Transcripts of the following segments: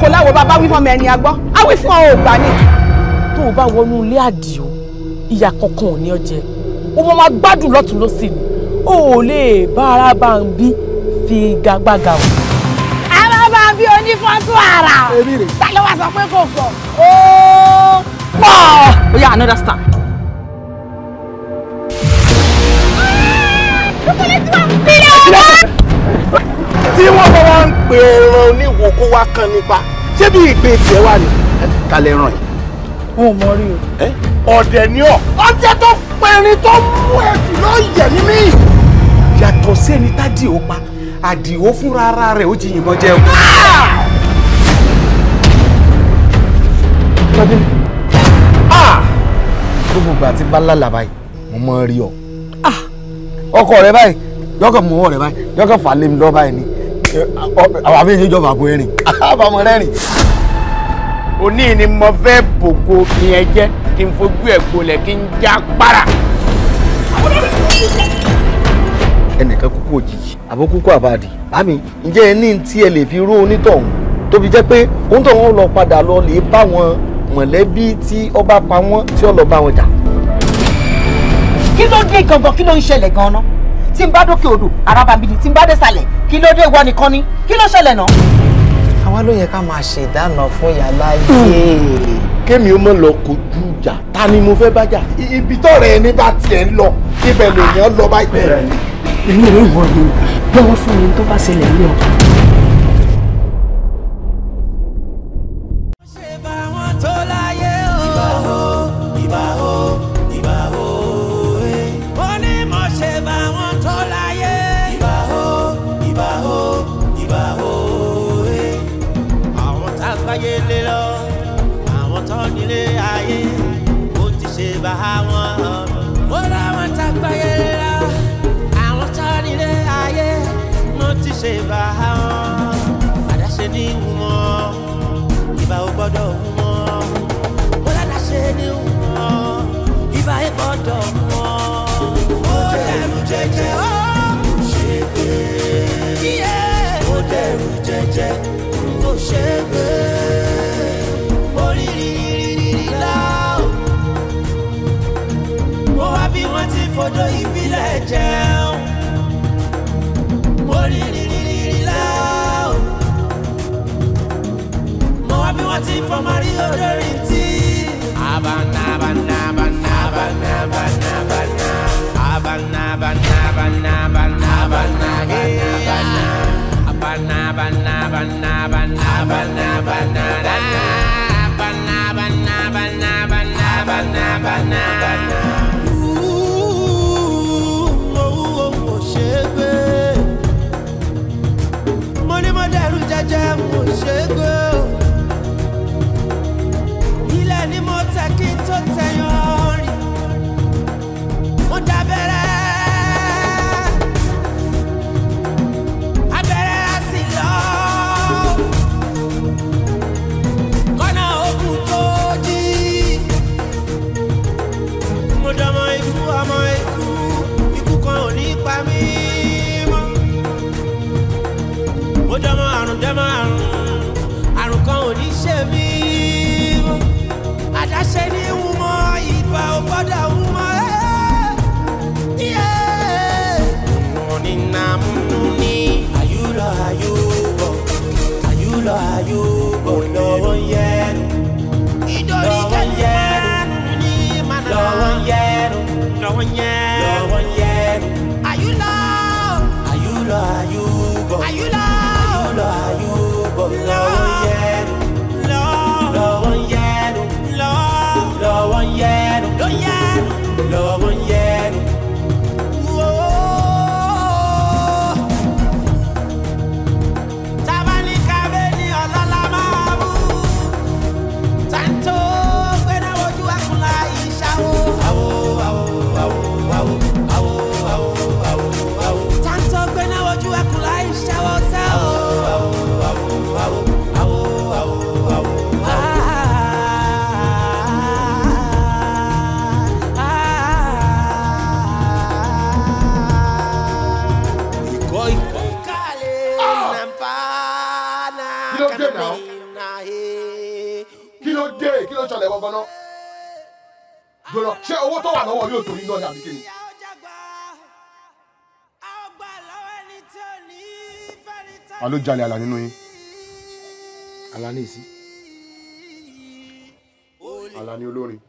òfò láwo bàbá wí fún ọmọ ẹni agbọ́ awí fún ọ ògbà ni. tó o bá wọnú ilé àdìo ìyá kankan ò ní ọjẹ o mọ máa gbádùn lọ́tún lọ́sì ni o ò lè bá ara fi gagbága o. ara bá ń bí onífọ́tò ara ta ló wá sọ pé kò pọ̀ ó pọ̀. ó yá another star. kókó lè tún wá tí wọ́n bá wá ń pè ẹran oníwo kó wá kan nípa ṣé bí ìgbé tiẹ̀ wà ní. ta lè ràn yìí. o ò mọ rí o. ọ̀dẹ̀ ni ọ̀. ọ̀dẹ̀ tó pẹ̀rin tó mú ẹ̀jù ló yẹ̀ ní mí. yàtọ̀ sí ẹni tádì ó pa àdìó fúnra ara rẹ̀ ó ti yìnbọn jẹun. Ah! gbogbo ìgbà tí bá lálàbáyé mo mọ rí ọ ah! ọkọ rẹ báyìí yọkọ mọ ọwọ rẹ báyìí yọkọ fà lé mi lọ báyìí ni àwọn abẹ́yẹ jọba àpò ẹ̀rìn àbámọ̀ rẹ́rìn. òní ni mo fẹ́ bògo mi ẹ jẹ́ kí n fojú ẹ̀ gbolẹ̀ kí n já para. ẹnìkan kúkú òjijì àbó kúkú àbáàdì àmì ǹjẹ́ ẹ ní tí ẹ lè fi rú onítọ̀hún tó fi jẹ́ pé onítọ̀hún lọ padà lọ lè bá wọn mọ̀lẹ́bí tí ọba pa wọ́n tí ó lọ bá wọn jà. kí ló dé gangan kí ló ń ṣẹlẹ̀ gan-an náà tí n bá dókè odò arábàbí ni tí n bá dé sàlẹ̀ kí ló dé ìwọ nìkan ni kí ló ṣẹlẹ̀ náà. àwa ló yẹ ká máa ṣe ìdáná fún yàrá yìí. kémi ó mọ̀ lọ kojú ìjà ta ni mo fẹ́ bá jà. ibi tọ́rẹ̀ ẹni bá tiẹ̀ ń lọ ibẹ̀ lèèyàn lọ báyìí. èmi ò wọ̀ ni lọ́wọ́ fún mi tó bá ṣẹlẹ̀ ní ọ̀pọ̀. lọ́dọ̀ wọn. ó dẹrù jẹjẹ ó kò ṣe gbé. ó dẹrù jẹjẹ kò ṣe gbé. mo rí rí rí rí rí lá o. mo wá bí wọ́n ti fọjọ́ ìbílẹ̀ jẹun. mo rí rí rí rí rí banana, banana, banana, banana, banana, banana, banana, banana, banana, banana, banana, banana, banana, banana, banana. ló yá lọ́wọ́ yá. ṣé owó tó wà lọ́wọ́ yóò torí lọ́ọ̀dà àbí kéde. wà ló jalè àlà nínú yín àlà ní ìsí àlà ní olórin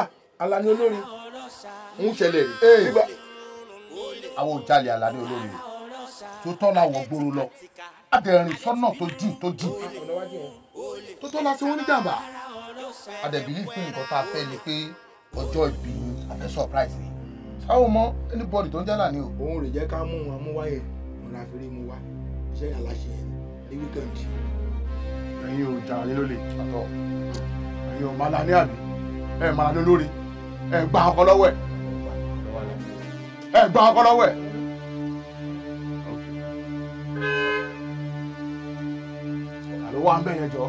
ah, àlà ní olórin ń ṣẹlẹ̀ nígbà àwọn ò jalè àlà ní olórin tó tọ́lá wọ̀ gbòòrò lọ adẹ̀rìn sọ́nà tó jìn tó jìn tó tọ́lá sí wọn ní jàǹbá adẹ̀bí ní fún nǹkan tá a fẹ́ ni pé ọjọ́ ìbí ni a surprise ni sáwọn mọ anybody tó ń jálà ni o. òun rè jẹ́ ká mú wọn mú wáyé òun la fi rí mu wá iṣẹ́ aláṣẹ yẹn ní wíkẹ́ndì. ẹ̀yin ò jà yín lólè àtọ̀ ẹ̀yin ò máa la ní àbí ẹ̀ máa ló lórí ẹ̀ gba ọkọ lọ́wọ́ ẹ̀ ẹ̀ gba ọkọ lọ́wọ́ ẹ̀. àlọ́ wa ń bẹ̀yẹn jọ.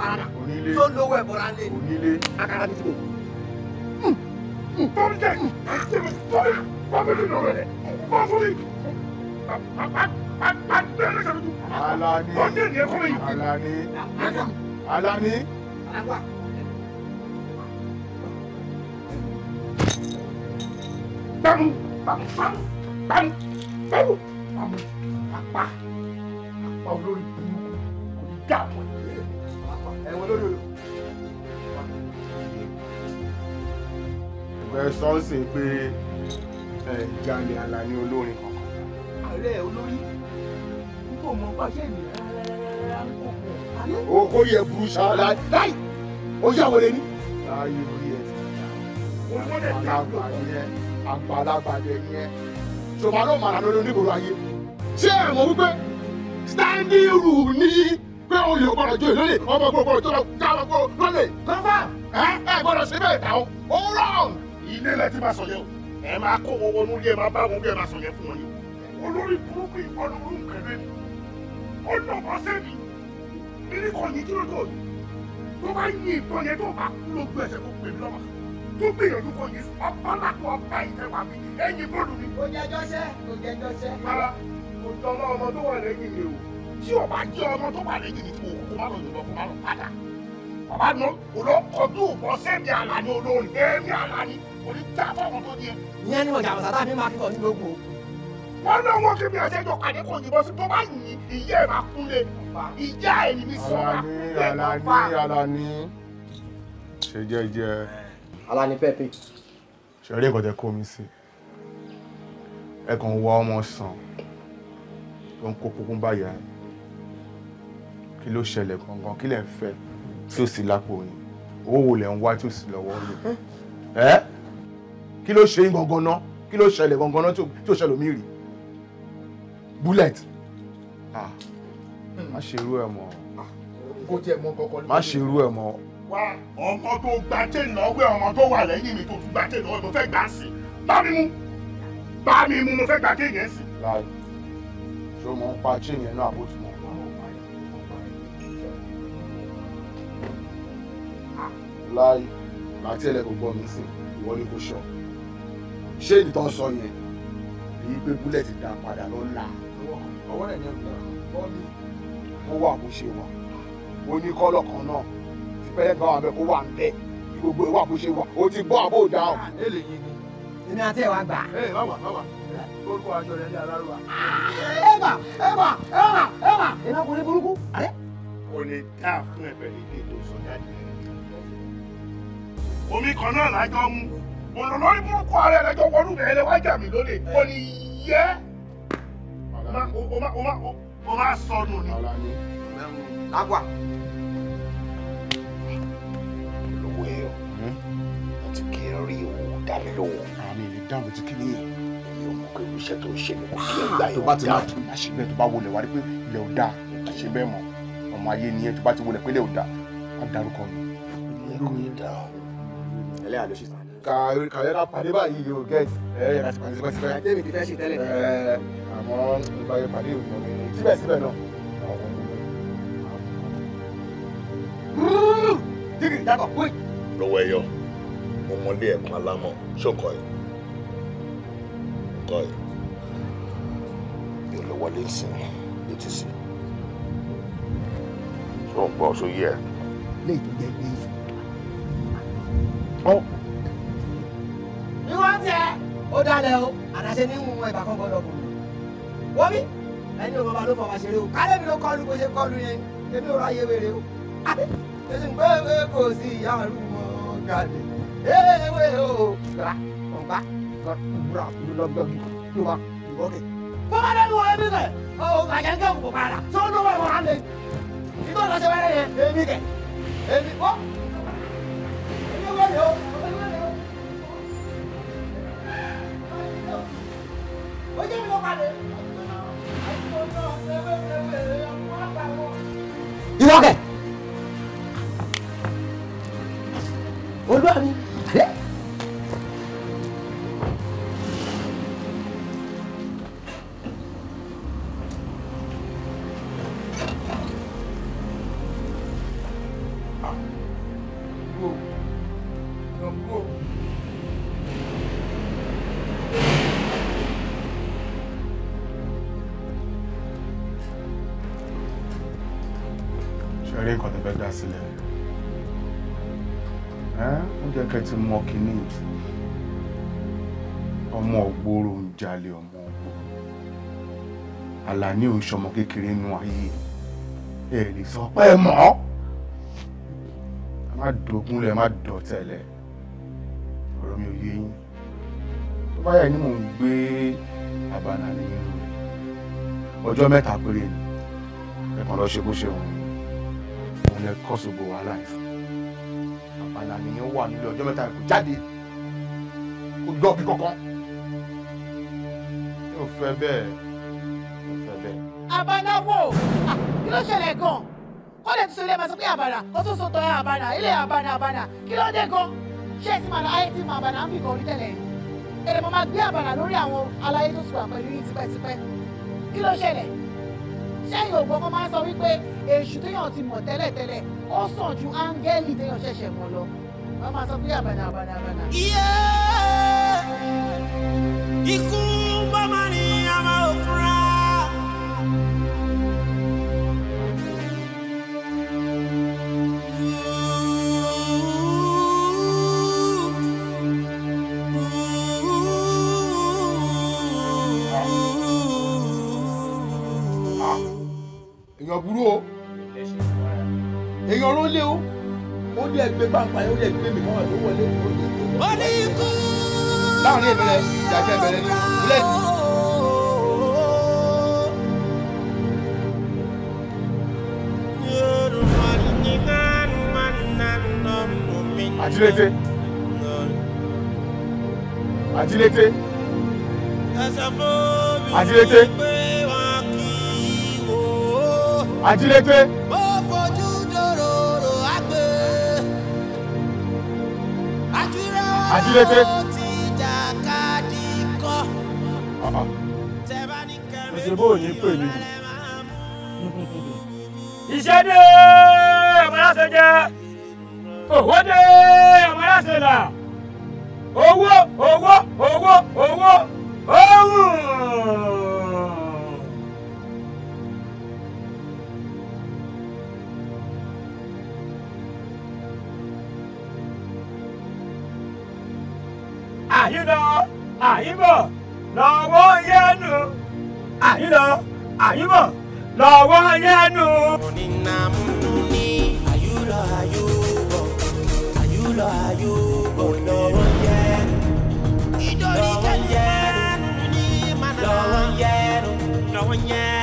parada tó lówó ẹ̀ bọ́ra lé akara bí tó. tọ́lú jẹ́ tọ́lú bàbá mi lọ́rọ̀ rẹ̀ bọ́ fún mi. Alani Alani Alani. Bam bam bam bam bam bam apá apá olórí burúkú kò ní dààmú ẹ̀. pẹ̀sọ́ sì pé Jàǹdè Àlàní olórin kankan. ààrẹ olórí n kò mọ pàṣẹ mi rárá n kò mọ. o yẹ burú ṣáàlà láì ó yàwòrè ni. láàyè orí ẹ ti dà àgbàlagbà yẹn àgbàlagbà yẹn ṣùgbọ́n ló màrà lọ́dún nígboro ayé ṣé ẹ mọ̀ wípé standing rule ni pé oyè gbọ́dọ̀ jó ìlú lè ọmọ gbogbo tó lọ lọ́lẹ̀. kọ́fà ẹ gbọ́dọ̀ síbẹ̀ ìtàn ilé lẹ ti máa sọ yẹn o ẹ máa kó wọn wọnú ilé ẹ máa bá wọn bí ẹ máa sọ yẹn fún wọn ni olórí burúkú ìwọ ló rún kẹlẹ ni ó nà bọ́ sẹ́mi mírí kan ní dúró tó tó bá yin ìbọn yẹn tó bá kú ló gbé ẹsẹ̀ tó gbèmí lọ́wọ́ tó gbìyànjú kan yìí ọba látọ̀ ọba ìtẹ̀wà mi ẹ̀yìn bọ́ọ̀lù mi. kò jẹ́ jọ́sẹ́ kò jẹ́ jọ́sẹ́. rárá kò jọ ọmọ ọmọ tó wà lẹ́yìn mi o tí o bá jẹ́ ọmọ tó wà lẹ́yìn mi kò kó má lọ yìnbọn kó má lọ padà bàbá náà olókọ̀ọ́dún ọ̀sẹ̀ mi àlàní olórin ẹ̀mí àlàní kò ní dá fáwọn tó yẹ. ìyẹn ni ọjà àbàtà mi máa kíkọ ní gbogbo. wọ́n lọ wọ́n kí mi àtẹ́jọ́ pàdé kò yìnbọn sí tó bá yìn ìyá ẹ̀ máa kúnlẹ̀ ìyá ẹ̀ ní mi sọ́ra ẹ̀ máa fà. Alani Alani ṣe jẹ́jẹ́. Alani pẹ́ẹ́pẹ́. ṣeré ìkọ̀tẹ́ kó mi sí ẹ kàn wá ọmọ sàn tó ń kó kúkú báyà kí ló ṣẹlẹ̀ gangan kí lẹ̀ ń fẹ́ tí ó sì lápò yín owó wo lẹ̀ ń wá tí ó sì lọ́wọ́ lò ẹ́ kí ló ṣe yín gangan ná kí ló ṣẹlẹ̀ gangan ná tí ò ṣẹlẹ̀ omi rì bullet ah má ṣe irú ẹ̀ mọ́ kó tiẹ̀ mọ kọ́kọ́ lóko má ṣe irú ẹ̀ mọ́. wá ọmọ tó gba chain lọ́wọ́ ọmọ tó wà lẹ́yìn mi tó tún gba chain lọ́wọ́ mo fẹ́ gbà sí bá mi mú bá mi mú mo fẹ́ gbà chain yẹn sí. láì ṣó mo ń pa chain yẹn náà àbótú mọ́. láì màá ẹlẹ́kọ̀ọ́ gbọ́ mi sí ìwọ kò ṣọ́ ṣé ìtọ́ sọ yẹn èyí pé búlẹ̀ dá padà lọ́la ọwọ́ rẹ̀ ní ọ̀gbìn ọ̀gbọ́n mi ó wà bó ṣe wà ó ní kọ́lọ̀ kan náà tí pẹ́lẹ́ bá wà bẹ́ẹ̀ kó wà ń bẹ́ẹ̀ gbogbo ìwà bó ṣe wà ó ti bọ́ àbó dá ọ. eléyìí ni. èmi àti ẹ̀wà gbà. ẹ ẹ bàbà bàbà orúkọ aṣọ rẹ ní alárùbá. ẹ bà ẹ bà ẹ bà ẹ bà iná kò ní burúkú. kò ní dá fún ẹ̀bẹ̀ ìdí tó jáde. omi kan náà lájọ mú ònà lórí burúkú ara ẹ̀ lẹ́jọ́ wọnú bẹ̀rẹ̀ lẹ́wọ́ jà mí lólè kò ní yẹ. o máa sọnù ni. lágbà. olówó ẹ hmm? mo ti kí ẹ rí owó dá lówó. àmì ìlú dáhùn ti kí ni yẹn pé iṣẹ́ tó ṣe ni kò fi ah, ẹgbà yóò dáa. tó bá ti máa tún bẹ́ẹ̀ tó bá wọlé wá rí pé ilẹ̀ ò dáa àṣẹ bẹ́ẹ̀ mọ̀ ọmọ ayé ni tó bá ti wọlé pé ilẹ̀ ò dáa á dárúkọ mi. ilé kò ní dáa ẹlẹ́yà ló ṣe sá kà kàyọ́ ká pàdé báyìí yóò get ẹ àti pàdé bá ti fẹ́. àti èmi ti fẹ́ ṣe tẹ́lẹ̀ tẹ́lẹ̀. àmọ́ ìgbà yóò pàdé ìwọ̀n mi síbẹ̀síbẹ̀ náà. dígì dábọ̀ pé. lọ́wọ́ ẹyọ mo mọlé ẹ̀kan alámọ̀ ṣókọ ẹ̀ kọ́ ẹ̀ yóò lọ wọlé ìsìn etí sí ṣó ń gbọ́ ṣó yẹ. lè tó jẹ́ pé dálẹ̀ o àdáṣe ní ìwọ̀n ìgbà kan gbọ́dọ̀ kù. wọ́n mi ẹni ò bàbá ló fọwọ́ ṣeré o kálẹ̀ mi ló kọlu bó ṣe kọlu yẹn èmi ò ráyè wèrè o. èsì ń gbé kò sí ìyá àrùmọ̀ gàdé ewé o gbà ọ̀gbà kúrò lọ́gbọ̀gì tó wà ìwọ́kẹ̀. bó bá dẹ́nu wọ ẹbí kẹ̀ ọ gbàgẹ́ kẹ́ kò padà tó ń lọ́wọ́ ìwọ̀n àlẹ́ ìtọ́jú ọ̀sẹ̀ wẹ́rẹ́ yẹn èmi kẹ̀ èmi kọ́ èmi wẹ́rẹ́ o. ọmọ kìíní ọmọ ògbóró ń jalè ọmọ ògbóró Àlàní ò ń ṣọmọ kékeré nù ayé ẹ lè sọ pé ẹ mọ̀ ọ́ ẹ má dogunlẹ̀ ẹ má dọ̀tẹ̀lẹ̀ ọ̀rọ̀ mi ò yé yín tó bá yẹ ni mò ń gbé àbànà nìyẹn ọjọ́ mẹ́ta péré ni ẹ̀kan lọ ṣe bó ṣe wọ̀nyí òun lẹ kọ́ sógbó wàhálà ìfún àbànà nìyẹn wà nílé ọjọ́ mẹ́ta kò jáde kò gbọ́ bí kankan. mi ò fẹ́ bẹ́ẹ̀ mi ò fẹ́ bẹ́ẹ̀. àbánáwò ah, kí ló ṣẹlẹ̀ gan-an ó lè tún sọ ilé ẹ̀ máa sọ pé àbàrà ó tún sọ tọ́ ẹ̀ àbàrà ilé àbàrà àbàrà kí ló dé gan-an ṣé ẹ ti máa ayé ti máa àbàrà ń bì kan orí tẹ́lẹ̀ èrè mo máa gbé àbàrà lórí àwọn aláyé tó sùpà pẹ̀lú yín tipẹ́tipẹ́ kí ló ṣẹlẹ̀ sẹ́yìn ògbọ́n kan máa sọ wípé èṣù téèyàn ti mọ̀ tẹ́lẹ̀tẹ́lẹ̀ ó sàn ju áńgẹ́lì téèyàn ṣẹ̀ṣẹ̀ mọ̀ lọ. Mama, so be a banana, banana. Yeah. gbé pàǹpà yóò dẹ̀ gbé mi kọ́wà tó wọlé kúrò ní ìlú. ó ní ikú láàrin ìbẹ̀rẹ̀ ìdájọ́ ìbẹ̀rẹ̀ ní búlẹ́ẹ̀tì. àjílété àjílété àjílété àjílété. Ajílété. Ṣé bó ní pè mí? Iṣẹ́ dé ọmọláṣẹ jẹ́, òwò dé ọmọláṣẹ là, owó owó owó owó. àyínlọ àyínbọ̀ lọ́wọ́ yẹnu àyínlọ àyínbọ̀ lọ́wọ́ yẹnu. onínàmúnú ni àyúlọ àyúbọ̀ àyúlọ àyúbọ̀ lọ́wọ́ yẹnu lọ́wọ́ yẹnu lọ́wọ́ yẹnu lọ́wọ́ yẹnu.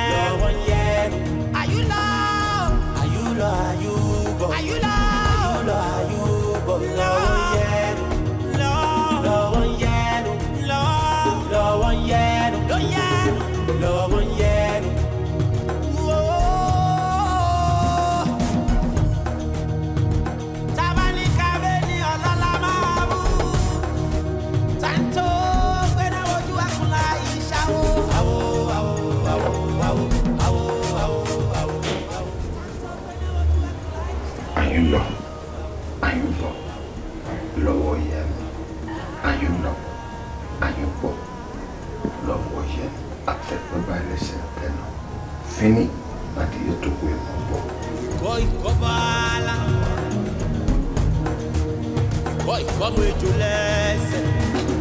ọmọ ejò lẹ́sẹ̀ ikú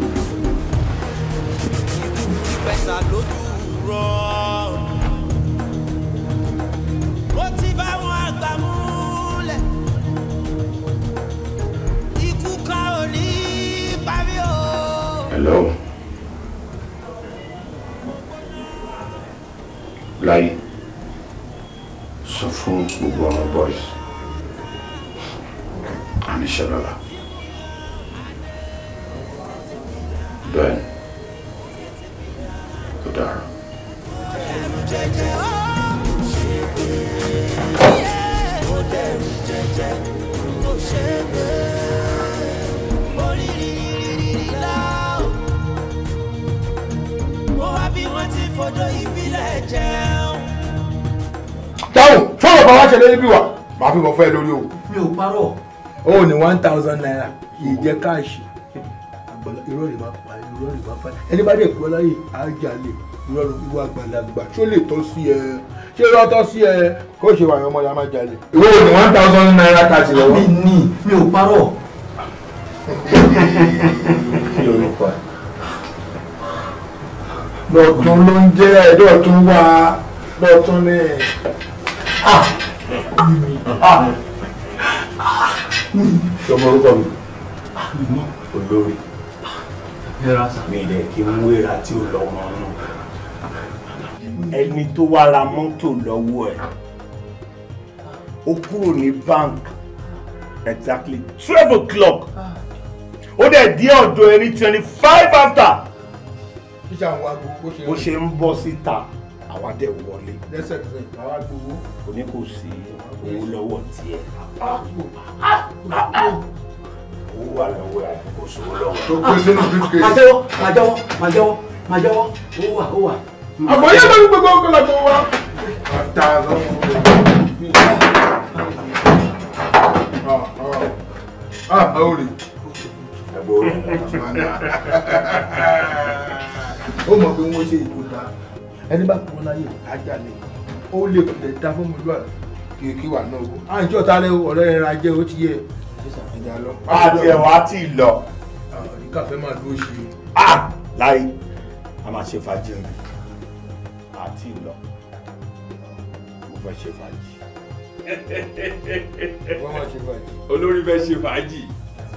ìpẹ̀sà lójú rọ. mo ti bá wọn àgbà múlẹ̀ hello láyé sọ fún gbogbo ọmọ boys àníṣẹ́ lọ́la. ṣe lórí bí wa màá fi mọ̀ fẹ́ lórí o. mi ò parọ́. o ní one thousand naira kì í jẹ́ káàṣì àgbàlá irọ́ rẹ̀ máa pa irọ́ rẹ̀ máa pa ẹni bá dẹ̀ gbọ́ láyè ajá lè irọ́ ìwà àgbàlagbà ṣó lè tọ́ sí ẹ ṣé irọ́ tọ́ sí ẹ kó ṣe wàyàn ọmọdé a máa jalè. ìwé òní one thousand naira káàṣì lọ́wọ́. mi ní mi ò parọ́. kí lorúkọ ẹ lọ́tún ló ń jẹ́ ẹ̀dọ́tún wá lọ́tún ní sọmọ orúkọ mi olórí mi ilẹ̀ kí n wéra tí ò lọ́wọ́ náà ẹni tó wá ra mọ́tò lọ́wọ́ ẹ̀ ó kúrò ní bank exactly twelve o'clock ó dẹ̀ dé ọ̀dọ̀ ẹni twenty five after bó ṣe ń bọ́ síta àwa dẹ̀ wọlé kò ní kò sí owó lọ́wọ́ tiẹ̀ ah, owó wà lọ́wọ́ ẹ̀ sówó lọ́wọ́. tó gbé sínú bíkẹ́. Ah, máa jẹ́wọ́ máa jẹ́wọ́ máa jẹ́wọ́ máa jẹ́wọ́ owó wà owó wà. àgbọ̀ yóò lórí gbogbo ọkọ làgbọ̀ wa. ọ̀tá lọ́wọ́. Ah, ah orí. ẹ̀bùn orí. ó mọ̀ pé wọ́n ṣe ìkó ẹni bá kú láyé ajá ni ó lè kúlẹ̀ ta fún mi lọ́wọ́ kí kí wà náà wò. à ń jọ ta lẹ ọ̀rẹ́ rẹ ra jẹ́ ó ti yẹ ẹja lọ. àti ẹ̀wọ̀n ti lọ. ní kàfẹ́ máa dúró ṣe. láì a máa ṣe fàájì rẹ àti lọ mo fẹ́ ṣe fàájì. olórí fẹ́ ṣe fàájì.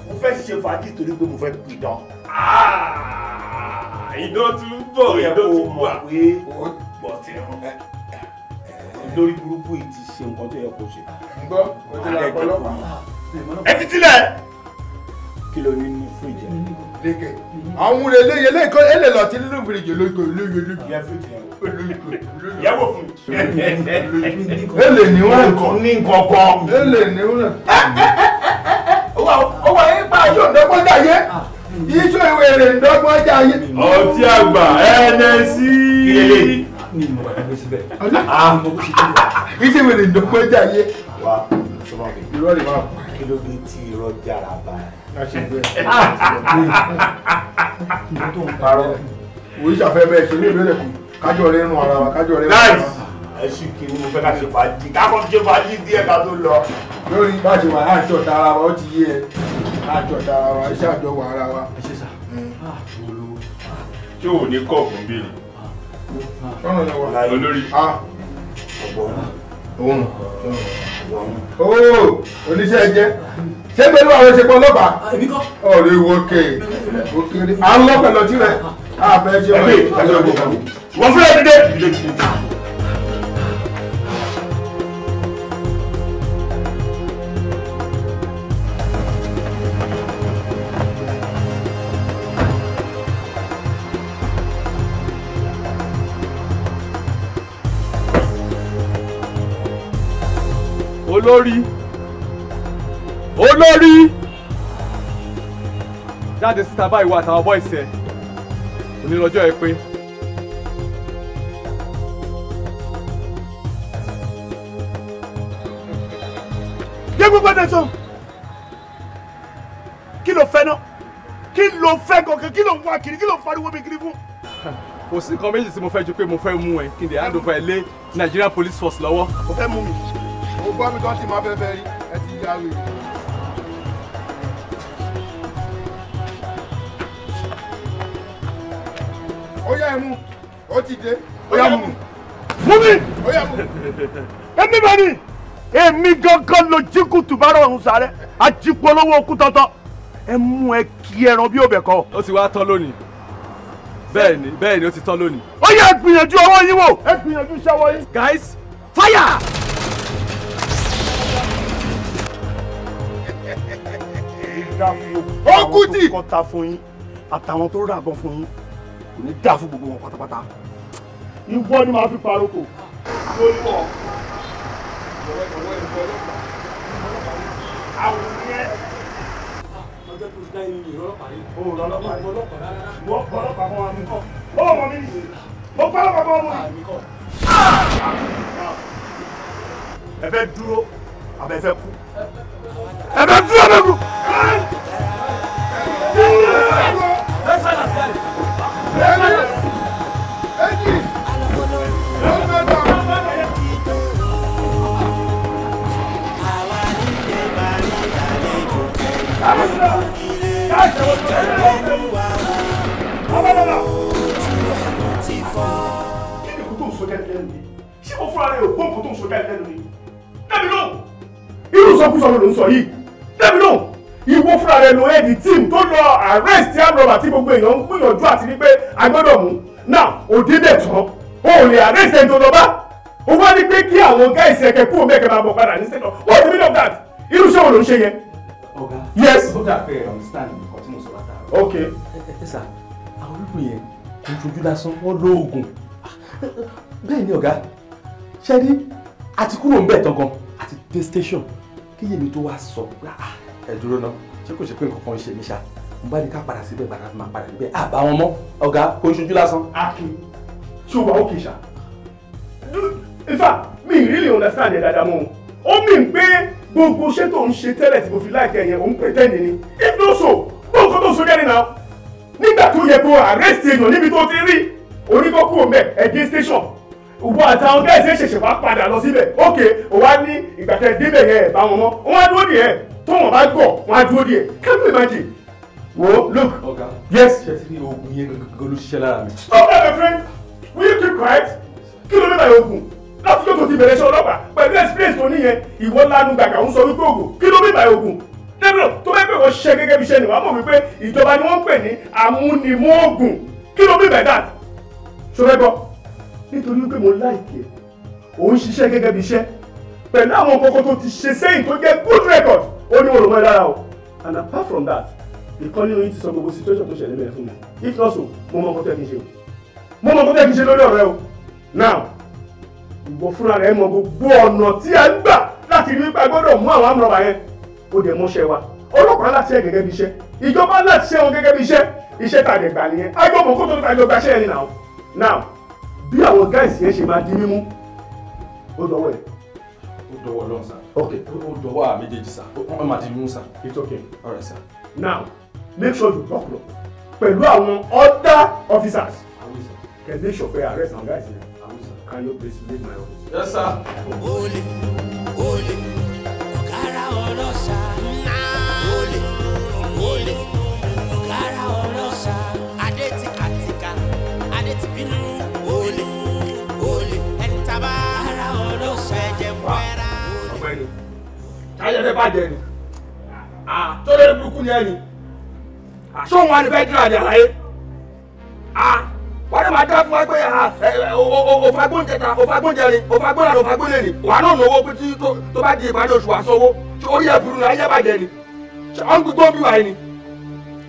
mo fẹ́ ṣe fàájì torí pé mo fẹ́ pidán. ìdán ah, tún bọ̀ ìdán tún wà. ó yẹ kó o bọ̀ lórí burúkú ìdí ṣe nǹkan tó yẹ kó ṣe. gbọ́ o ti la ọ̀pọ̀lọpọ̀. ẹ fi tilẹ̀. kí ló ní ní fún ìjẹ. lékè àwọn eléyìí eléyìí kọ́ ẹlẹ́ lọ́ọ́ ti nínú fìrìjì ológo ológo ológo. ìyàwó fún mi. ẹlẹ́ ní wọn nǹkan ní nǹkan kan. ẹlẹ́ ní wọn. ó wà ní pa àjọ ìdọ́gbọ́n dàyé iṣu ìwé rẹ̀ ìdọ́gbọ́n dàyé. ọtí àgbà nsc padà gbé dọ́gbọ́n jà yé. wà á sọ ma bẹ. kí ló dé tí irọ́ jára bá a. tó ń parọ́ òye ṣàfẹ́ bẹ́ẹ̀ ṣe ní ìlú kù kájọ rẹ̀ rún ara wa kájọ rẹ̀ rún ara wa. ẹṣin kiri mo fẹ́ ká ṣe fàájì kákọ́ ṣe fàájì díẹ̀ ká tó lọ. lórí bá a ṣe wà láàṣọ ta ara wa ó ti yé ẹ láàṣọ ta ara wa iṣẹ́ àjọwọ̀ ara wa. Ah, ṣé o ní kọ̀ọ̀kan bí mi. Ah. ọ̀nà ni wà olórí òun ooo oníṣẹ́ ẹ̀jẹ̀ ṣé pẹ̀lú àwọn ìṣẹ̀pọ̀ ọlọ́pàá ọ̀rẹ́ ìwọ kéré à ń lọ́pẹ̀ lọ́tí rẹ̀ àbẹ̀ ṣe ọ̀rẹ́ ìwọ fúnra dídé. olórí olórí jáde síta báyìí wá àtàwọn bọ́ìsì ẹ̀ onírọ̀jọ́ ẹ pé. yé gbogbo ẹ̀dẹ̀ sọ kí ló fẹ́ náà kí ló fẹ́ gọ̀gẹ́ kí ló ń wá kiri kí ló ń pariwo mi kiri fún. kò sí nǹkan méjì tí mo fẹ́ ju pé mo fẹ́ mú ẹ kí n dè hand over ẹ lé Nigerian police force lọ́wọ́. o fẹ́ mú mi gbọ́ mi tán sì máa fẹ́ fẹ́ rí ẹ ti ya wèrè. ó yá ẹ mú ó ti dé ó yá mú. mú mi ó yá mú. èmi bẹ́ẹ̀ ni èmi gangan ló jíkù tùbárọ̀ ọ̀hún sáré ajípolówó okú tọ́tọ́ ẹ mú ẹ kí ẹran bí òbẹ̀ kọ́. ó ti wá tán lónìí bẹ́ẹ̀ ni bẹ́ẹ̀ ni ó ti tán lónìí. ó yẹ gbìyànjú ọwọ́ yín wò ẹ gbìyànjú iṣẹ́ wọ yín. guys fire. dáa fún yín. ó kú tì. àwọn tó kọ́ta fún yín àtàwọn tó rà gan fún yín kò ní dáa fún gbogbo wọn pátápátá. ìwọ ni màá fi paroko. lórí wọ ọwọ́ ìfọwọ́ ìfọwọ́ ọlọ́pàá àwọn yẹn. ọjọ́ tó dá yín ní ọlọ́pàá yìí. o ò lọ́lọ́pàá yìí. ọlọ́pàá rárá. wọ́n ọlọ́pàá fún wa mú kọ́. ó wọ́n mi nìyí. mo pa ọlọ́pàá fún wa mú kọ́. ẹ fẹ́ dúró àbẹ fẹ́ kú ẹ̀bẹ̀ fún ẹ̀bẹ̀ kù. Thank you. sọkúsọ ló ń sọ yìí dẹ́bi náà ìwọ fúnra rẹ̀ ló ẹ̀dì tíìmù tó lọ arrest amrọ̀bà tí gbogbo èèyàn ń gbìyànjú àti ní pé a gbọ́dọ̀ mú náà òde dẹ̀ tán o lè arrest ẹni tó lọ bá o wá ní pé kí àwọn gáìsì ẹ̀kẹ́ kúrò mẹ́kẹ́ máa bọ̀ padà ní sẹ́tọ̀ wọ́n ti mílíọ̀nù dàt irú iṣẹ́ ló ń ṣe yẹn. ọ̀gá yes. ó dà pé understand nǹkan tí mo sọ látàrọ. ok ẹ sà àwọn olùkọ́ yẹn kò jojú lásán wọ́n station kí yèmí tó wá sọ ah, ẹ dúró náà ṣé kò ṣe pé nǹkan kan ń ṣe mí ṣá mo bá ní ká padà síbẹ̀ gbàdá máa padà níbẹ̀ àbá wọn mọ́ ọ̀gá kò ń ṣojú lásán. akin ṣé o wà ó kì í ṣá in mi ì really understand ẹ̀ dáadáa mọ́ o mi ń pé gbogbo ṣé tó ń ṣe tẹ́lẹ̀ tí mo fi láìpẹ́ yẹn òun pretend ni if no so gbogbo tó ń sọ jáde náà nígbà tó yẹ kó arrest èèyàn níbi tó ti rí oníkókó mẹ́ ẹ̀dín station òwò àtàwọn gẹ́ẹ̀sì ṣẹ̀ṣẹ̀ wá padà lọ síbẹ̀ ókè òwá ní ìgbà débẹ̀ yẹn bá wọn mọ́ wọn á dúró díẹ̀ tó wọn bá gbọ̀ wọn á dúró díẹ̀ can you wo look ọ̀gá yes ṣe ti oògùn yẹn gbogbo ṣiṣẹ́ lára mi. stop that my friend will you keep quiet kí ló dé báyìí oògùn láti tó tó ti bẹ̀rẹ̀ iṣẹ́ ọlọ́pàá pẹ̀lú experience tó níyẹn ìwọ lanu gbàgbà ń sọ wípé oògùn kí ló dé báyìí oògùn débìrò tó bá pè wọ́n ṣe gẹ́gẹ́ bí iṣẹ́ ni wàá mọ̀ wípé ìjọba ni wọ́n ń pè ní amúnimóògùn kí ló dé báyìí dat ṣọlẹ́gbọ́n nítorí pé mo láìkẹ́ ò ń ṣiṣẹ́ gẹ́gẹ́ bí iṣẹ́ pẹ̀lú àwọn kókó tó ti ṣe sẹ́yìn tó jẹ́ good record ó ní wọn ò mọ ẹ lára o and apart from that ìkan nínú yín ti sọ gbogbo situation tó ṣẹlẹ̀ bẹ́ẹ̀ fún mi if not so mo mọ nǹkan tẹ́ kí n ṣe o mo mọ nǹkan tẹ́ kí n ṣe lórí ọ̀rẹ́ o now ìwọ fúnra rẹ mọ gbogbo ọ̀nà tí a ń gbà láti rí ipa gbọ́dọ̀ mú àwọn amúrọ̀bà yẹn ó dẹ̀ mọ́ṣẹ́ wa ọlọ́pàá láti ṣe gẹ́gẹ́ bí iṣẹ́ ìjọba láti ṣe wọn gẹ́gẹ́ bí iṣẹ́ iṣẹ́ tàdẹ̀gbà nìyẹn agbọ́mọ̀ kó tó tó tàdẹ̀gbà ṣẹ́ yẹn ni now now bí àwọn gáìsì yẹn ṣe máa di mímú ó dọwọ́ ẹ̀. ó dọwọ́ lọ́hùn sá. ok ó dọwọ́ àmì méjèèjì sá ó máa di mímú sá. it's okay Alright right sir. now make sure you talk well pẹ̀lú àwọn other officers can make sure pé arrest àwọn gáìsì yẹn can you please leave my office. yes sir. olè olè ọ̀gára ọlọ́sà olè olè. táyà fẹ́ bàjẹ́ ni tó lórí burúkú ni ẹ ni sóhun wa ni fẹ́ dúró àdé àlàyé wọ́n ní máa dá fún wa pé òfagbóúnjẹta òfagbóúnjẹrin òfagbóúnjẹrin òfagbóúnjẹrin wà náà nówó pé tí tó bá di ìparí oṣù àsọwó orí ẹ̀bùrú ni ayé bàjẹ́ ni ọ̀n gbogbo bí wàá ni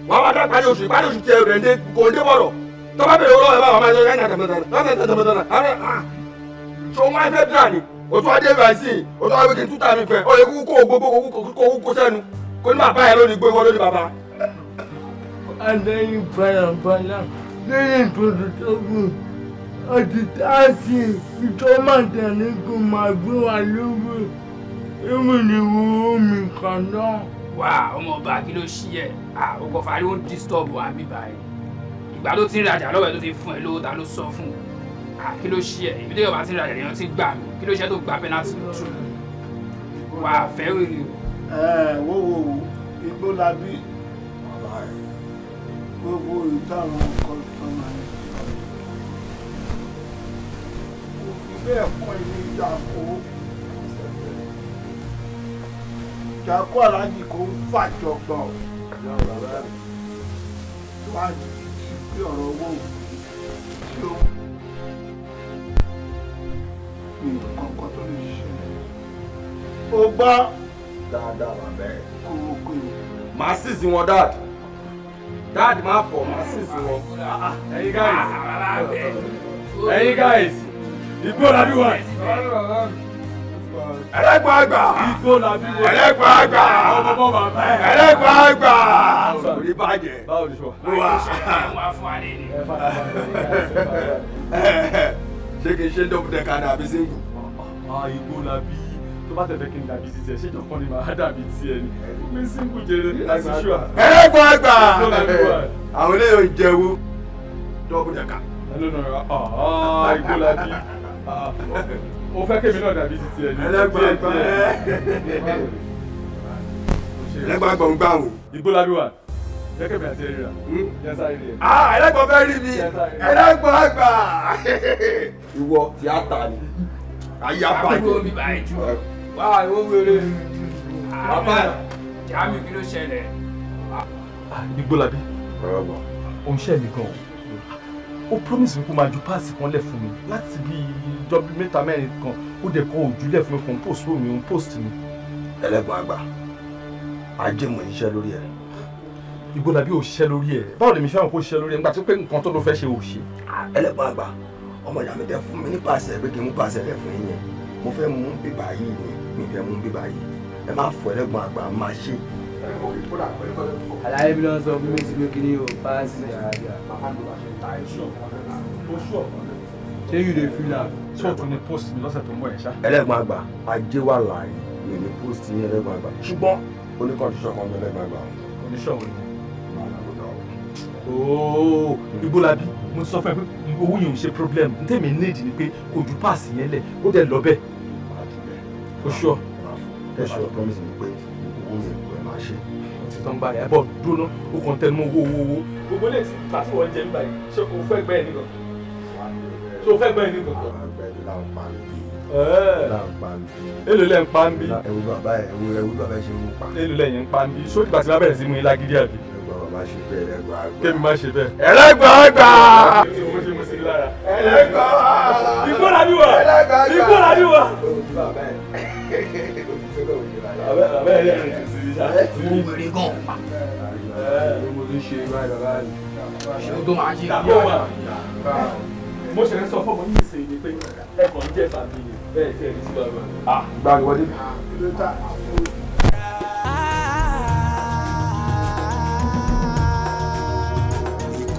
wọ́n máa dá ìparí oṣù ìparí oṣù tiẹ̀ rẹ̀ ní kò dé bọ̀rọ̀ tó bá bèrè owó lọ́wọ́ ẹ̀ bá wọ́n máa yọ ẹ̀ nàdàmọ̀dàmọ̀ nàdàmọ̀dàmọ̀ àwọn ṣòwò wọn fẹ́ dúrà ni o tún adé ibà sí o tún awé kí n tún tà mí fẹ o lè kú kó gbogbo kó kó kó sẹ́nu kó ní bàbá yẹn lónìí gbé wọn lónìí bàbá. adéyìn balabala lẹ́yìn tòdò ọtí táàsì ìtọ́mọ̀tà kò máa gbé wa lóko èmi ni wo mi kàn náà. wà ọmọ kí ló ṣí ẹ àwọn kọfà ló ń disturb wa bíbá ẹ ìgbà tó ti ń rajà lọ́wọ́ ẹ tó ti fún ẹ lówó ta ló sọ fún un kí ló ṣe ẹ ibi tó yọba ti ra rẹ̀ èèyàn ti gbà mí kí ló ṣe tó gbà pẹ́nàtì tù wà á fẹ́ wèrè o. ẹ wo wo wo igbó la bí gbogbo ìtàwọn kọ́ńtọ́mà ni òfin bẹ́ẹ̀ fún ẹni ìjàkó ìjàkó aláàjì kò ń fàjọgbọ̀n wájú kí ọ̀rọ̀ owó òfin tí ó ń nǹkan tó lè ṣẹlẹ̀ ó gbọ́. dáadáa bàbá ẹ. kò mọ̀ pé. màá sì sí wọn dáàdì dáàdì máa fọ̀ màá sì sí wọn. ẹ̀yin guys ẹ̀yin guys igbó làbí wọn. ẹlẹ́gbọ̀n àgbà igbó làbí ṣé kí n ṣe dọ́bù dẹ́ka dàbí síngù. igbó la bí tó bá tẹ̀fẹ́ kí n dàbí tiẹ̀ ṣé ìjọ̀kan ni màá dàbí tiẹ̀ ni mi síngù jẹrẹ láti ṣùà. ẹ gbọ́ àgbà àwọn eléyìí ò ń jẹ́wó dọ́bù dẹ́ka. igbó la bí ah, ah. o fẹ́ kémi náà dàbí tiẹ̀ ni. ẹlẹ́gbàgbà ẹlẹ́gbàgbà ń gbà wò. igbó la bí wà jẹ́kẹ́ mi àti eré rà. ah ẹlẹ́gbọ̀n fẹ́ rí mi ẹlẹ́gbọ̀n àgbà. ìwọ tíátà ni ayé abájú. àbúrò mi báyìí jù. wá ìwọ wéré. bàbá yà. jàmí kí ló ṣẹlẹ̀. Ah, igbó labi òun ṣe mi gan o promise mi kó máa ju páàsì kan lẹ̀ fún mi láti bí ìjọba mẹ́ta mẹ́rin kan ó dẹ̀ kọ òjúlẹ̀ fún mi kan post fún mi òun post mi. ẹlẹ́gbọ̀n àgbà ajé mò ń ṣiṣẹ́ lórí ẹ̀ ìgbóná bí òṣìṣẹ́ lórí ẹ̀ báwo lèmi fẹ́ràn kó ṣiṣẹ́ lórí ẹ̀ nígbà tó pé nǹkan tó ló fẹ́ ṣe ò ṣe. ẹlẹ́gbọ́n àgbà ọmọ ìyá mi tẹ fún mi ní pàṣẹ pé kí n mú pàṣẹ rẹ fún yín mo fẹ́ mú bíbá yìí ni mi fẹ́ mú bíbá yìí ẹ má fọ ẹlẹ́gbọ́n àgbà má ṣe. àlàyé bí wọ́n sọ fún mi ti gbé kínní o páàsì àgbà. ṣé lè fi là. sóòtún ni post mi lọ́sẹ̀ tó ń bọ̀ yẹn ṣá. ẹlẹ́gbọ́n àgbà ajé wà láàyè mi ni post yẹn ẹlẹ́gbọ́n àgbà ṣùgbọ́n oníkọ̀ọ́ṣọ́ kan ní ẹlẹ́gbọ́n àgbà. oníṣòwò ni ooo oh, igbólabi mo sọ fún ẹ pé owó yẹn ò ṣe problem n tẹ̀mí nídìí ni pé kò ju páàsì yẹn lẹ̀ ó dẹ̀ lọ bẹ́ẹ̀ o sọ o sọ promise mi pé owó yẹn kò ẹ máa ṣe. ti tán gba ẹ bọ dúró ó kàn tẹnu mọ́ owó owó. gbogbo lè ti ta sí wọn jẹ nígbà yìí ṣé o fẹ́ gbẹ́ ẹ nìkan ṣé o fẹ́ gbẹ́ ẹ nìkan. àwọn àgbẹ̀ ló là ń pa mí èlò lẹ ń pa ń bí. ẹwú bàbá ẹ ẹwú bàbá ẹ ṣe ń pa. èlò lẹ yẹn ń pa ń bí sódì bàtí bá bẹ̀rẹ̀ sí mú ilá gidi àbí má ṣe bẹ́ẹ̀ ẹlẹ́gbà àgbà. kémi má ṣe bẹ́ẹ̀. ẹlẹ́gbà àgbà. ẹlẹ́gbà ni wà. ẹlẹ́gbà ni wà. mo ṣẹ̀lẹ̀ sọ fún ọmọ yìí ṣe ni pé ẹ̀kọ́ ń jẹ́ tàbí bẹ́ẹ̀ tẹ̀ sí bàbá. gbàgbọ́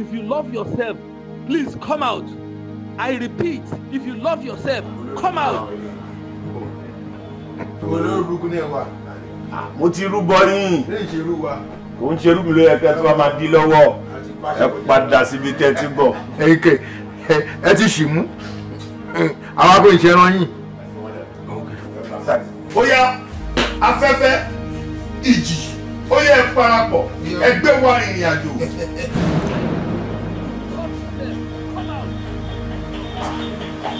if you love yourself, please come out. I repeat, if you love yourself, come out. Ah, mo ti rúbọ yín kò ń ṣe rúbi ló yẹ kẹ tí wọn máa di lọ́wọ́ ẹ padà síbi tẹ ti bọ. ẹ ti ṣì mú àwọn akó ìṣẹ́ran yìí. ó afẹ́fẹ́ ìjì ó yẹ parapọ̀ ẹgbẹ́ wa ìrìn àjò.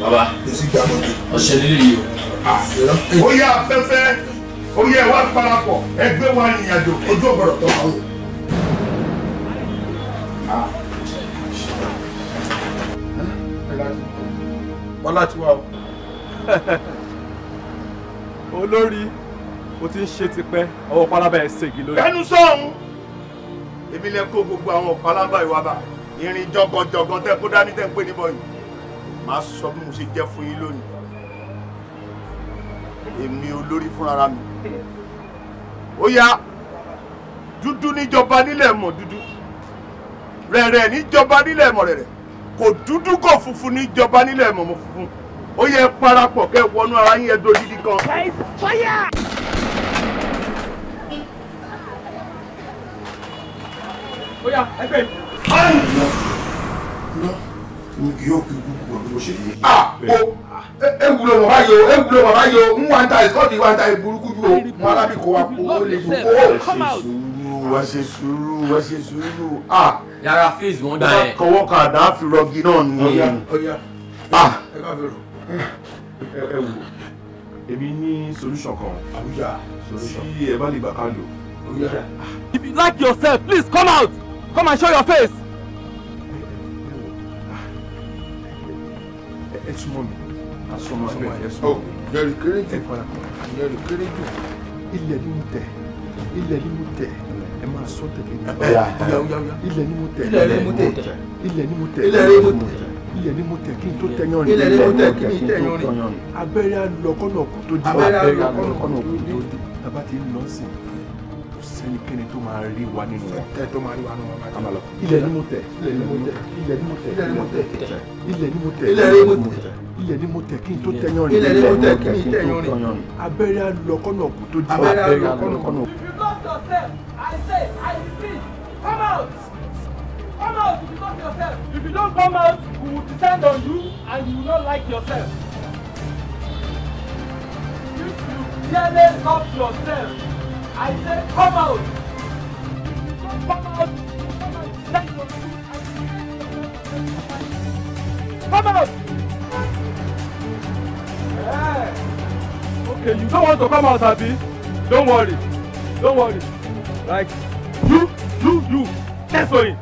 baba ọ̀sẹ̀ nílé yìí o. ó ah. yẹ afẹ́fẹ́ ó yẹ wá parapọ̀ ẹgbẹ́ wa rìnrìn àjò ojú ọ̀gbọ̀rọ̀ tó wà o. Ah. bọ́lá ti wá o. olórí o ti ń ṣe tipẹ́ ọwọ́ pálábá ẹ̀ ṣègi lórí. ẹnu sọ̀hún èmi lẹ kó gbogbo àwọn pálábá ìwà bá irin jọgọjọgọ tẹ kó dání tẹ pé níbọ yìí máa sọ bí mo ṣe jẹ́ fún yín lónìí èmi olórí fúnra mi ó yá dúdú níjọba nílẹ̀ mọ̀ dúdú rẹ̀rẹ̀ níjọba nílẹ̀ mọ̀ rẹ̀rẹ̀ kò dúdú kò funfun níjọba nílẹ̀ mọ̀ mọ̀ funfun ó yẹ parapọ̀ kẹ́ wọnú ara yín ẹdọ gidi kan. ó yá ẹgbẹ́ mi. báyìí lọ lọ omi kì yóò kí kú òṣèlú. a ah, o ẹ wúlò màmá yo ẹ wúlò màmá yo n wá ń ta ìsọ́ọ̀dì wá ń ta ìburúkú ju o mo alábì kó wa kó o lè kó o. wá ṣe sùúrù wá ṣe sùúrù a. Ah, yàrá fíìsì wọn dá yẹn. kọwọ́ kan àdá fi rọgí náà nù. ọ̀ya ọ̀ya ah. ẹ ká fẹ́ rò ẹ wò èmi ní solution kan. Abuja solution. tí ẹ bá lè bá ká lò. like yourself please come out come and show your face. ẹ súnmọ́ mi asọmọ bẹ́ẹ̀ ẹ súnmọ́ mi. yẹrù kéré jù yẹrù kéré jù ilẹ̀ ni mo tẹ̀ ilẹ̀ ni mo tẹ̀ ẹ máa sọ tẹ̀lé mi ilẹ̀ ni mo tẹ̀ ilẹ̀ ni mo tẹ̀ ilẹ̀ ni mo tẹ̀ ilẹ̀ ni mo tẹ̀ ilẹ̀ ni mo tẹ̀ kí n tó tẹ̀yán ni ilẹ̀ ni mo tẹ̀ kí n tó tẹ̀yán ni abẹ́rẹ́ alọ́kọ́nà kò tó di abẹ́rẹ́ alọ́kọ́nà kò tó di tàbá ti ń lọ sí i sẹ́nikẹ́ni tó máa rí wa nínú wọn. ẹ tó máa rí wa nínú wọn. máa lọ. ilẹ̀ ni mo tẹ̀ ilẹ̀ ni mo tẹ̀ ilẹ̀ ni mo tẹ̀ ilẹ̀ ni mo tẹ̀ ilẹ̀ ni mo tẹ̀ ilẹ̀ ni mo tẹ̀ kí n tó tẹ̀yán rìn ilẹ̀ ni mo tẹ̀ kí n tó tẹ̀yán rìn abẹ́rẹ́ alọ́kọ́nà kò tó di abẹ́rẹ́ alọ́kọ́nà. if you lost yourself i say i repeat come out come out if you lost yourself if you don't come out we will descend on you and you will not like yourself. if you really love yourself. I said, come out. Come out. Come out. Okay, you don't want to come out, Abi. Don't worry. Don't worry. Like, you, you, you. That's what it.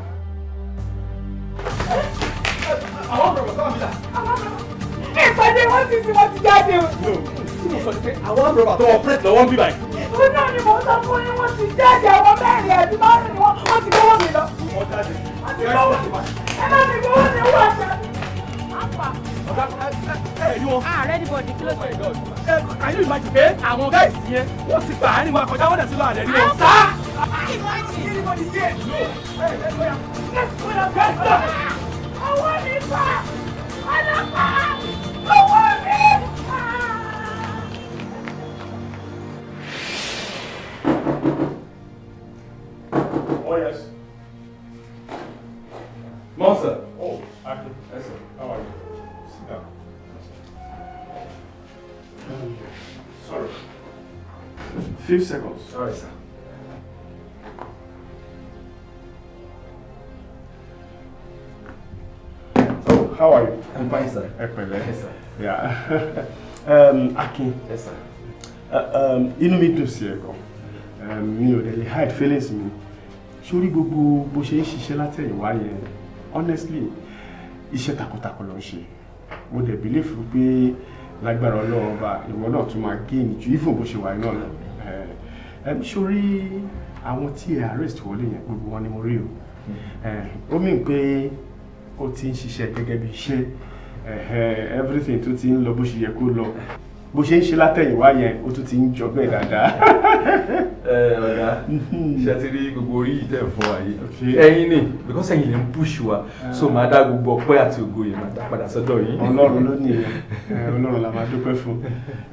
Ìpàdé wọ́n ti ti wọ́n ti jáde o. Ṣé mo sọ pé I want bàtọ́ wọn want lọ́wọ́ ń want báyìí? òun náà ni mò ń sọ fún yín wọ́n ti jáde àwọn mẹ́rin ẹ̀bí márùn-ún ni wọ́n wọ́n ti gbówó mi lọ. ẹ bá mi gbówó mi wú àṣà mi. Ààrẹ ní bọ̀dì kí ló ṣe? Can you imagine pé àwọn gáìsì yẹn wọ́n ti gbà á ní wa kọjá wọ́n dẹ̀ sí lọ́ọ̀dẹ̀ ní wọn. Sá! Àwọn nípa! Ọlọ́pàá! Oh, yes. Monster. Oh, actually. Yes, sir. How are you? Sit down. Sorry. Few seconds. Sorry, sir. So, how are you? I'm fine, sir. Ẹ̀pẹ̀lẹ́. Yes, sir. Yeah. um, Akin. Yes, sir. Uh, um, you know dùn sí ẹ̀kọ́. Mi ò dẹ̀ lè hide feelings mi. sórí gbogbo bó ṣe ń ṣiṣẹ́ látẹ̀yìnwá yẹn honestly iṣẹ́ takuntakun ló ń ṣe mo dẹ̀ believe pé lágbára ọlọ́run ọba ìwọ náà tún máa gain ju ifo bó ṣe wà náà lọ ẹm sórí àwọn tí ẹ arrest wọlé yẹn gbogbo wọn ni mo rí o ó mì pé ó ti ń ṣiṣẹ́ gẹ́gẹ́ bí iṣẹ́ everything tó ti ń lọ bó ṣe yẹ kó lọ bó ṣe ń ṣe látẹ̀yìnwá yẹn ó tún ti ń jọ bẹ́ẹ̀ dáadáa. Eh, ẹ ọ̀gá ṣe ti rí gbogbo orí yìí tẹ̀ fún wa yìí ẹ̀yin ni because ẹ̀yin lè ń push wa ah. so máa dá gbogbo ọpẹ́ àti ògo yìí máa dá padà sọ́dọ̀ yìí. ọlọ́run ló ní ìyẹn eh, ọlọ́run la máa dúpẹ́ fún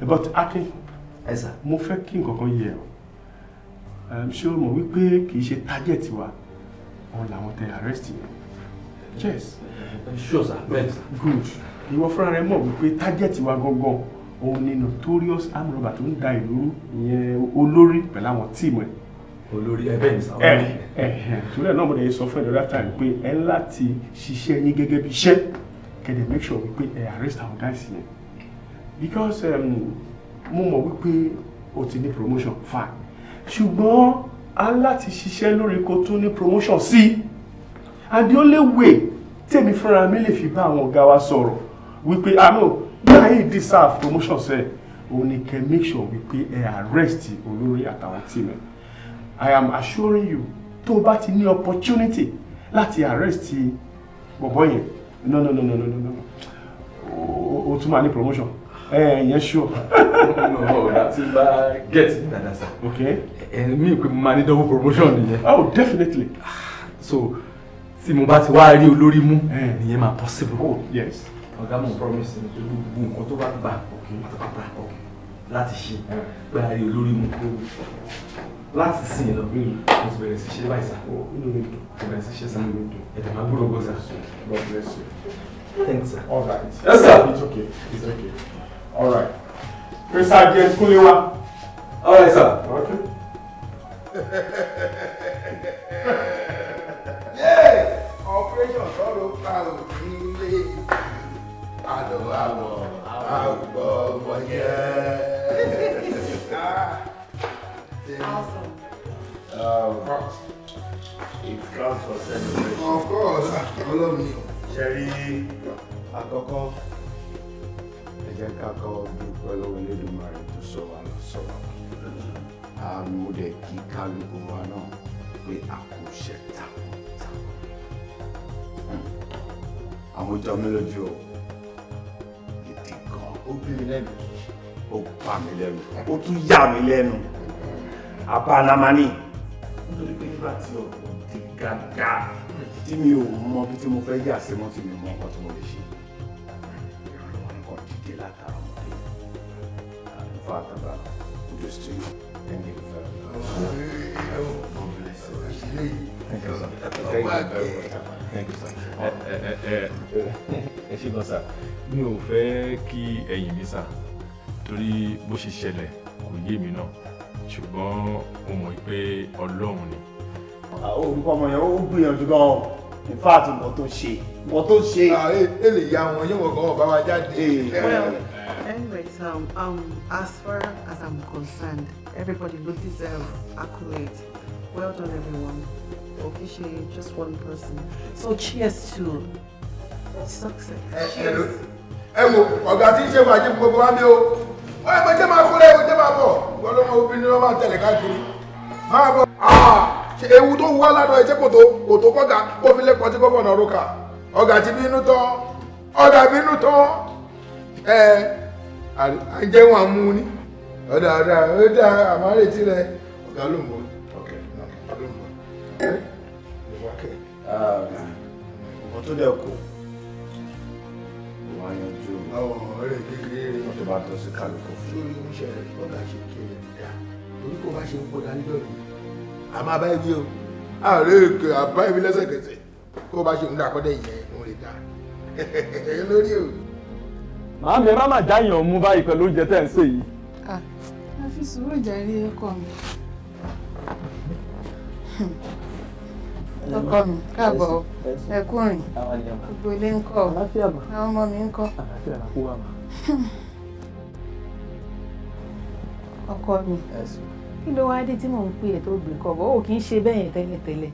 but akin mo fẹ́ kí nǹkan kan yẹ ọ́ ehm, ṣé o mọ̀ wípé kì í ṣe target wa òun làwọn tẹ arrest yẹn yes. Eh, sure sir bẹ́ẹ̀ sir. good ìwọ fúnra rẹ mọ̀ wípé target wa gangan òun ni notorious arm robber tó ń da ìlú ìyẹn olórí pẹ̀lú àwọn tíìmù ẹ̀. olórí ẹbẹ ní sáwọn. ẹ ẹ ìtúlẹ̀ náà mo lè sọ fún ẹ̀dọ́dá tàbí pé ẹ láti ṣiṣẹ́ yín gẹ́gẹ́ bí iṣẹ́ kẹ̀dẹ̀ make sure wípé ẹ arrest our guys yẹn because um, mo mọ̀ wípé o ti ní promotion fine ṣùgbọ́n a láti ṣiṣẹ́ lórí kó tó ní promotion sí and the only way tèmi fúnra mi lè fi bá àwọn ọ̀gá wa sọ̀rọ̀ wípé àmọ́ ah, Saheed deserve promotion sẹ́ òun ni kẹ́ make sure we wípé ẹ arrest at our team I am assuring you to o bá opportunity, ní the láti arrest bọ̀bọ̀ no, no no no no no no o tún máa ní promotion yẹn sure. no láti bá get dada sa. okay. ẹ mi pe mo máa ní double promotion nìyẹn. oh definitely. so tí mo bá ti wá rí olórí mú eh. nìyẹn máa possible. oh yes ọ̀gá mọ̀ promise ni pé gbogbo nǹkan tó bá gbà pátápátá láti ṣe pé a olórí mu láti sìn lọ mo ti bẹ̀rẹ̀ sí ṣe báyìí sá mo ti bẹ̀rẹ̀ sí ṣe sá ẹ̀dẹ̀ máa gbúdọ̀ gbọ́ sá. God bless you. Thanks sir. All right. Yes sir. It's okay. It's okay. All right. Pé Sergeant Kúnlé wá. All right sir. Okay. yeah. Operation sọ̀rọ̀ pa òní àlọ́ àwọ̀ àwùgbọ́ ọmọ yẹn. Awesome. Um, it counts for celebration. Of course, ọlọ́run ni. Ṣẹ́rí àkọ́kọ́ ẹ jẹ́ ká kọ́ dúpẹ́ lọ́wọ́ to tó sọ wá lọ sọ wá. Àmọ́ dẹ̀ kí kálukú wa náà pé àkóṣe takuntakun. Hmm. Àwọn ìjọ mi lójú o o bí mi lẹ́nu o pa mi lẹ́nu ó tún yà mí lẹ́nu apanamani nítorí pé nígbà tí ọ̀pọ̀ di gàgà tí mi ò mọ bí tí mo fẹ́ yà sí mọ́ tí mi mọ nǹkan tí mo lè ṣe ìrànlọ́wọ́ nǹkan dìde látara ọmọdé àrùn fún àtàbà ojú sí ẹni ìfẹ́. Thank you, Ẹ ṣe gan sir, mi ò fẹ́ kí ẹ̀yìn mi sir, torí bó ṣe ṣẹlẹ̀ kò yé mi náà, ṣùgbọ́n mo mọ̀ pé Ọlọ́run ni. Olùkọ́ ọmọ yẹn ó gbìyànjú gan in fact nǹkan tó ṣe, nǹkan tó ṣe. Ẹ ya wọn yóò wọ̀ gan ọba wa jáde. um, as far as I'm concerned, everybody will deserve accolades. Well done, everyone or just one person. So cheers to success. Cheers. Ẹ wo, ọ̀gá tí ń ṣe wàjí fún gbogbo wa ní o. Ó yẹ kó jẹ́ máa kúrẹ́ ìwé jẹ́ máa bọ̀. Ìwọ ló máa obìnrin ló máa tẹ̀lé káàkiri. Máa bọ̀. Ṣé ewu tó wá ládọ̀ ẹ̀jẹ̀ kò tó kò tó kọ́gà kó fi lé pọtí kó fọ̀nà rókà. Ọ̀gá ti bínú tán. Ọ̀gá bínú tán. Ẹ à ń jẹ́ àmú ni. Ọ̀dà ọ̀dà ó dá rẹ̀ ọ̀gá ló ń bọ̀ ọmọ tó dẹ̀ kù wọ́n á yanjú ọ̀rẹ́ kékeré rẹ̀ tó bá tọ́ sí kálukú. sórí oúnjẹ rẹ̀ ọ̀gá ṣe kéré dá torí kò bá ṣe ń gbọ́dá níjọ́ yìí a máa bá ibi o ààrẹ èkó àbá ibi lẹ́sẹ̀kẹsẹ̀ kó bá ṣe ń dà kọ́dẹ̀ yẹn mo lè dá ẹ lórí o. màámi ẹ má má já yàn mú báyìí pẹ̀lú oúnjẹ tẹ́ ń sè yìí. a fi sùúrù jàre ẹkọ mi ọkọ mi káàbọ̀ ẹkú rìn gbogbo ilé ń kọ́ àwọn ọmọ mi ń kọ́ ọkọ mi kí ló wáá dé tí mò ń pè ẹ́ tó gbé kọ́ bọ́ ò kì í ṣe bẹ́ẹ̀ tẹ́lẹ̀tẹ́lẹ̀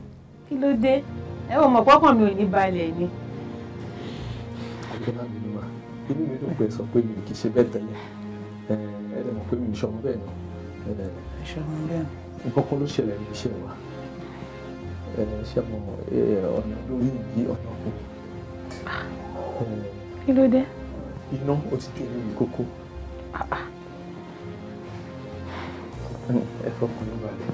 kí ló dé ẹ ò mọ̀ pọ́kàn mi ò ní balẹ̀ ni. àgbẹ̀lá mi ni wà inú mi dùn pé sọ pé mi kì í ṣe bẹ́ẹ̀ tẹ́lẹ̀ ẹ̀ẹ́dẹ̀ mọ̀ pé mi ò ṣọmọ bẹ́ẹ̀ ni. ìṣọmọ bẹ́ẹ̀. nǹkan kan ló ṣẹlẹ̀ ní iṣẹ́ wa ṣe mọ ọ̀nà lórí yìí ọ̀nà ọ̀gbìn. kí ló dé. iná ó ti jó lórí kókó. ẹ fọkàn ló balẹ̀.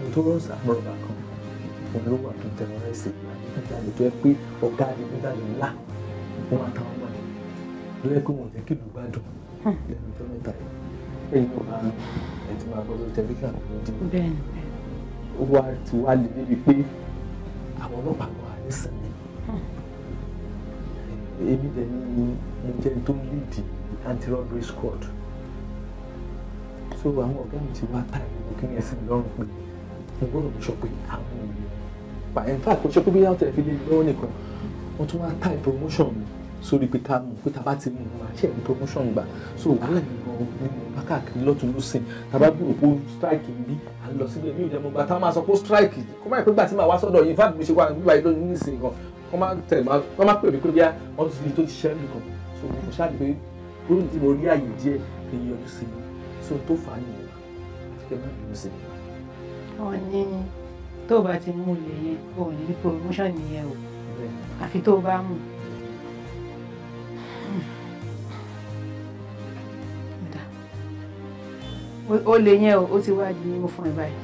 mo tó rọ sàmúrò bá kan òun ló wà tó tẹ̀wọ́ rẹ̀ sí nígbà tó yẹ pé ọ̀gá adigunjalè ńlá wọn àtàwọn ọmọ rẹ̀ ló yẹ pé wọn ò jẹ́ kí ìlú gbádùn lẹ́nu tó pé yóò máa ń ẹ ti máa gbọ́dọ̀ tẹlifíṣàn tó dé. bẹ́ẹ̀ni bẹ́ẹ̀ni. ó wá ti èmi dẹ̀ ni mo jẹ́ tó ń líìdì anti-robbery squad. so àwọn ọ̀gá mi ti wá táyà ìlú kí ẹsẹ̀ lọ́rùn pé mo gbọ́dọ̀ sọ pé àwọn ènìyàn pa in fact mo sọ pé bí yàtọ̀ ẹ̀ fi lé lọ́wọ́ nìkan wọ́n tún wá táyà promotion mi sórí pé ká mọ̀ pé ta bá ti mú un àṣẹ promotion gbà so wàhálà mi káàkiri lọ́tún lọ́sìn tàbá bí òpó strike bí à lọ sílé ní ìjẹun gbà tá a máa sọ pé strike kó má ìpégbà tí màá wá sọ́dọ̀ yìí fáàbì mi ṣe wà nígbà yìí lónìí nísìnyí kan kó má tẹ̀ má kó má pè mí pé bí wọ́n ti di tó ti ṣẹ́ nìkan so mo ṣáà di pé lónìí tí mo rí àyè díẹ̀ kì í yọjú sí mi so tó fà á nìyẹn kí ẹ má bínú sí mi. ọ̀ni tó o bá ti mú ilé yẹn o ò o lè yẹn o ó ti wá di mímú fún ẹ báyìí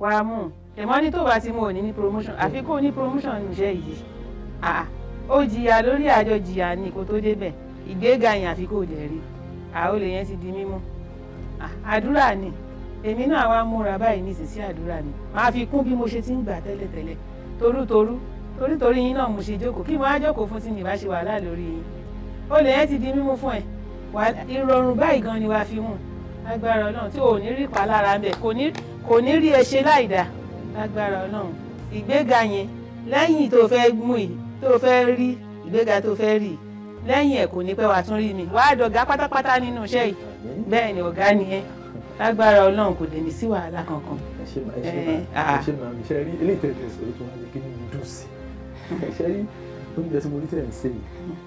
wàá mú ẹ̀mọ́ ní tó bá ti mú òní ní promotion àfi kó ní promotion níṣẹ́ yìí ó jìyà lórí àjọ jìyà ni kó tó débẹ̀ ìgbéga yẹn àfi kó dẹ̀ rí àwọn olè yẹn ti di mímú àdúrà ni èmi náà wá múra báyìí nísinsìnyí àdúrà mi máa fi kún bí mo ṣe ti ń gbà tẹ́lẹ̀tẹ́lẹ̀ torútorú torítorí yín náà mo ṣe jókòó kí mo á jókòó fún tí mi bá wàhálà lórí yín olè yẹn ti di mímú fún ẹ ìrọ̀rùn báyìí gan ni wàá fi mú agbára ọlọ́run tí ò ní rí ìpalára ń bẹ kò ní rí ẹ ṣe láì dá agbára ọlọ́run ìgbéga yẹn lẹ́yìn tó fẹ́ mú yìí tó fẹ́ rí ìgbéga tó fẹ́ rí lẹ́yìn ẹ̀ kò ní pẹ́ wàá tún rí mi wàá dọ̀gá pátápátá nínú iṣẹ́ yìí bẹ́ẹ̀ ni ọ̀gá nìyẹn lágbára ọlọ́run kò dé ní sí wàhálà kankan. ẹ ṣe máa ẹ ṣe máa ẹ ṣe rí eléyìí tẹ̀lé tẹ̀lé sọ̀rọ̀ tó wá kí ni mo dùn sí ẹ ṣe rí oúnjẹ tí mo rí tẹ̀ ń ṣe yìí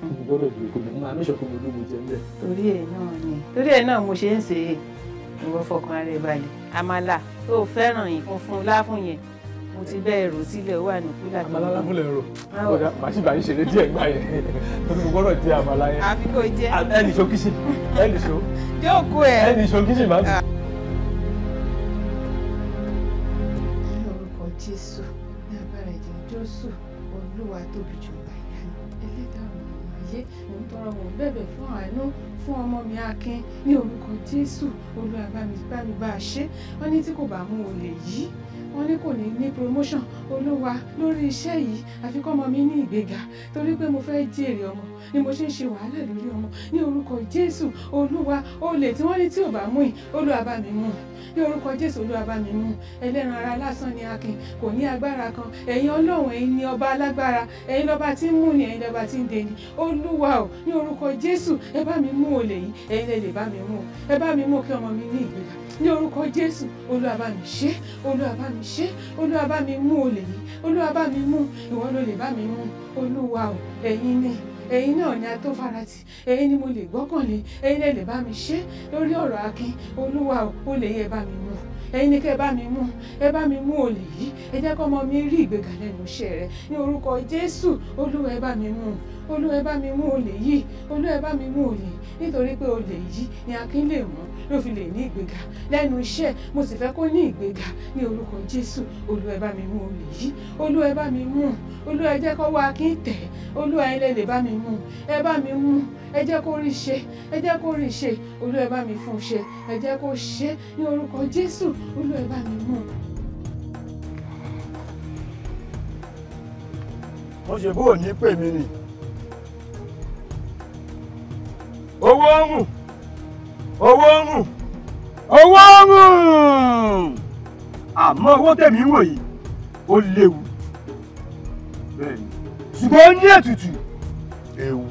mo gbọ́dọ̀ bí okòó mo máa mẹ́sọ̀ pé mo ló mo jẹ ńbẹ̀. torí ẹ̀ náà ni torí ẹ̀ náà mo ṣe ń ṣe ìwọ fọkàn rẹ balẹ̀ àmàlà tó o fẹ́ràn yìí funfun láfún yẹn mo ti bẹ́ẹ̀ rò sílẹ̀ ó wà ní kúlà. àmàlà láfún lè rò kódà màá sì bá yín ṣeré díẹ̀ gbà yẹn torí mo gbọ́dọ̀ jẹ àmàlà yẹn. àfi jẹ. ẹnì ṣokíṣì ẹnì ṣokíṣì máa ń. olùrànwọ́ bẹ̀bẹ̀ fún àánú fún ọmọ mi akin ní orúkọ jésù olúwa bá mi bá a ṣe wọ́n ní tí kò bá mú olè yìí wọ́n ní kò ní ní promotion olúwa lórí iṣẹ́ yìí àfi kọ́mọ mi ní ìgbéga torí pé mo fẹ́ jèrè ọmọ ni mo ṣe ń ṣe wàhálà lórí ọmọ ní orúkọ jésù olúwa olè tí wọ́n ní tí ò bá mú yìí olúwa bá mi mú ní orúkọ jésù olúwa bá mi mú ẹlẹ́ran ara lásán ni akin kò ní agbára kan ẹ̀yin ọlọ́run ẹ̀yin ni ọba alágbára ẹ̀yin lọ́ba tí ń mú ni ẹ̀yin lọ́ba tí ń deni olúwa o ní orúkọ jésù ẹ bá mi mú olè yìí ẹ̀yin lè bá mi mú ẹ bá mi mú kí ọmọ mi ní ìgbéga ní orúkọ jésù olúwa bá mi ṣe olúwa bá mi ṣe olúwa bá mi mú olè yìí olúwa bá mi mú ìwọ ló lè bá mi mú olúwa o ẹ̀yin ni ẹ̀yin náà ni a tó faratì ẹ̀yin ni mo lè gbọ́kànlé ẹ̀yin lè lè bá mi ṣe lórí ọ̀rọ̀ akin olúwa o olè yẹ bá mi mú ẹ̀yin ni kẹ́ bá mi mú ẹ bá mi mú olè yìí ẹ jẹ́ kọ́mọ mi rí ìgbéga lẹ́nu iṣẹ́ rẹ ní orúkọ jésù olúwa ẹ bá mi mú olúwa ẹ bá mi mú olè yìí olúwa ẹ bá mi mú olè nítorí pé olè yìí ni akin lè mú ló fi lè ní ìgbéga lẹ́nu iṣẹ́ mo sì fẹ́ kó ní ìgbéga ní orúkọ Jésù Olúwa ẹ bá mi mú olè yìí Olúwa ẹ bá mi mú Olúwa ẹ jẹ́ kó wá kí n tẹ̀ Olúwa ẹ lè lè bá mi mú ẹ bá mi mú ẹ kó rí ṣe ẹ kó rí ṣe Olúwa mi fún ṣe ẹ kó ṣe ní orúkọ Jésù Olúwa mi mú. mo ṣe bó o ní pè mí nì owó ń hùn owó mú owó mú àmọ́ owó tèmi wò yìí ó léwu bẹ́ẹ̀ ṣùgbọ́n ó ní ètùtù ewu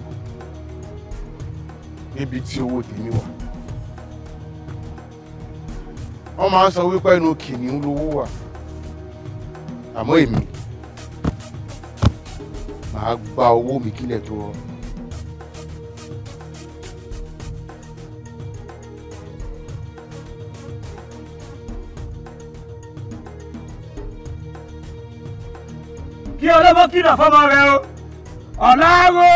níbi tí owó tèmi wà wọ́n máa ń sọ wípé ẹnu kìnìún lówó wà àmọ́ èmi màá gba owó mi kílẹ̀ tó rọrùn. kí olóbó kìlọ̀ fọmọ rẹ o ọ̀làwọ̀.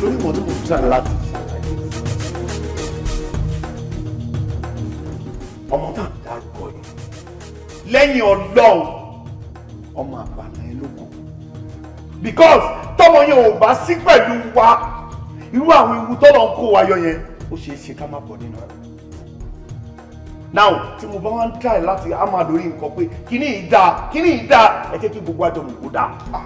lórí ìmọ̀ tí mo tún sáré láti ọmọ tá à ń yìí lẹ́yìn ọlọ́run ọmọ àgbàlá ẹ ló kù because tọmọ yẹn ò bá sí pẹ̀lú wa. irú àwọn ewu tọ́lọ̀ ń kó wa yọ yẹn ó ṣeé ṣe ká má bọ̀ nínú rẹ̀ now tí mo bá wá ń try láti á máa lórí nǹkan pé kíní kíní ẹ jẹ́ kí gbogbo àjọ mi kó dáa. Ah,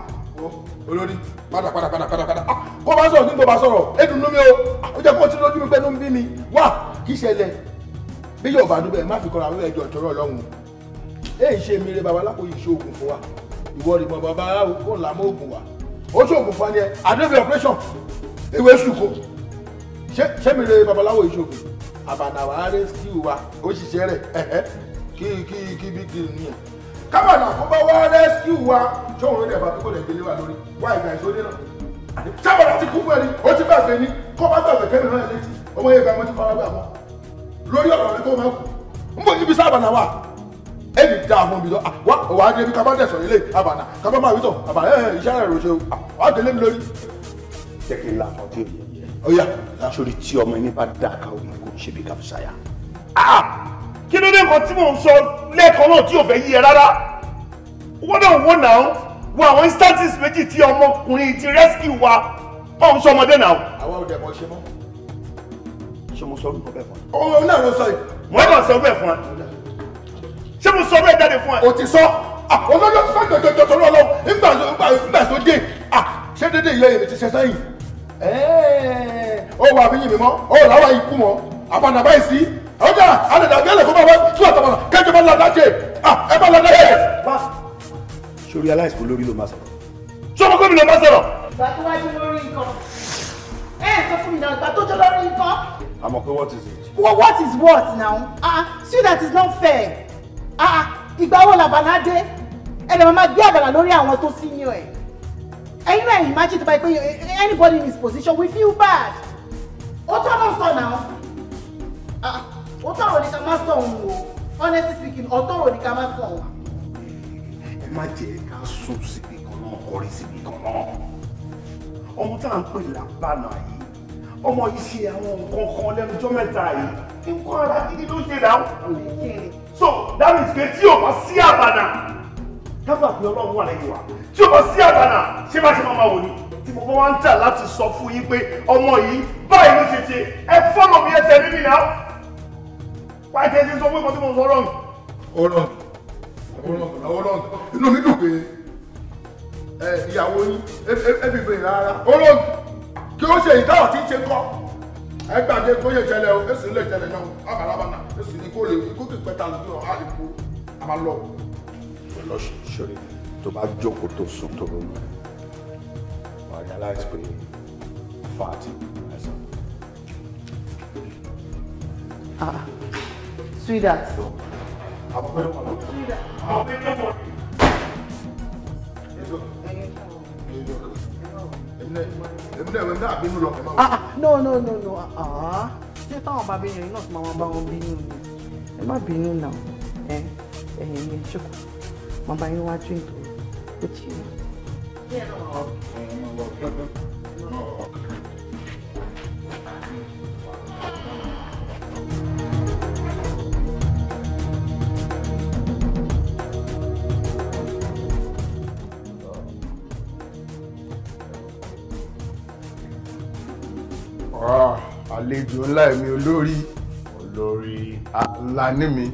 olórí padà padà padà padà padà ah, kó bá sọ̀rọ̀ bá sọ̀rọ̀ mi o ó jẹ́ kó tí lójú mi pẹ́ ló ń bí mi wá kí ṣẹlẹ̀ bí yóò bá dúpẹ́ má fi kọ́ra àwọn ẹ̀jọ̀ ìtọ́rọ̀ ọlọ́run èyí ṣe mi rẹ ṣe oògùn ewé sùkò ṣé mi lè babaláwo ìṣòkè àbàdàwà rẹ sí wa ó ṣiṣẹ́ rẹ̀ ẹ̀hẹ́ kí kí kí bí kí ni ẹ̀ kábàdà kó bá wá rẹ́síkì wa ṣóhun rẹ̀ bá tó kọ̀ lè gbélé wa lórí wá ìgbà ìṣòdì náà sábàdà ti kú fún ẹni ó ti bàgbé ní kó bá gbàgbé kẹ́mi náà létí ọmọ yẹn gba ọmọ ti fara gbà mọ́ lórí ọ̀rọ̀ rẹ tó máa kù ń bọ̀ níbi sábàdà wa ẹni da àwọn ibi tó wà á débi kábàdà sọ̀rọ̀ ilé àbànà kábàdà máa wí tọ̀ àbànà ẹ̀ iṣẹ́ rẹ̀ rò ṣe o wà á délé mi lórí jẹ́ kí n la àwọn tí òye yẹ. ó yà. sórí tí ọmọ ẹni bá dà ká òye kò ṣe bí kàfíṣàyà. Ah! kí ló dé nǹkan tí mò ń sọ lẹ́ẹ̀kan náà tí ò fẹ́ yí ẹ rárá wọ́n náà wọ́n náà wọ àwọn instances méjì tí ọmọkùnrin ti rescue wa ọ̀hún sọmọdé náà. àwa ò dẹ̀ mọ̀ ṣe mọ́. ṣé mo sọ orúkọ bẹ́ẹ̀ fún ẹ. ó náà ló sọ yìí. mo ẹ̀ kàn sọ bẹ́ẹ̀ fún ẹ. ṣé mo sọ bẹ́ẹ̀ jáde fún ẹ. o ti sọ ah, olóyún fún jọjọjọ torí Ọlọ́run nígbà tó dé ah, ṣé dédé ìyá yẹn ti ṣe sẹ́yìn ó wà bí yìí mọ́ ó làwà ikú mọ́ àbànà báyìí sí ọjà àdàdà gẹ́lẹ̀ kó bá wá tú àtàbànà kẹjọ bá ladà jẹ ẹ bá ladà jẹ. sori aláìsàn olórí ló máa sọ̀rọ̀. sọ́mọ gómìn ló máa sọ̀rọ̀. ìgbà tó wájú lórí nǹkan ẹ ẹ sọ fún mi náà ìgbà tó jọ lórí nǹkan. àmọ́ pé what is it. well what is what now ah see that is not fair ah, ah ìgbà wo làbànà dé ẹ lè máa gbé àbànà lórí àwọn tó senior ẹ̀ ẹ̀yin náà imagine tó bá yẹ anybody in this position we feel bad ó tọ́ náà sọ náà ó tọ̀rọ̀ ní ká má sọ òun o honestly speaking ó tọ̀rọ̀ ní ká má sọ òun. ẹ má jẹ́ ká sùn síbi kan náà kọrí síbi kan náà ọmọ tá à ń pè lábànà yìí ọmọ yìí ṣe àwọn nǹkan kan lẹ́nu ọjọ́ mẹ́ta yìí nǹkan ara gidi ló ṣe náà so that means pé tí o bá sí àbànà dábàá pé ọlọ́run wà lẹ́yìn wa tí o bá sí àdánà ṣé bá ṣe máa máa wò ni tí mo bá wá ń tà láti sọ fún yín pé ọmọ yìí báyìí ló ṣe ṣe ẹ fọ́nà mi ẹ tẹ̀lé mi náà wáyé tẹ̀ ṣe sọ pé nǹkan tí mo sọ rọrùn. ó rọrùn ó rọrùn ó rọrùn inú mi dùn pé ìyàwó yín ẹbí bèrè rárá ó rọrùn kí ó ṣe ìdáhùn tí ń ṣe kọ́ ẹ gbàgbé kó yẹ jẹlẹ o èsì ilé jẹlẹ náà abalabana èsì ni kó lè kó kí pẹta lójú ọ a máa lọ. lọ tó bá jókòó tó sùn tó ronú wà á realize pé fat àìsàn. ah sweetheart. àpẹẹrẹ wọn ló àpẹẹrẹ wọn. Ah, no no no no ah ṣé táwọn bàbá yẹn náà ti máa bá wọn bínú ni ẹ má bínú náà ẹ ẹ̀yin mi jókòó màmá yín wájú ìtò with ah, you. Get off. Get off. àlejò ńlá ẹ̀mí olórí olórí ah, ńlá ní mi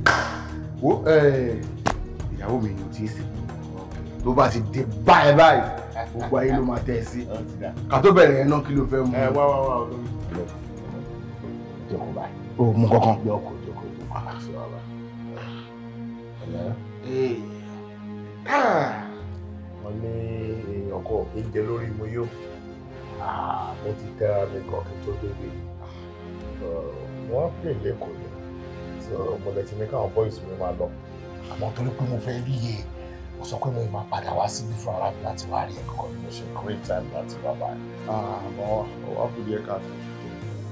eh, ìyàwó mi ni ò tí ì sìn ló bá ti dé báyìí báyìí gbogbo ayé ló máa tẹ̀ sí ká bẹ̀rẹ̀ yẹn náà kí ló fẹ́ mú. ẹ wá wá wá o mú kankan. jókòó jókòó jókòó sí wa bá. wọ́n ní èèyàn kò kí ń jẹ lórí mu yó ah, mo ti tẹ́ra mi kan kí n tó débi ah, wọ́n pè lẹ́kọ̀ọ́ yẹn mo lè ti ní káwọn bọ́ìsì mi máa lọ àmọ́ torí pé mo fẹ́ rí yẹn mo sọ pé mo máa padà wá síbí fún ara mi láti wá rí ẹ kọ́kọ́ ni mo ṣe great time láti wá báyìí. àmọ́ ah, ọwọ́ kò yẹ ká tó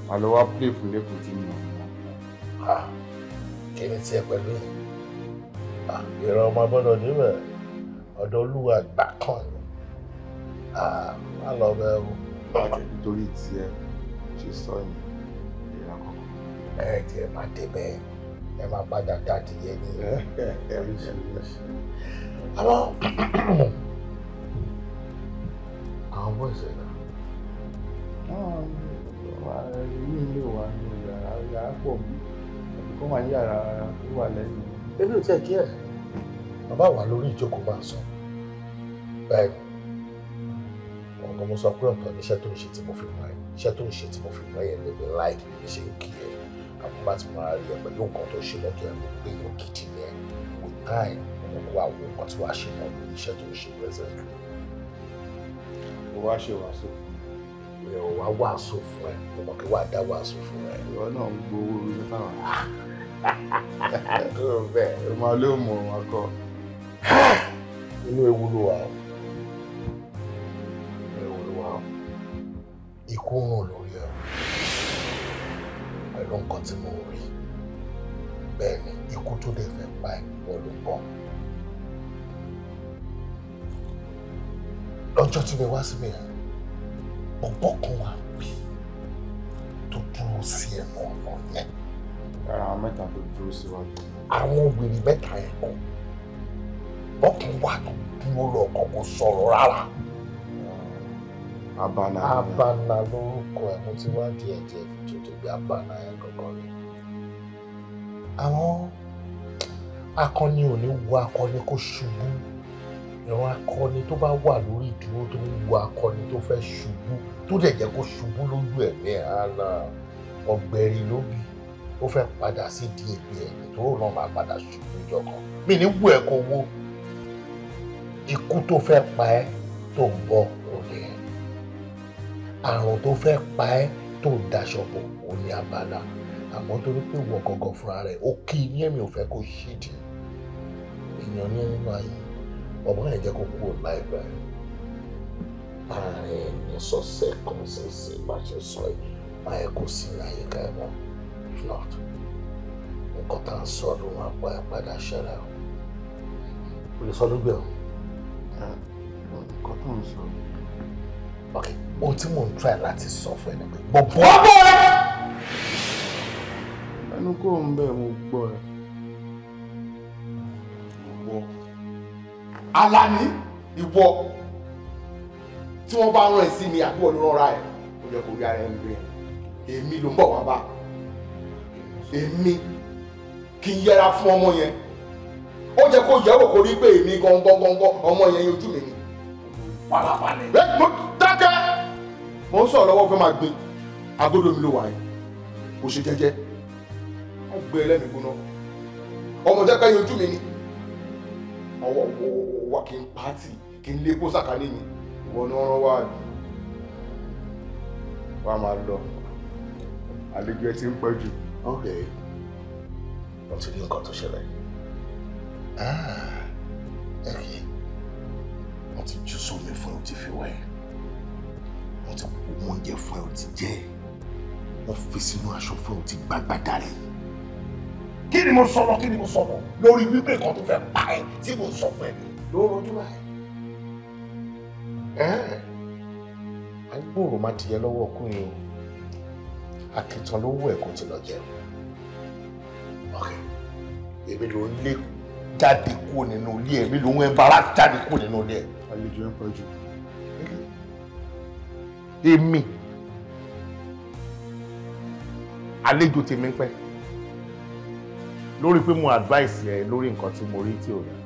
máa lọ wá play fún lẹ́kùn tí mi ò mọ̀. Ah, kèmí tiẹ̀ pẹ̀lú ah, ìran ọmọ gbọ́dọ̀ níbẹ̀ ọ̀dọ̀ olúwa gbà kàn ni má lọ bẹ o. nítorí tiẹ̀ ṣe sọ yìí ìran kọ̀ọ̀kan. ẹ tiẹ̀ máa débẹ̀ ẹ máa padà dá adìyẹ ní. ah àwọn àwọn bọ́ọ̀sì ẹ̀dá. èmi ilé wa ní yàrá yàrá pọ̀ mí àbí kó máa yàrá wà lẹ́yìn. ebi ò tiẹ̀ kí ẹ̀. bàbá wà lórí ìjókòó máa sọ bẹ́ẹ̀ ni ọ̀gá mo sọ pé ọ̀tọ̀ níṣẹ́ tó ń ṣe tí mo fi mọ ẹ̀ iṣẹ́ tó ń ṣe tí mo fi mọ ẹ̀ lẹ́gbẹ̀ẹ́ láìpẹ́ ní ṣe ń kí ẹ̀ àbúrò bá ti mọ ara rí ẹ̀ pẹ̀lú nǹkan tó ṣe lọ́jọ́ ẹ̀ mo gbé yàn gidi yẹn with time wà wò nǹkan tí wàá ṣe náà lórí iṣẹ́ tó ń ṣe present. mo wá ṣe wàásù fún mi. ìrẹ̀ ò wá wàásù fún ẹ mo mọ̀ kí wàá dá wàásù fún ẹ. ìwọ náà ń gbowó orí fáwọn. kúrò bẹ́ẹ̀. o máa ló mọ wọn kọ. inú ewu ló wà ó. inú ewu ló wà ó. ikú ń rùn lórí ẹ pẹ̀lú nǹkan tí mo rí bẹ́ẹ̀ ikú tó dé fẹ́ pa ẹ̀ wọ́n ló pọ̀. lọ́jọ́ tí mi wá síbẹ̀ bọ̀bọ̀ kan wà pé tó dúró sí ẹnu ọ̀nà yẹn. ara àwọn mẹ́ta tó dúró síwájú. àwọn obìnrin mẹ́ta yẹn kọ bọ́kàn wà tó dúró lọ́kọ̀ kò sọ̀rọ̀ rárá. abana abana lórúkọ ẹ̀ mo ti wá díẹ̀ díẹ̀ tó tó bí abana yẹn kankan rí. àwọn akọni ò wo akọni kó ṣubú ìran akọni tó bá wà lórí ìdúró tó ń wo akọni tó fẹ́ ṣubú tó dẹ̀ jẹ́ kó ṣubú lójú ẹ̀mí ààlà ọ̀gbẹ̀rì ló ó fẹ́ padà sí di èpè ẹ̀mí tó náà máa padà ṣubú jọkan mi ní wù ẹ́ kó wó ikú tó fẹ́ pa ẹ́ tó ń bọ̀ òní ẹ̀ àrùn tó fẹ́ pa ẹ́ tó ń daṣọ bò òní abala àmọ́ torí pé wọ̀ gọ́gọ́ fúnra rẹ̀ ó kí ní ẹ̀mí ò fẹ́ kó ṣídìí èèyàn ní nínú ayé ọmọ yẹn jẹ́ kó kúrò láìpẹ́ láàrin ìsọ̀sẹ̀ kan ṣẹ̀ṣẹ̀ bá ṣe sọ yìí máa yẹ kó sí ní àyíká ẹ̀ mọ́ if not nǹkan tá à ń sọ ló máa pa ẹ̀ padà ah, ok ohun tí mò try láti sọ fún ẹni pé gbogbo ọgbọ rẹ. ẹnu kò ń bẹ̀ mo gbọ́ ẹ. Alani ìwọ tí wọ́n bá rán ẹ̀ sí mi àbúrò ló rán ra ẹ̀ ó yẹ kó rí ara ẹ̀ ń gbé ẹ̀ èmi ló ń bọ̀ wá bá èmi kí n yẹra fún ọmọ yẹn ó yẹ kó yẹ̀wò kó rí pé èmi gangan ọmọ yẹn ojú mi ni. pàlàpàlẹ̀. ẹ mo dákẹ́ mo ń sọ̀rọ̀ lọ́wọ́ fẹ́ máa gbin agodo mi ló wà yìí kò ṣe jẹ́jẹ́ wọ́n gbé ẹlẹ́mìí gbóná ọmọ jẹ́ ká yọjú mi ni ọwọ́ wọ́ọ́ wá kí n pàtì kí n lépo sàkání mi ìwọ ni wọ́n rán wá àbí wá máa lọ àlejò ẹ ti ń pẹ́ jù. ok wọ́n ti rí nǹkan tó ṣẹlẹ̀ ẹ̀rí ah, wọ́n ti jù sómi fún ẹ ó ti fi wẹ̀ wọ́n ti kó oúnjẹ fún ẹ ó ti jẹ́ wọ́n fi sínú aṣọ fún ẹ ó ti gbàgbà darí kí ni mo sọ̀rọ̀ kí ni mo sọ̀rọ̀ lórí wípé kan tó fẹ́ pa ẹ tí mo sọ fún ẹ ló ń rojú báyìí à ń gbòòrò má ti yẹ lọ́wọ́ ọkùnrin o àkìtàn ló wù ẹ̀ kó ti lọ jẹun ọ̀kẹ́ èmi ló lé jáde kúrò nínú ilé ẹ̀ èmi ló ń ẹ̀bára jáde kúrò nínú ilé ẹ̀. àlejò ẹ̀ ń pọ̀ jù. èmi àlejò tèmi pẹ́ lórí pé mo advice ẹ lórí nǹkan tí mo rí tí ò yẹ.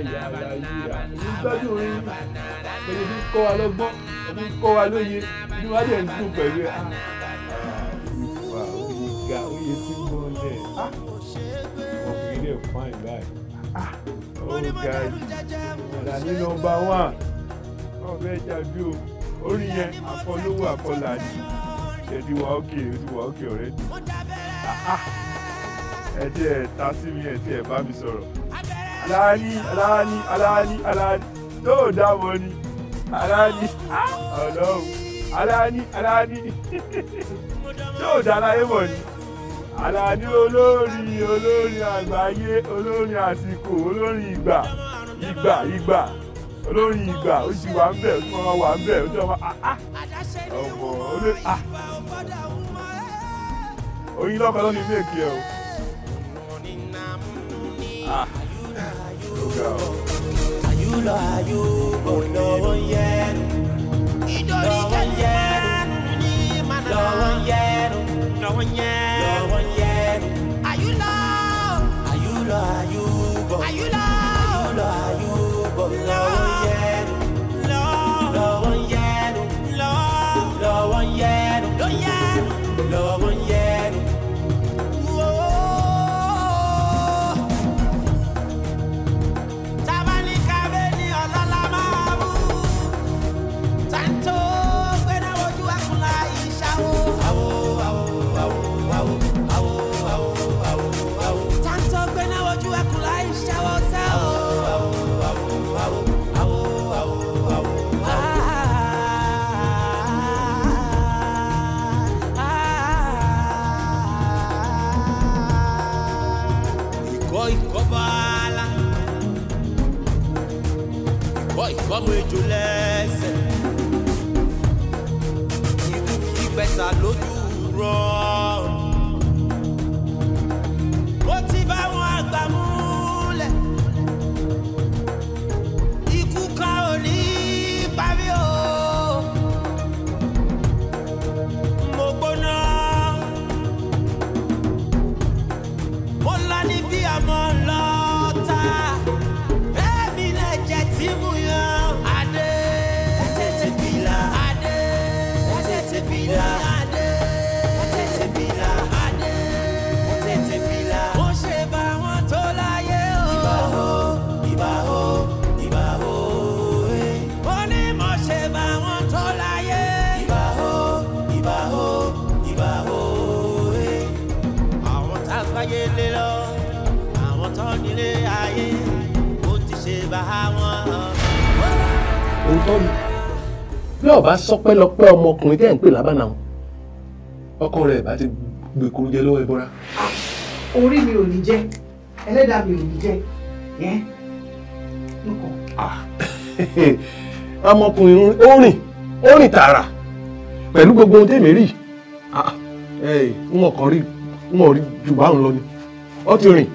ìyá ìyá ìyá ìtọ́jú orin ẹni tí kọ́ wa lọ́gbọ́n ẹni tí kọ́ wa lóye inú wa dẹ̀ ń dùn pẹ̀lú ẹ̀ ìwà òye ga òye sí mọ́lẹ̀ ọkùnrin dẹ̀ fáìn báyìí ó ga yìí ní nọ́mbà wán ọ̀bẹ jàdú o orí yẹn àkọlówó àkọlà ni ẹ̀dí wa ókè ẹ̀dí wa ókè ọ̀rẹ́dì ẹ̀dí ẹ̀ ta sí mi ẹ̀dí ẹ̀ bá mi sọ̀rọ̀. Alani Alani Alani Alani yóò dá wọn ni Alani ọlọ́run Alani Alani yóò dá láyé wọn ni Alani olórin olórin àgbáyé olórin àsìkò olórin ìgbà ìgbà ìgbà olórin ìgbà ó sì wà ń bẹ̀ ó sì máa wà ń bẹ̀ ó sì máa ọmọ olórin oyin lọ́kọ̀ọ́ lọ́nà ilé ìkẹ́ o ayúlọ ayúbọ lọ́wọ́ yẹnu lọ́wọ́ yẹnu lọ́wọ́ yẹnu lọ́wọ́ yẹnu. àwọn èjò lẹ́ẹ̀. bí ọba sọpẹ́ lọpẹ́ ọmọkùnrin tẹ́ ń pè lábànà wọn ọkọ rẹ̀ bá ti gbèkúrú jẹ lọ́wọ́ ẹbọra. orí mi ò ní jẹ ẹlẹ́dàá mi ò ní jẹ yẹn nǹkan. Ah. ọmọkùnrin ó rìn ó rìn tààrà pẹ̀lú gbogbo ohun tèmi rí ah, eh, n ò kàn rí n ò rí jù báwọn lọ ni ó ti rìn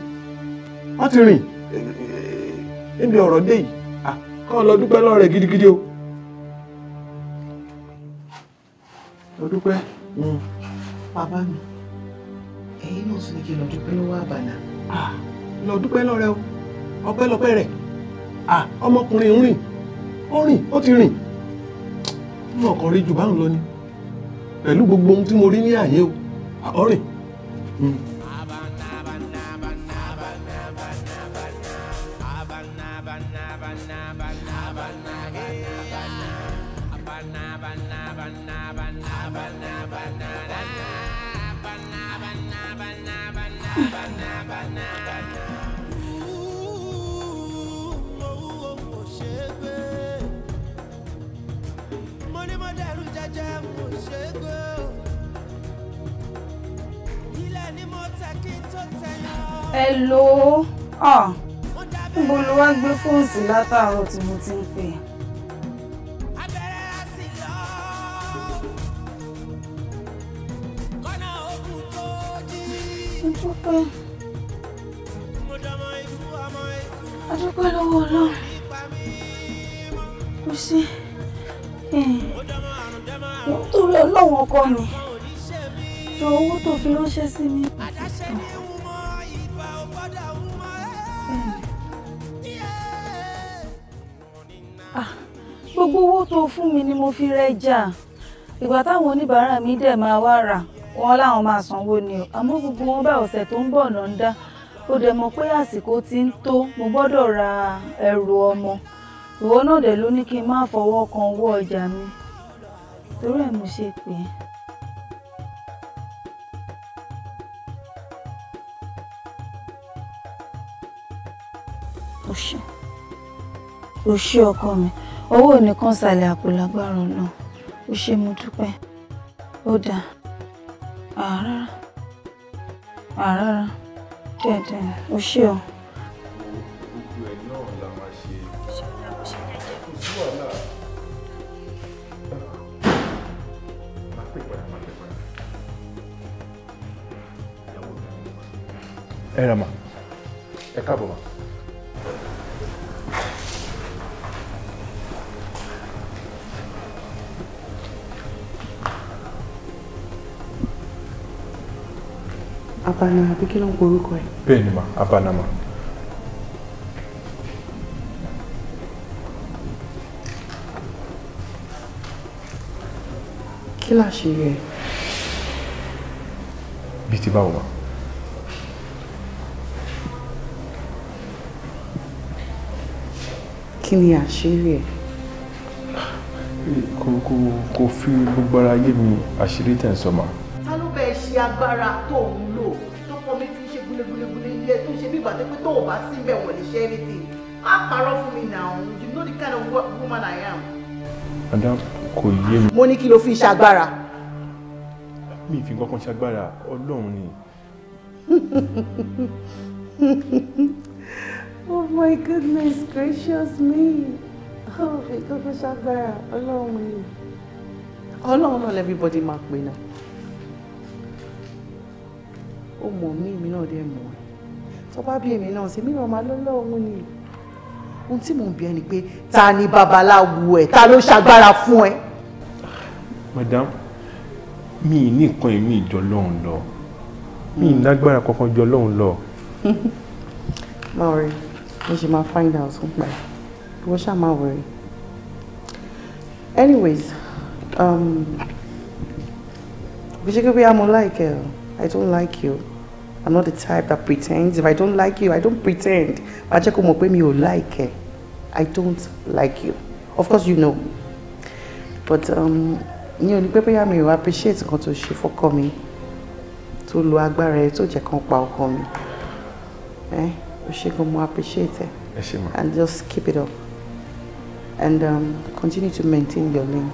ó ti rìn níbi ọ̀rọ̀ dé yìí ah, kọ́ ọ lọ dúpẹ́ lọ́rẹ̀ gidigidi o. mo dúpẹ́ mm. bàbá mi èyí náà sì ní kí n lọ dúpẹ́ lọ́wọ́ àbàlà o ọpẹ́lọpẹ́ rẹ̀ ọmọkùnrin rìn ti rìn jù pẹ̀lú gbogbo ohun tí mo rí ní o hello ah níbo ló wá gbé fóònù sí látàárọ̀ tí mo ti ń pè é. dúpẹ́ a dúpẹ́ lọ́wọ́ ọlọ́run kò sí nítorí ọlọ́run ọkọ mi ṣọ owó tó fi ránṣẹ́ sí mi gbogbo owó tó fún mi ni mo fi rẹjà ìgbà táwọn oníbàárà mi dẹ̀ máa wá rà wọn láwọn máa sanwó ni o àmọ́ gbogbo wọn bá ọ̀sẹ̀ tó ń bọ̀ náà ń dá ó dẹ̀ mọ̀ pé àsìkò ti ń tó mo gbọ́dọ̀ ra ẹrù ọmọ ìwọ náà dẹ̀ ló ní kí n má fọwọ́ kan owó ọjà mi torí ẹ̀ mo ṣe pè é. o ṣé ọkọ mi owó nìkan ṣàlẹ̀ àpò lágbára náà ó ṣe mo dúpẹ́ ó dáa àrárá àrárá dẹ̀dẹ̀ ó ṣe o. ẹ ràn mà ẹ káàbọ̀ mà. abana àbí kí ló ń pe orúkọ ẹ. bẹ́ẹ̀ ni mà abana mà. kí láṣìírí ẹ. bíi ti báwo mà. kí ni àṣírí ẹ kò kò kò fi gbogbo ara yé mi àṣírí tẹ̀ ń ta ló bẹ ṣe agbára tó ń níbi ẹ tó ṣe bí ìgbàdé pé tó o bá sí bẹ́ẹ̀ wọ̀n lè ṣe anything á parọ́ fún mi now you know the kind of woman I am. madam kò yé mi. mo ní kí ló fi ṣagbára. mi ìfi kankan ṣagbára ọlọ́run ni. oh my goodness gracious me oh fi kankan ṣagbára ọlọ́run ni ọlọ́run náà everybody máa pè náà ó mọ̀ mí èmi náà dé mọ̀ ẹ́ tó bá bí èmi náà ṣe mí náà máa lọ́lọ́ òun ni ohun tí mò ń bí ẹni pé ta ni babaláwo ẹ ta ló ṣagbára fún ẹ. madam mi ì ní nǹkan ìmí ìjọ lọ́hùn lọ mi ì lágbára kankan jọ lọ́hùn lọ. máa mo ṣe máa find out ń pa ìwọ ṣáà máa wọrí. anyways um, kò ṣe pé bí a like you. i don't like you. I'm not the type that pretends. If I don't like you, I don't pretend. Má jẹ́ kó mọ̀ pé mi like ẹ. I don't like you. Of course you know. But um, you know, ní pé bóyá appreciate nǹkan tó ṣe fọ́kọ mi tó lo agbára ẹ tó jẹ́ kan pa ọkọ mi. Eh, appreciate ẹ. And just keep it up. And um, continue to maintain your link.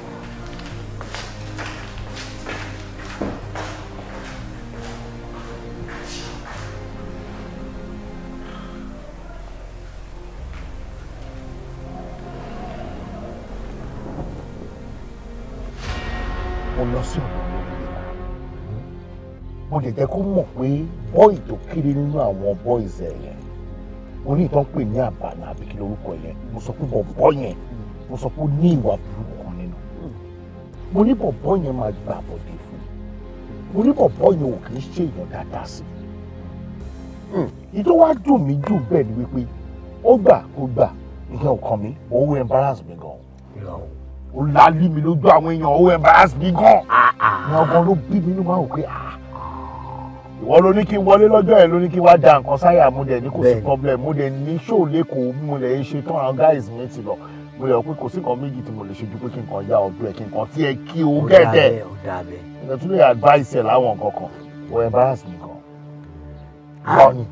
dẹ̀ jẹ́ kó mọ̀ pé bọ́ì tó kéré nínú àwọn bọ́ìs ẹ̀ yẹn mo ní ìtàn pè ní àbànà àbí kí lorúkọ yẹn mo sọ pé bọ̀bọ́ yẹn mo sọ pé ó ní ìwà burúkú kan nínú mo ní bọ̀bọ́ yẹn máa gbà bọ̀dé fún mo ní bọ̀bọ́ yẹn ò kì í ṣe èèyàn dáadáa sí ìtọ́ hmm. wá dùn mí jù bẹ́ẹ̀ ni wípé ó gbà kó gbà ìyẹn ò kàn mí owó embarrass mi gan ó lálé mi lójú àwọn èèyàn owó embarrass mi gan ah, ah. ìyẹn ọgbọ́n ló bí mi nínú máa wò pé ah ìwọ ló ní kí n wọlé lọ́jọ́ ẹ̀ ló ní kí n wá da nǹkan sáyà mo dẹ̀ ní kò sí problem mo dẹ̀ ní ṣó lẹ́kọ̀ọ́ mo lẹ̀ ṣe tán àwọn guys mi ti lọ mo lè pé kò sí nǹkan méjì tí mo lè ṣe ju pé kí nǹkan ya ọdún ẹ̀ kí nǹkan tí ẹ kí o gẹ́gẹ́ ẹ̀ tún lè advice ẹ̀ láwọn nǹkan kan wọ mi gan. lọ́ọ̀nì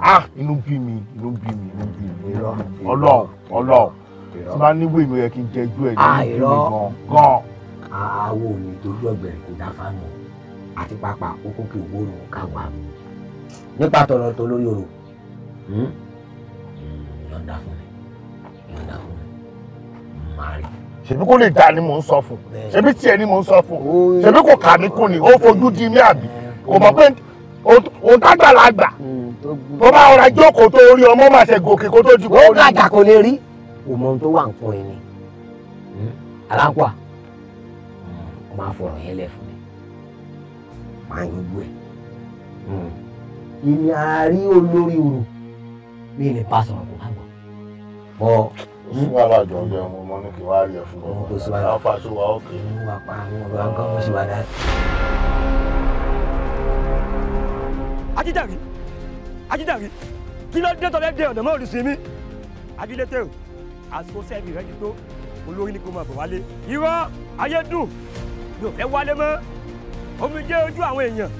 ah. ah, inú bí mi inú bí mi inú bí mi ọlọ́ọ̀ ọlọ́ọ̀ tí bá ní wèmí yẹ kí n jẹjú ẹ̀ ah, ní bí mi gan gan. àwọn ò àti pápá kókó kì í gbóòrò káwa nípa tọrọ tó lórí orò hmm? yọ̀ǹda fún mi yọ̀ǹda fún mi máa rí. ṣèbí kò lè dá ni mò ń sọ fún ṣèbí tiẹ̀ ni mò ń sọ fún ṣèbí kò kà mí kún ni ó fojú di mí àbí kò mọ̀ pé òun tágbàlagbà tó bá ọ̀rọ̀ jókòó tó rí ọmọ máa ṣe gòkè kó tó di kó rí. ó gàjà kò lè rí òmò tó wà ń pọ̀ yìí ni hmm? aláǹkọ́à máa fọ̀rọ̀ yẹn lẹ́fọ̀ máa yanjú ẹ̀ ìní àárí olórí orò mi ní pásọ ọkọ máa gbọ́. bọ́ sùwà lájọ ọjọ́ ẹ̀wọ̀n ọmọ ní kí wàá rí ẹ̀ fún ọ láfa sùwà òkè. mo wà pa àwọn ọ̀rọ̀ àgọ́ mo sì wà dáa. ajídàrí ajídàrí kí ló dé tọ́lẹ́ dé ọ̀dọ̀ mọ́ olùsìn mi ajídẹ́tẹ̀ o àsìkò sẹ́ẹ̀bì rẹ ti tó olórí ni kò máa bọ̀ wálé irọ́ ayé dùn mi ò fẹ́ wálé mọ́ omijé ojú àwọn èèyàn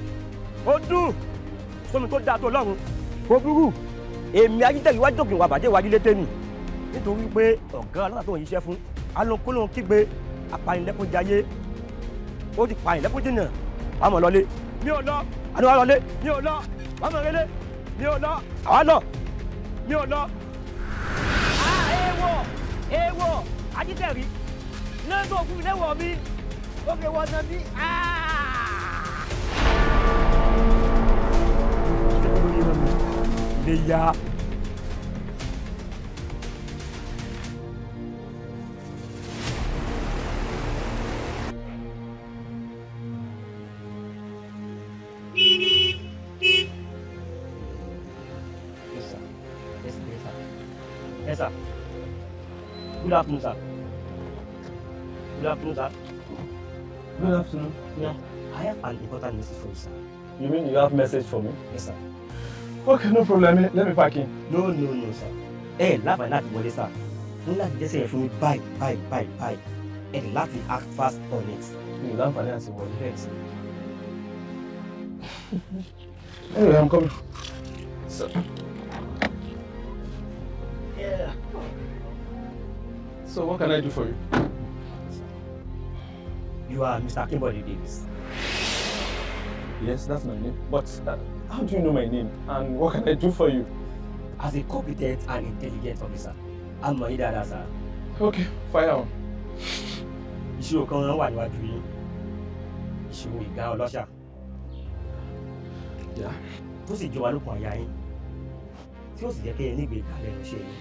ó dùn sómi tó dáa tó lọ́run kò burú èmi ayídẹ́rì wá jòkè wà bàjẹ́ ìwájú létè mi nítorí pé ọ̀gá ọlọ́pàá tó ń yíṣẹ́ fún alonkolóhun kígbe apanilẹ́kúnjayé ó ti panilẹ́kúnjìnà àmọ̀ lọlé mi ò lọ àdúrà lọlé mi ò lọ àmọ̀ rẹlé mi ò lọ àwa lọ mi ò lọ. èèwọ̀ èèwọ̀ ayídẹ́rì náà tó kú lẹ́wọ̀ mi ó fi wọ́n náà bí. léyà. Good afternoon, sir. Good afternoon, sir. Good afternoon. Yeah. I have an important message for you, sir. You mean you have message for me? Yes, sir okay no problem let me park in. no no no sir ẹ ẹ lábàá láti wọlé sir n láti jẹ́sẹ̀ yẹn fún mi báyìí báyìí báyìí báyìí ẹ ní láti act fast on it. mi ò láǹfààní àti wọlé ẹ̀ sí. anyway i'm coming. Sir. Yeah. So what can I do for you? You are Mr. Kimbody Davis. Yes, that's my name. But uh, how do you know my name and what can I do for you? As a competent and intelligent officer, I'm Mahida Adasa. Okay, fire on. Ìṣirò kan náà wà níwájú yín. Ìṣirò ìgbà ọlọ́ṣà. Tó sì jọba lókun àyà yín. Tí ó sì jẹ́ kí ẹ nígbè ìgbà lẹ́nu iṣẹ́ yín.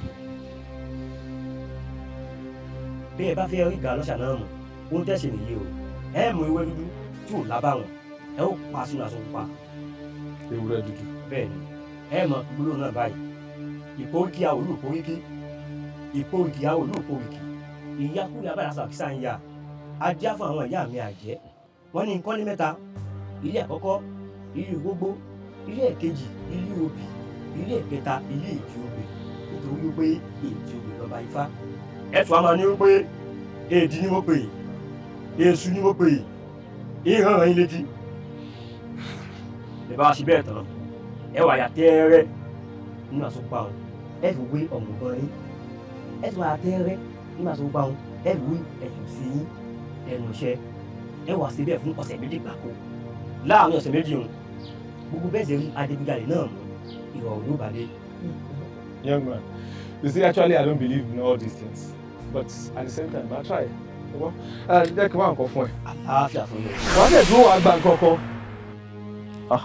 Bí ẹ bá fẹ́ rí ìgbà ọlọ́ṣà náà mú, ó ń tẹ̀sẹ̀ nìyí o. Ẹ mú ewé dúdú tí ò lábàwọ̀n ẹ ó pa sínú aṣọ pupa. ewúrẹ́ dúdú. bẹ́ẹ̀ni ẹ mọ gbólóhùn náà báyìí ìpòǹkì àwòlù ìpòǹkì ìpòǹkì àwòlù ìpòǹkì ìyákùnrin abára sàkísà ń yà ajá fún àwọn ìyá mi àjẹ́ wọ́n ní nǹkan ní mẹ́ta ilé àkọ́kọ́ ilé gbogbo ilé ẹ̀kejì ilé obì ilé ẹ̀kẹta ilé ìjì obì nítorí wípé ìjì obì lọ́ba ifá ẹ̀tù àmà ni wípé èdì ni mo pè é èṣù ni mo pè é ìhàn ìlejì bẹ́ẹ̀ bá ṣe bẹ́ẹ̀ tán ẹ wà yà nínú àsopa ọ̀hún ẹ fi wé ọ̀mùgbọ́n yín ẹ ti wà yà nínú àsopa ọ̀hún ẹ fi wé ẹ̀sùn sí yín ẹnu iṣẹ́ ẹ wà síbẹ̀ fún ọ̀sẹ̀ méjì gbàkó láàrin ọ̀sẹ̀ méjì ọ̀hún gbogbo bẹ́ẹ̀ ṣe rí adigunjalè náà mú ìrọ̀rùn ló bá young man you see actually i don't believe in all these things but at the same time i try jẹ́ kí wọ́n àǹkọ́ fún ẹ. àlàáfíà fún mi. wọ́n á dẹ̀ dúró àgbà nǹkan kan. ah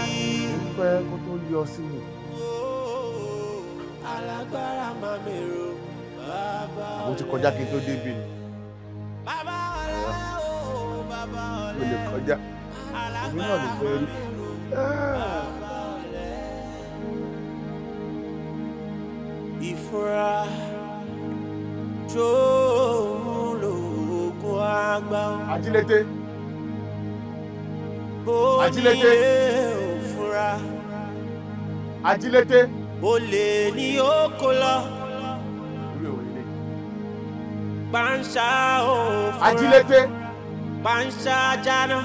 pẹ́ kó tó yọ sí mi. alágbára máa mi ro bàbá ọ̀lẹ. mo ti kọjá kí n tó débi ni. bàbá ọ̀lẹ o bàbá ọ̀lẹ. mo lè kọjá èmi náà lè fẹ́ rí. ìfura tó ń lo oògùn àgbà. àjílété. àjílété ìrora. ajílété. olè ni ó kó lọ. panṣá ò fura. ajílété. panṣá jáná.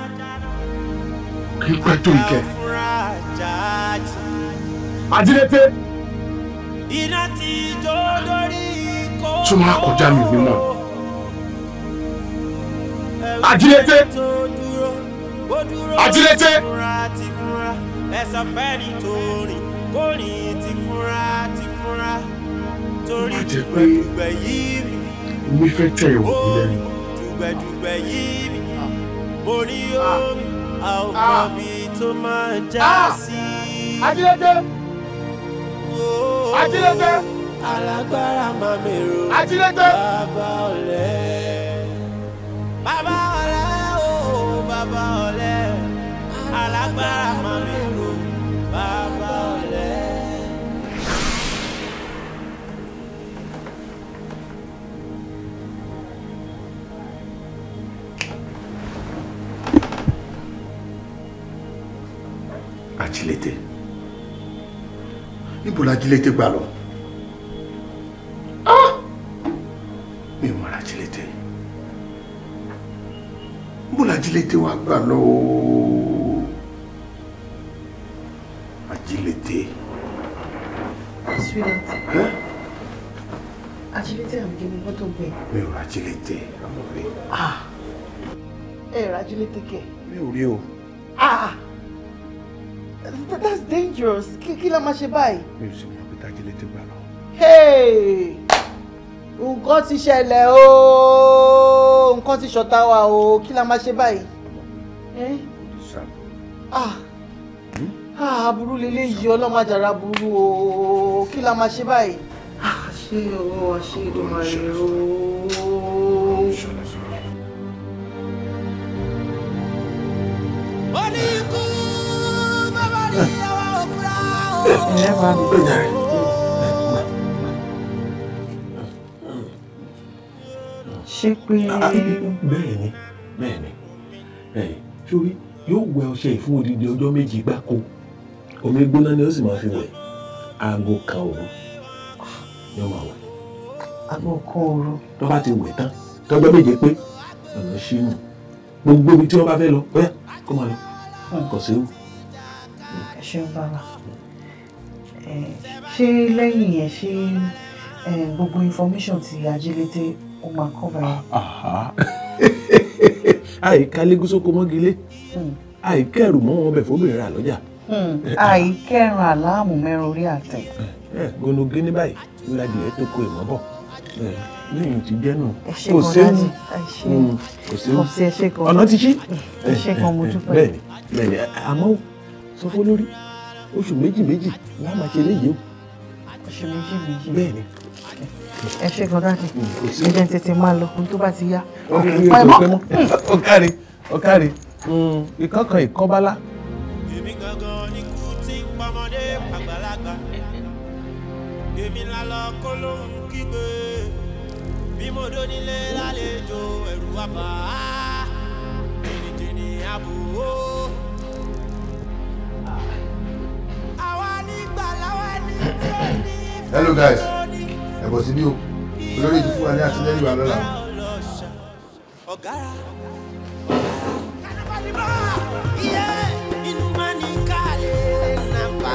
pípẹ́ tó ìkẹ́. ajílété. iná ti jó lórí kó. tó máa kọjá mi mímọ́. ajílété. ajílété ẹ̀sọ́ fẹ́ni tó rìn kó rìn ti fúnra ti fúnra torí dùgbẹ̀dùgbẹ̀ yìí mi. omi fẹ́ tẹ̀ ẹ̀ wọ́n lẹ́nu. yìí mi mo rí oh, ah. ah. omi àwọn mi ah. tó máa já sí. ajílẹ́dẹ́ oh, ajílẹ́dẹ́ alágbára máa mèrò ajílẹ́dẹ́ bàbá ọ̀lẹ. bàbá ọ̀lẹ o oh, bàbá ọ̀lẹ alágbára máa mèrò ajílété níbo la ajílété gbà Ah, mi ò mọ̀ra ajílété níbo la ajílété wá gbà lọ ooo. Agilité. Sweetheart. Hein? Agilité àbí what tó gbé. Mi ò agilité, àmọ́ Ah. Ẹ eh, agility. agilité Me, Mi ò Ah. That's dangerous. Kí la máa ṣe Me, Mi ò ṣe mọ̀ pé agilité gbà Hey! Nǹkan ti ṣẹlẹ̀ o. Nǹkan ti ṣọ̀tá wa o. Kila la máa ṣe Eh? Ah. Ah, aburú lélẹ́ yìí ọlọ́mọ àjàrà burú o kí la máa ṣe báyìí. Ah, àṣé o àṣé Èdùmàrè o. ẹ bá mi. ṣé pé. Ah, bẹ́ẹ̀ ni bẹ́ẹ̀ ni bẹ́ẹ̀ ni sórí yóò wẹ ọṣẹ ìfún odidi ọjọ́ méjì gbáko omi gbóná ni ó sì máa fi wẹ̀ aago kan òru ni ó máa wẹ̀. aago kan òru. tó bá ti wẹ̀ tán tọ́jọ́ méje pé ọ̀nà ṣínú gbogbo ibi tí wọ́n bá fẹ́ lọ bẹ́ẹ̀ kó máa lọ hmm. kò séwu. ẹ ṣeun bàbá ṣé lẹ́yìn yẹn ṣé gbogbo information ti ajílété ó máa cover ẹ. àìka légúsókò mọ́gilé hmm. àìkẹ́rù mọ́ wọn bẹ̀ fóbìnrin rà lọ́jà. Hmm. Eh, ah. àìkẹrùn àláàmù mẹ́rin orí àtẹ. Eh, eh, gbọ̀nọ̀gé ní báyìí ńlájì ẹ̀ tó kó ìmọ̀ bọ̀ lẹ́yìn tí jẹ́ nù hmm, kò séwu kò séwu ọ̀nà ti ṣí bẹ́ẹ̀ni bẹ́ẹ̀ni àmọ́ sọ fún lórí oṣù méjì méjì wọ́n á máa ṣe léyìí o. oṣù méjì méjì bẹ́ẹ̀ni ẹ ṣe gan dáàdì hmm, ẹ jẹ́ tètè máa lọ ohun tó bá ti yá. ọkàrí ọkàrí ìkọkàn ìkọbálá èmi gangan níkú tí ń pọmọdé pàgbàlagbà èmi la lọ kó lóhùn kígbe bí mo dó nílé lálejò ẹ̀rù wà bá jìnnìjìnnì àbò. àwa nígbà láwa ní tí ó ní hello guys ẹ bọ̀ sí bí o olórí ti fún wa ní àtìlẹ́yìn wa lọ́la. ọ̀gára ọ̀gára kánábàdìbà ìyẹn.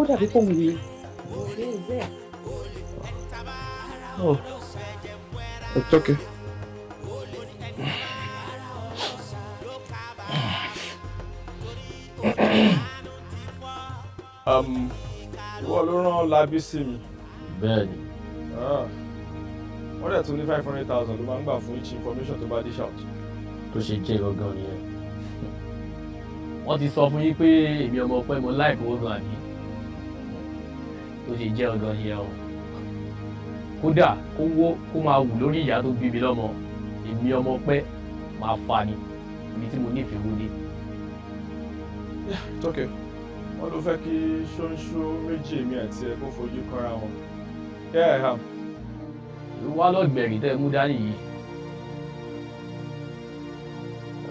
ó dàbí kò wù Oh, it's okay. um, ìwọ ló rán labi sí mi. bẹ́ẹ̀ni. Ah. wọ́n dẹ̀ tún ní five hundred thousand ló máa ń gbà fún each information tó bá dish out. tó ṣe jẹ́ gangan nìyẹn. wọ́n ti sọ fún yín pé èmi ọmọ ọpẹ́ mo láìpẹ́ owó gan àbí ló ṣe jẹ́ ọ̀dọ́ nìyẹn o kódà kó wó kó máa wù lórí ìyá tó bí mi lọ́mọ èmi ọmọ pẹ́ máa fa ni ibi tí mo nífẹ̀ẹ́ wọlé. tókè wọn ló fẹ́ kí ṣóńṣó méjì èmi àti ẹ kó fojú kanra wọn. wá lọ́gbẹ̀rì tẹ́ mú dání yìí.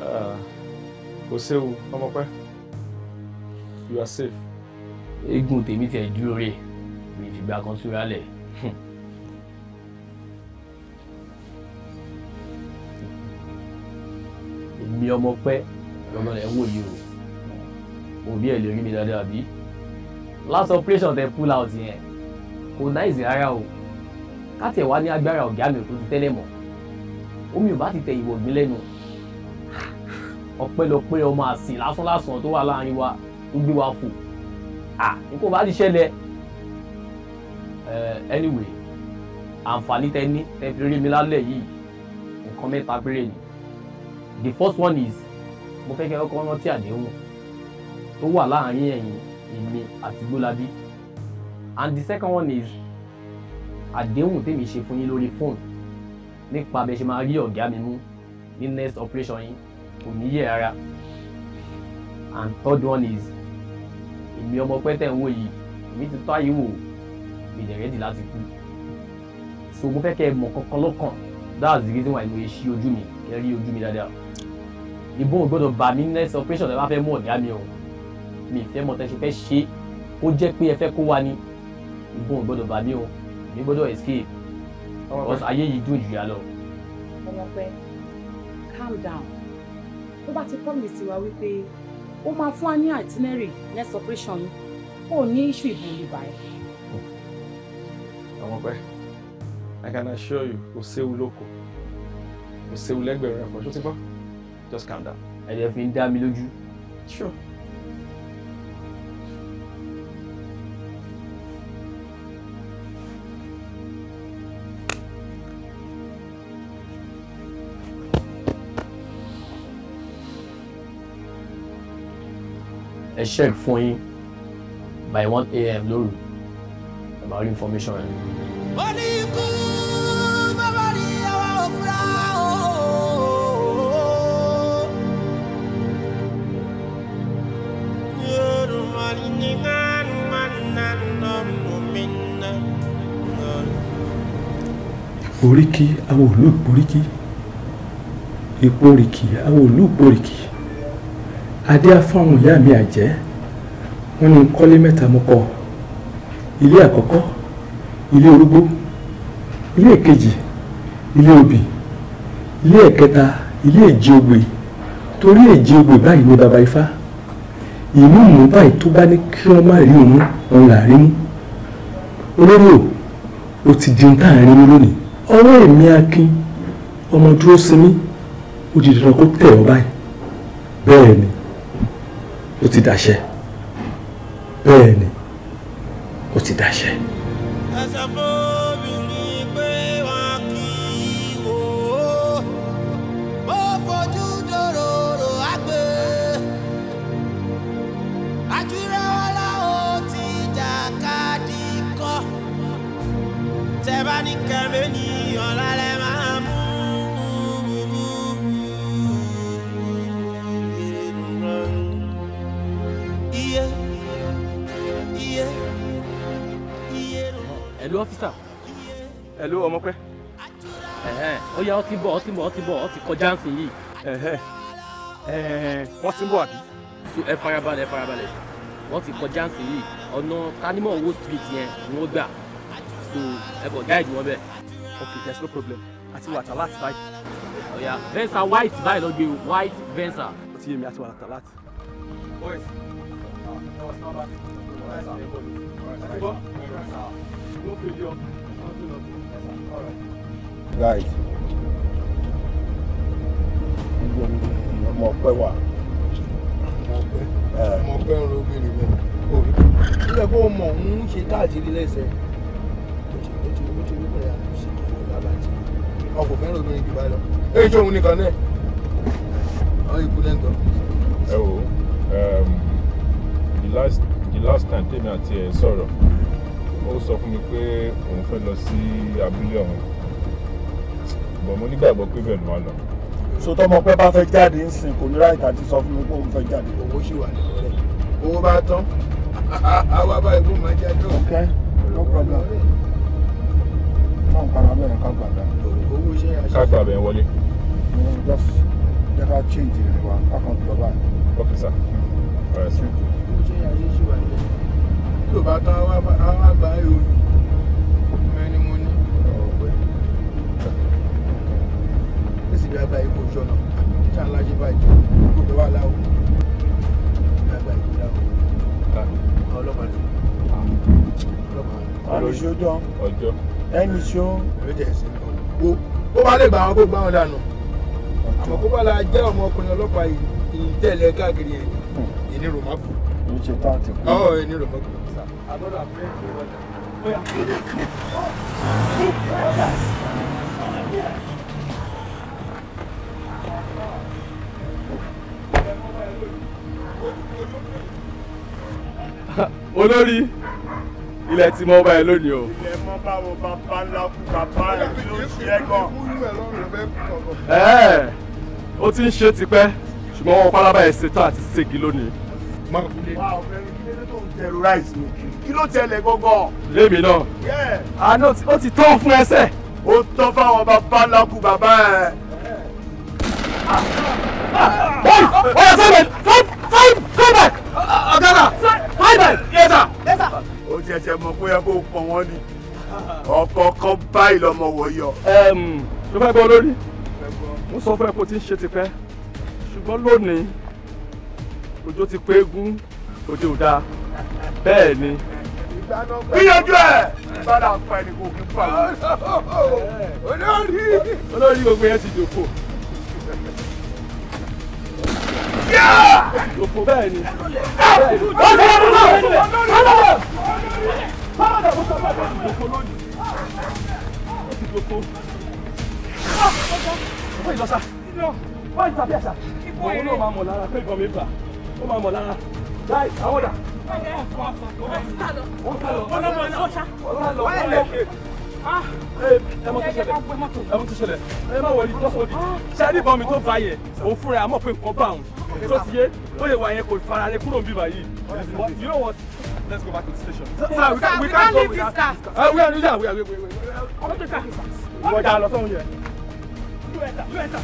Ah, kò séwu ọmọ pẹ́ you are safe. eégún tèmi tiẹ̀ dúró rè é ìgbà kan túra lẹ̀. èmi ọmọ pẹ́ lọ́nà ẹ̀ wò yìí o òbí ẹ̀ lè rí mi dáadáa bí. last operation tẹ pull out yẹn kò náìsì rárá o káti ẹ̀ wá ní agbára ọ̀gá mi ò tó ti tẹ́lẹ̀ mọ́ omi ò bá ti tẹ ìwọ̀gbìn lẹ́nu ọpẹ́lọpẹ́ ọmọ àsìn lásánlásán tó wà láàrin wa ń gbé wa fò à nǹkan bá ti ṣẹlẹ̀ Eh, anyway àǹfààní tẹ ní tẹ fi rí mi lálẹ́ yìí nǹkan mẹ́ta péré ni the first one is mo fẹ́ kẹ́ ọkọ rántí àdéhùn tó wà láàárín ẹ̀yin èmi àti gbólabí and the second one is àdéhùn tèmi ṣe fún yín lórí fóònù nípa bẹ ṣe máa rí ọ̀gá mi mú ní next operation yín kò ní yẹ ara and third one is èmi ọmọ pẹ́tẹ́ ń wò yìí èmi ti tó àyè wò ó èèyàn rẹ́dì láti kú so mo fẹ́ kẹ́ ẹ mọ̀ kankan lọ́kàn that's the reason why mo ṣí ojú mi kẹ́ ẹ rí ojú mi dáadáa ìbọn ò gbọ́dọ̀ bà next operation ẹ bá fẹ́ mú ọ̀dà mi o mi fẹ́ mọ̀ tẹ́ fẹ́ ṣe ó jẹ́ pé ẹ fẹ́ kó wa ni ìbọn ò gbọ́dọ̀ bà o mi gbọ́dọ̀ escape because ayé yìí dùn jù yà lọ. ọmọ pẹ calm down ó bá ti promise wa wípé ó máa fún wa ní itinerary next operation yìí ó ní issue ìbò Àmọ̀pé I can assure you kò séwu lóko kò séwu lẹ́gbẹ̀rún ẹ̀kọ́ ṣó ti gbọ́ just calm down. ẹ̀yẹ fi ń dá mi lójú. sure. ẹ check fún yín by 1 a.m. lóru marine formation. oríkì àwọn òlú ìporíkì ìporíkì àwọn òlú ìporíkì adé afọ́ àwọn ìyá mi àjẹ́ wọ́n ní kọ́lé mẹ́ta mọ́kọ́ ilé àkọ́kọ́ ilé orúgbó ilé èkejì ilé obì ilé ẹ̀kẹta ilé èjìogbè torí èjìogbè báyìí ní baba ifá ìmú mú báyìí tó bá ní kí wọ́n má rí òun òun là rí mú olórí o ó ti di ohun tá à ń rí mú lónìí ọwọ́ èmi akin ọmọ dúró sinmi ó di dandan kó tẹ̀ ọ́ báyìí bẹ́ẹ̀ ni ó ti dàṣẹ bẹ́ẹ̀ ni ti dáṣẹ́. pẹ̀lú ọ́físà. ẹ ló ọmọ pẹ́. ó yá ọ ti bọ̀ ọ ti bọ̀ ọ ti bọ̀ ọ ti kọjá ǹsìn yìí. wọ́n ti ń bọ̀ àbí. ẹ farabalẹ̀ ẹ farabalẹ̀ wọ́n ti kọjá ǹsìn yìí ọ̀nà kanimọ̀ owó street yẹn ni wọ́n gbà so ẹ bọ̀ gáàdì wọn bẹ́ẹ̀. ok there's no problem àti wàtà láti báyìí. ó yá Venza white báyìí lọ gbé o white Venza. ó ti yé mi àti wàtà láti. boys. Uh, no, Guys, ọmọ ọpẹ wà. ọmọ ọpẹ ń ro bèrè bẹ́ẹ̀. ó yẹ kó mọ̀ ń ṣe káàkiri lẹ́sẹ̀. ó ti ó ti ó ti rí bẹ́ẹ̀ àti ṣe kí ọ̀gá bá ti. ọkọ̀ fẹ́ràn obìnrin jù báyìí lọ. èyí tó ń nìkan náà. àwọn ikú lẹ́ńtọ̀. ẹ wo um, the last the last time tèmi àti ẹ ó sọ fún mi pé òun fẹ́ lọ sí abúlé ọ̀hún bọ̀ mo nígbàgbọ́ pé bẹ́ẹ̀ ni wọ́n lọ. so tọmọ pé bá fẹ́ jáde ń sìn kò ní ráì tàbí sọ fún mi pé òun fẹ́ jáde. owó ṣì wà lọ́wọ́ owó bá tán àwa bá ìlú máa jáde. ok no problem. náà ń para bẹ́ẹ̀ ká gbàgbà. owó ṣe é. ká gbàgbà yẹn wọlé. Mm, just jẹ́ ká change rẹ̀ wá ká kàn lọ báyìí. ok sir. ọ̀rẹ́ sir. owó ṣe àṣẹ ṣì wà lẹ́yìn tí ò bá tán á gbá ìròyìn mẹ́ni mo ní ọ̀rọ̀ pẹ́ èsì bí agbá ikú ṣọ̀nà ṣá ńlá ṣe bá ìjọ kó bẹ wá láwọ agbá ikú láwọ ọlọ́pàá ló ọlọ́pàá ọlọ́ṣọ́ dán ọjọ́ ẹni ṣó. ó wá lè gbà àwọn kó gbà wọn dànù àmọ́ kó bá la jẹ́ ọmọkùnrin ọlọ́pàá yìí tẹ̀lé káàkiri yẹn ìní má kù. ìṣe tá a ti kú. ọ̀ ìní má kù àbọ̀dọ̀ àbúrẹ́ ti rọjà. bóyá rọjà. olórí ilẹ̀ tí mo bá ẹ lónìí o. ilẹ̀ mọ́ bá bàbá ńlá kú bàbá ẹ̀ ló ṣe é gan. ẹ̀ẹ́ ó ti ń ṣe tipẹ́ ṣùgbọ́n wọn pálábá ẹ̀ ṣetán àti ṣègi lónìí. máa kú lé. wàá ọ̀rẹ́ mi kí ló tó ń terrorize mi kí ló tẹ̀lé gbogbo. lémi náà àná ó ti tọ́ fún ẹsẹ̀. ó tọ́ fáwọn bàbá lákù bàbá ẹ̀. ọ̀rọ̀ sẹ́yìn five five five back. ọ̀gára five back yes sir. ó ṣẹ̀ṣẹ̀ mọ̀ pé ẹ kó pọ̀ wọ́n ni ọkọ̀ kan báyìí lọ́mọ wọ̀ yọ. ló fẹ́ gbọ́ lórí mo sọ fún ẹ pé o ti ń ṣe tipẹ́ ṣùgbọ́n lónìí òjò ti pé egún òde ò dáa bẹ́ẹ̀ ni gbìyànjú ẹ bàdà pa ẹni kò kí pa olórí olórí gbogbo yẹn ti dòfò. dòfò bẹ́ẹ̀ ni. ọ̀sẹ̀ ẹ̀rọ náà ọlọ́dọ̀ ọlọ́dọ̀ mo sọ fún ẹ dòfò lónìí ó ti dòfò. ọ̀pọ̀ ìlọsà wọ́n ti tàbí àṣà. ìbò èrè òun náà máa mọ̀ lára pé ìbọn mi bà ó máa mọ̀ lára láì àwọn ọ̀dà ṣáàdì bọ́mi tó bá yẹ òun fúnra àmọ́ pé nǹkan bá òun tó ti yé ó lè fara rẹ kúrò bíbá yìí you know what let's go back to the station. sir we can't we can't go without this car. we are we are we are we are. ọmọ tó ká. ìwọ̀jà lọ sọ́hun yẹn. you enter you enter.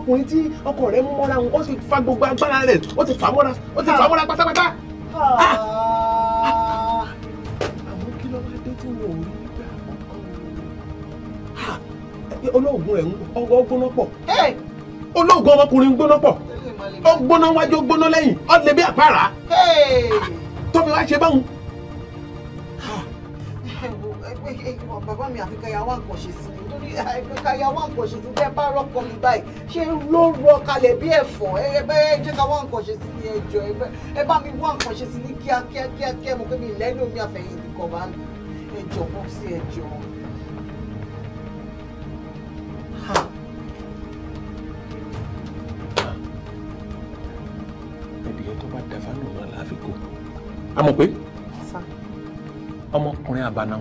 ọkùnrin tí ọkọ rẹ̀ mú mọ́ra wọn ó sì fa gbogbo agbára rẹ̀ ó ti fà á mọ́ra ó ti fà á mọ́ra pátápátá. Ah. àwọn kí ló wá dé tí wọn ò rí nígbà àkọ́kọ́ eh, olóògùn rẹ̀ ọgọ́ gbóná pọ̀ olóògùn ọmọkùnrin gbóná pọ̀ ó gbóná wájú ó gbóná lẹ́yìn ó lè bí àpárá tó wá ṣe báwọn bàbá mi àfi kàyà wà nǹkan ṣe sí mi nítorí àìpé kàyà wà ṣe sí bẹ́ẹ̀ bá rọ́pò mi báyìí ṣe ló rọ kalẹ̀ bí ẹ̀fọ́ ẹ bẹ́ ẹ jẹ́ ká wá nǹkan ṣe sí ní ẹjọ́ ẹ bá mi wá nǹkan ṣe sí ní kíákíá kíákíá mo pé mi lẹ́nu mi àfẹ̀yìn nìkan bá mi ẹjọ́ bọ́ sí ẹjọ́. ẹdìyẹ tó bá dáfà lóra làá fi kó a mọ̀ pé ọmọkùnrin àbànà.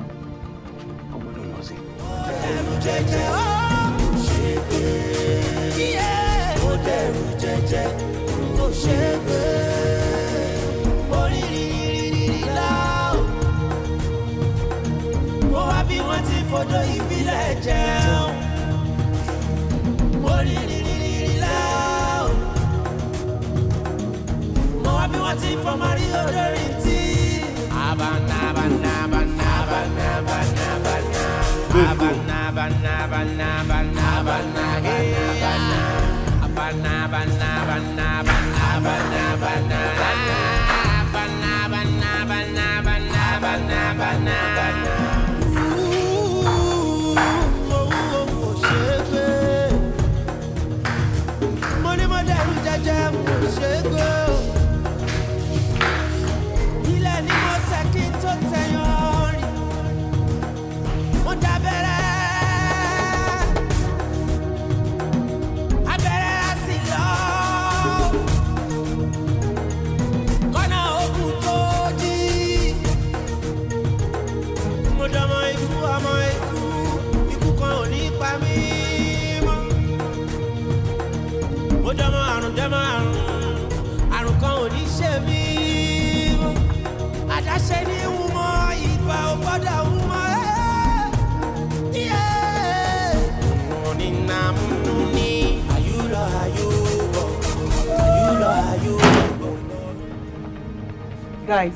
Guys.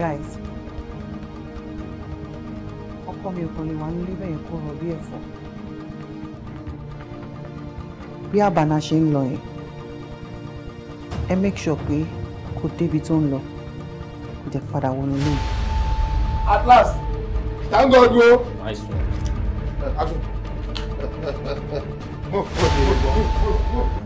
Guys. Ọkọ mi ò kàn lè wà nílé bẹ́ẹ̀ kó rọ̀ bí ẹ̀fọ́. Bí àbànà ṣe ń lọ yẹn, ẹ make sure pé kò débi tó ń lọ. Kò jẹ́ padà wọnú ilé. At last, thank God o. Nice one. Action.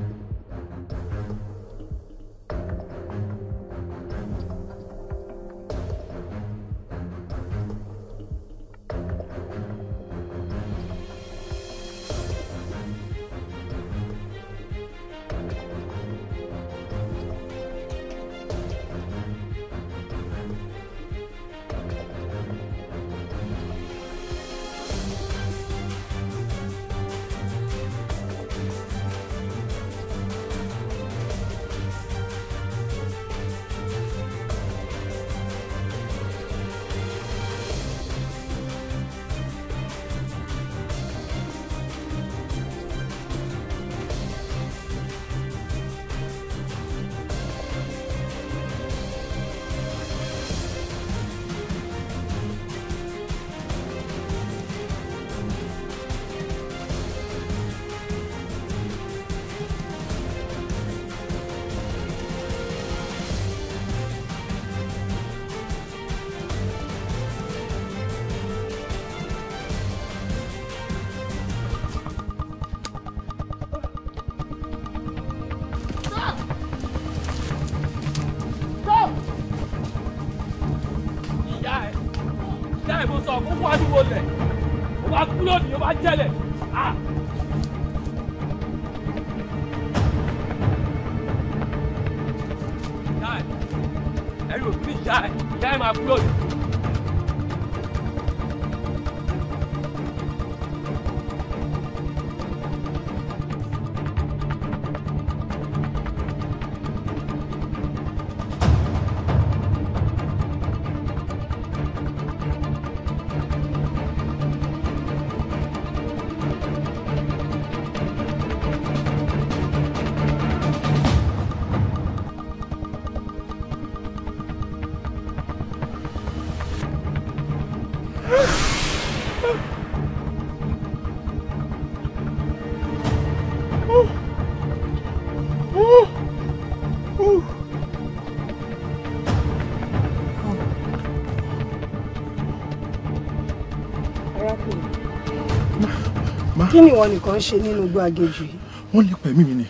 kí ni ìwọ nìkan ń ṣe nínú igbó agéjù yìí. wọ́n lè pa ẹ̀mí mi ni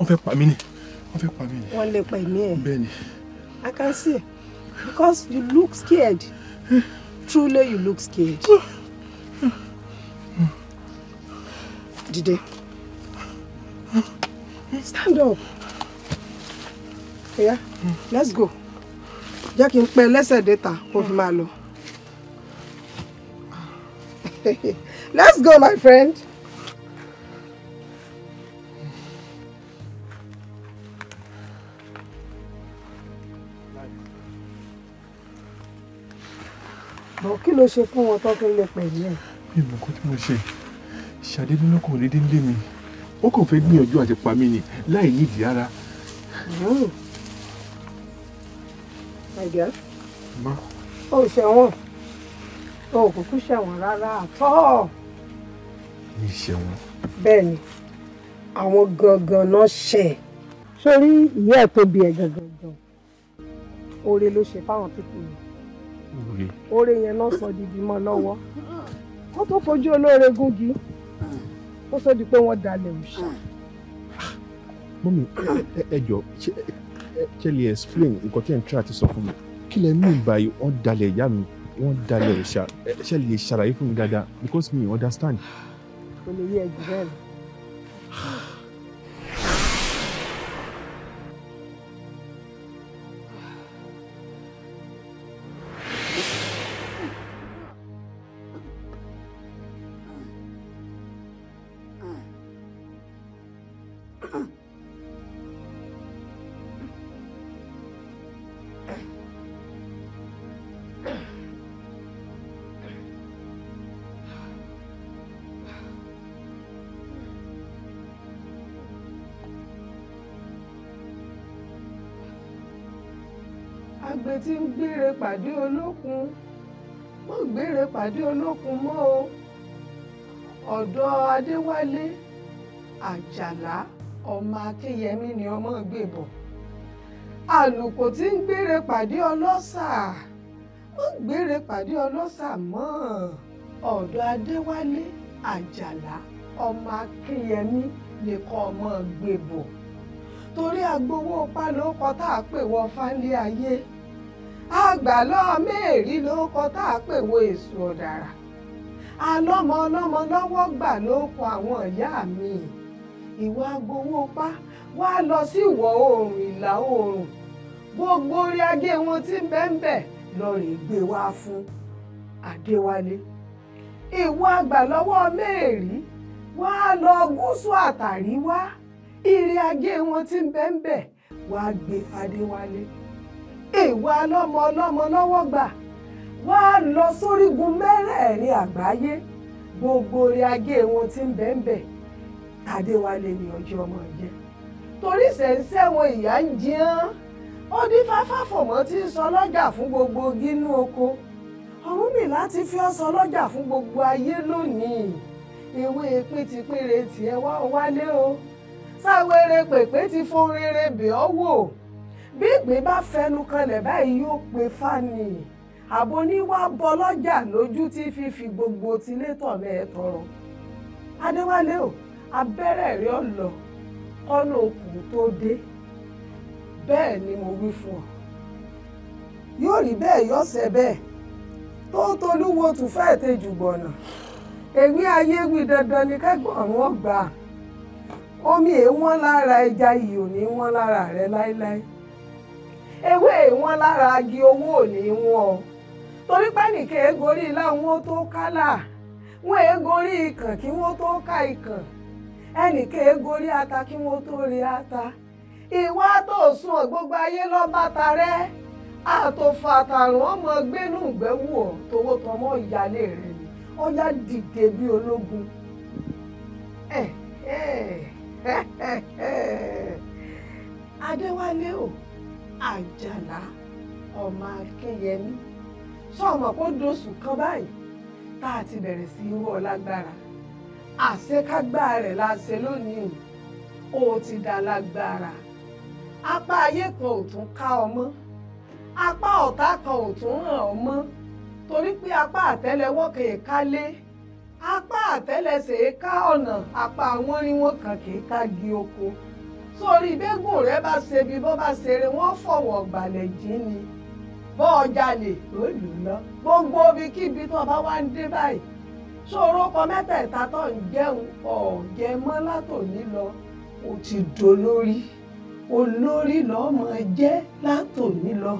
wọ́n fẹ́ pa mí ni wọ́n fẹ́ pa mí ni. wọ́n lè pa ẹ̀mí ẹ̀. bẹ́ẹ̀ni. I can see because you look scared truly you look scared. Dìde. Stand up. Yeah, let's go. Jẹ́ kí n pẹ́ lẹ́sẹ̀ déta kó fi máa lọ. Let's go, my friend. ṣe fún wọn tó fi lè pè ní ẹ̀. mi ò mọ nǹkan tí mo ṣe ṣàdédé lọ́kàn ò dédé ń lé mi ó kàn fẹ́ gbìyànjú àti pa mí ni láì nídìí rárá. ẹ̀jẹ̀ hmm. ó ṣẹ̀wọ̀n ó kúkú ṣẹ̀wọ̀n rárá àtọ́. mi ṣẹ̀wọ̀n. bẹ́ẹ̀ ni àwọn gangan náà ṣẹ̀ sórí ìyá ẹ̀ tó bí ẹ̀ gangan gan oore ló ṣe fáwọn pípọ̀ yìí oore yẹn lọ sọ dìdì mọ́ lọ́wọ́ wọ́n tó fojú olóore gúngi ó sọ di pé wọ́n dalẹ̀ òòṣà. mọ́mí ẹ jọ ṣe lè explain nǹkan tí ẹ̀ ń try àti sọ fún mi kí lẹ mean by wọ́n dalẹ̀ ìyá mi wọ́n dalẹ̀ òòṣà ṣe lè ṣàlàyé fún mi dáadáa because me understand. kò lè yé ẹ jù bẹ́ẹ̀ lọ. pàdé olókun mọ́ o ọ̀dọ̀ adéwálé àjàlá ọmọ akínyẹmí ni ọmọ gbé bọ̀ àlùkò tí ń gbére pàdé ọlọ́sà wọ́n gbére pàdé ọlọ́sà mọ́ ọ̀dọ̀ adéwálé àjàlá ọmọ akínyẹmí nìkan ọmọ gbé bọ̀ torí agbowó pálọ́kọ tá a pè wọ fálé ayé àgbàlọ́ mẹ́rin ló kọ́ tá a pè wo èso ọ̀dàrà alọ́mọ ọlọ́mọ lọ́wọ́ gbà ló kọ àwọn ìyá mi ìwà gbowó pa wá lọ sí ìwọ̀ oòrùn ìlà oòrùn gbogbo orí agé wọn tí ń bẹ́ńbẹ́ lọ rè gbé wá fún Adéwálé ìwọ àgbàlọ́wọ́ mẹ́rin wá lọ gúúsù àtàríwá ìrìn agé wọn tí ń bẹ́ńbẹ́ wá gbé fadéwálé ìwà ọlọ́mọ ọlọ́mọ lọ́wọ́ gbà wá lọ sórígun mẹ́rẹ̀ẹ̀rin àgbáyé gbogbo orí ajé wọn ti ń bẹ́ńbẹ́ Tàdéwálé ní ọjọ́ ọmọ jẹ torí sẹ́ńsẹ́ wọn ìyá ń jẹun ó dín fáfá fọ̀mọ́ tí ń sọ lọ́jà fún gbogbo gínú oko ọ̀run mi láti fi ọ́ sọ lọ́jà fún gbogbo ayé lónìí ewé píntípínre tiẹ̀ wá wálé o sáwéré pèpè ti fún rere bẹ̀ wò bí ìgbín bá fẹnu kanlẹ̀ báyìí yóò pe fani àbò níwá bọlọ́jà lójú tí fífi gbogbo tilé tọ̀rẹ́ ẹ tọrọ adéwálé o abẹ́rẹ́ rẹ ọ lọ kọ́nà okùn tó dé bẹ́ẹ̀ ni mo wí fún ọ yóò rí bẹ́ẹ̀ yọ̀sẹ̀ bẹ́ẹ̀ tó tolúwo tún fẹ́ẹ̀ tejù gbọ̀nà èwe ayé wí dandan ni kẹ́gbọ̀n wọn gbà omi èèwọ̀n lára ẹja ìyò ní wọ́n lára rẹ láéláé ewé wọn lára agi owó òní wọn torí pẹ́nìkẹ́ egorí láwọn ó tó kálà wọn egorí ikàn kí wọ́n tó ká ikàn ẹnìkẹ́ egorí ata kí wọ́n tó rí ata ìwà tó sùn gbogbo ayé lọ́ bàtà rẹ́ àtòfò àtàrùn ọmọ gbénú ìgbẹ́wò tówó ìyálé rẹ ni ọyá dìde bí ológun ọmọ akínyẹmí sọmọ kó dosù kan báyìí tá a ti bẹ̀rẹ̀ sí í wọ́ lágbára àṣekágbá rẹ̀ la ṣe lónìí o ti dá lágbára apá ayé kan ò tún ká ọmọ apá ọ̀tá kan ò tún hàn ọmọ torí pé apá àtẹ́lẹwọ́ kan èka lé apá àtẹ́lẹsẹ̀ èka ọ̀nà apá wọn rí wọn kàn kì í ká gi oko sórí bẹ́gùn rẹ bá ṣe bí bọ́ bá ṣeré wọ́n fọ̀wọ̀ gbàlẹ̀ jí ni bọ́ ọjà lè tó lù ú lọ gbogbo ibi kíbi tó bá wá ń dé báyìí ṣòro kọ mẹ́tẹ̀ẹ̀ta tó ń jẹun ọ̀jẹ̀ mọ́ látòní lọ ó ti dolórí olórí lọ́mọ jẹ́ látòní lọ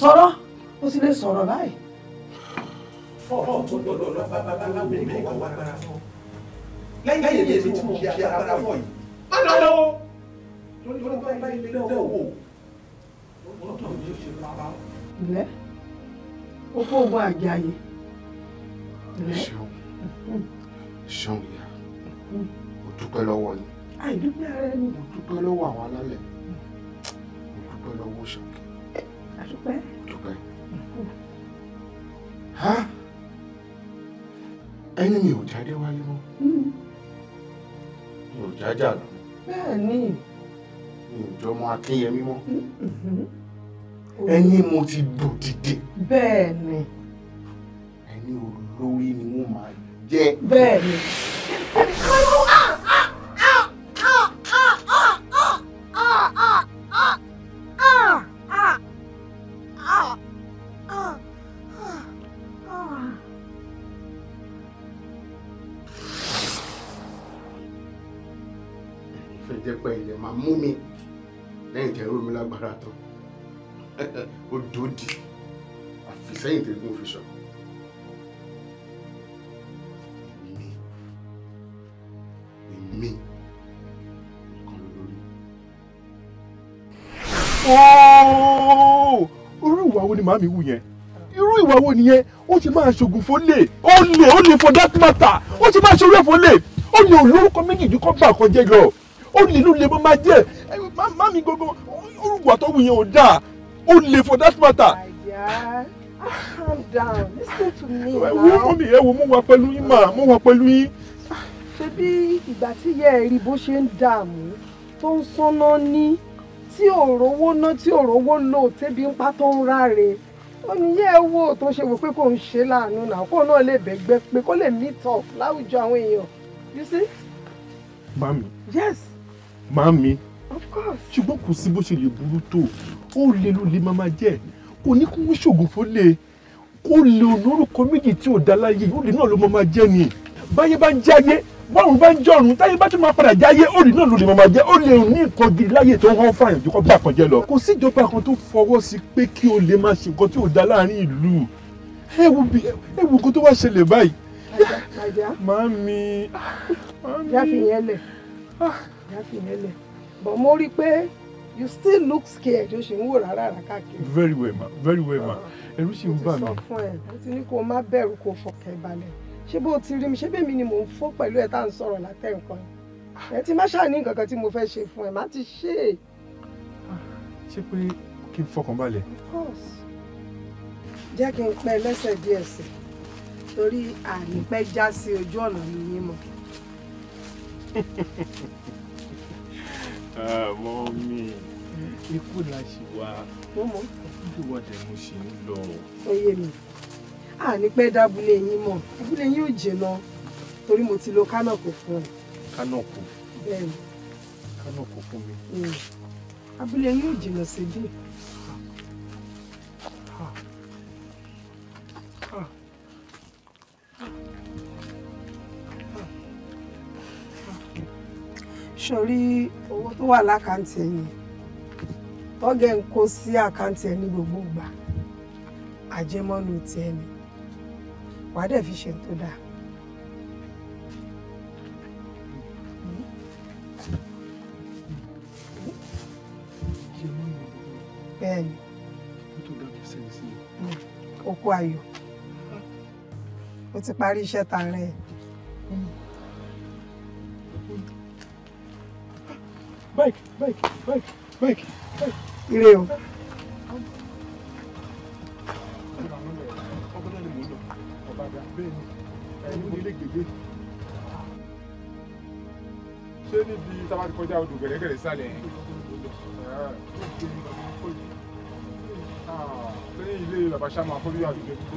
sọ̀rọ̀ ó sì lè sọ̀rọ̀ báyìí. ọ̀rọ̀ tó lọ lọ bá bá bá lábẹ́rẹ́ kọ́ wá gbára fún lẹ́yìn èyí tí mo fi agbára fún yìí. má lọ lọ́wọ́ lórí bá ilé lọ́wọ́ ọ̀dọ̀ mi ò ṣe rárá. ǹlẹ́ o kó ogun àjàyè. ṣeun mm-hmm. ṣeun ìyá mm-hmm. o dúpẹ́ lọ́wọ́ yín. àìdúpẹ́ ara ẹni. mo dúpẹ́ lọ́wọ́ àwọn alálẹ̀ mm-hmm. mo dúpẹ́ lọ́wọ́ ṣàkẹ́. àdúpẹ́. dúpẹ́. ẹni mi ò jáde wáyé mọ́ mi ò jájà lọ. bẹ́ẹ̀ ni. mi ò jọmọ akínyẹmí mọ́ ẹni mo ti bù dìde. bẹ́ẹ̀ ẹni olórí ni wọ́n máa jẹ́. bẹ́ẹ̀ mú mi lẹ́yìn tẹ̀rù mi lágbára tán. odòdì àfisẹ́yìn tẹ̀gún fi sàn. èmi èmi nìkan lórí. irú ìwà wo ni màámi wù yẹn irú ìwà wo nìyẹn ó ti máa ṣògùn fólè ó lè ó lè for that matter ó ti máa ṣòwò fólè ó lè olórúkọ méjì ní lọ ó lè ló lè bó máa jẹ́ màámi gbogbo orúkọ àtọ́wù yẹn ò dáa. Only for that matter. àyà ah, calm down listen to me now. wọ́n mi ẹ̀ wò mú wa pẹ̀lú yín mà mú wa pẹ̀lú yín. Ah, ṣé bí ìgbà tí ìyá ẹ̀ rí bó ṣe ń dààmú tó ń sánná ní tí òrówó ná tí òrówó lò tẹ́bi ń pa tó ń ráre ó ní yẹ́ ẹ wò tó meet up láwùjọ àwọn èèyàn you see. mami. yes. mami. of course. ṣùgbọ́n kò sí bó ṣe lè burú tó ó lè ló lè máa jẹ kò ní kó ṣògùn fó lè kó lè olórúkọ méjì tí ò dá láyé ó lè náà ló máa jẹ ni báyé bá ń jáyé bọ́run bá ń jọ̀run táyé bá tún máa padà jáyé ó lè náà ló lè máa jẹ ó lè ní nǹkan gidi láyé tó ń hán fáyàn jù kó bá kan jẹ lọ. kò síjọba kan tó fọwọ́ sí pé kí o lè máa ṣe nǹkan tí ò dá láàrin ìlú ẹ wo nǹkan tó wá ṣẹlẹ̀ báyìí. màámi. jáfi yẹn lẹ̀ ah. jáfi yẹn lẹ̀ bọ̀ mo rí pé you still look scared o ṣì ń wò rárá rà káàkiri. very well ma very well ma ah, ẹ̀rù sì ń bà mí. mo ti sọ fún ẹ mo ti ní kó o má bẹ̀rù kó o fọkàn balẹ̀ ṣé bó o ti rí mi ṣé bẹ́ẹ̀ mi ni mò ń fọ́ pẹ̀lú ẹ̀ tá à ń sọ̀rọ̀ látẹ̀ nǹkan ẹ ti má ṣàní nǹkan tí mo fẹ́ ṣe fún ẹ má ti ṣe ah, ṣé pé kí n fọkàn balẹ̀. of course jẹ́ kí n pẹ́ lẹ́sẹ̀ díẹ̀ sí torí ànípẹ́ já sí ojú ọ̀nà mi yín mọ́. àmọ́ mi ikú la ṣì wá mọ́mọ́ ìdíwọ́ dẹ̀ mo ṣì ń lọ. oyè mi a ní pẹ́ dábúlé yín mọ̀ abúlé yín ò jìnà torí mo ti lo kánọ̀kù fún un. kánọ̀kù bẹ́ẹ̀ni. kánọ̀kù fún mi. abúlé hmm. yín ò jìnà síbí. sórí owó tó wà lákàntì ẹ̀yìn tọ́gẹ̀ ń kó sí àkáǹtì ẹni gbogbo ìgbà àjẹmọ́nu ti ẹni wàá dẹ̀ fi ṣe tó dáa. bẹ́ẹ̀ni oko ayọ̀ ó ti parí iṣẹ́ ta rẹ̀. báyìí báyìí báyìí báyìí báyìí ire o. ni mò ń lọ ọ̀bàdà bẹ́ẹ̀ ni ẹ̀yin mo lè gbègbè. ṣé níbi tábà ti kọjá odò gẹ̀rẹ́gẹ̀rẹ́ sálẹ̀ yẹn. lẹ́yìn ilé bàbá sàmà fọ́lúyà àdúgbò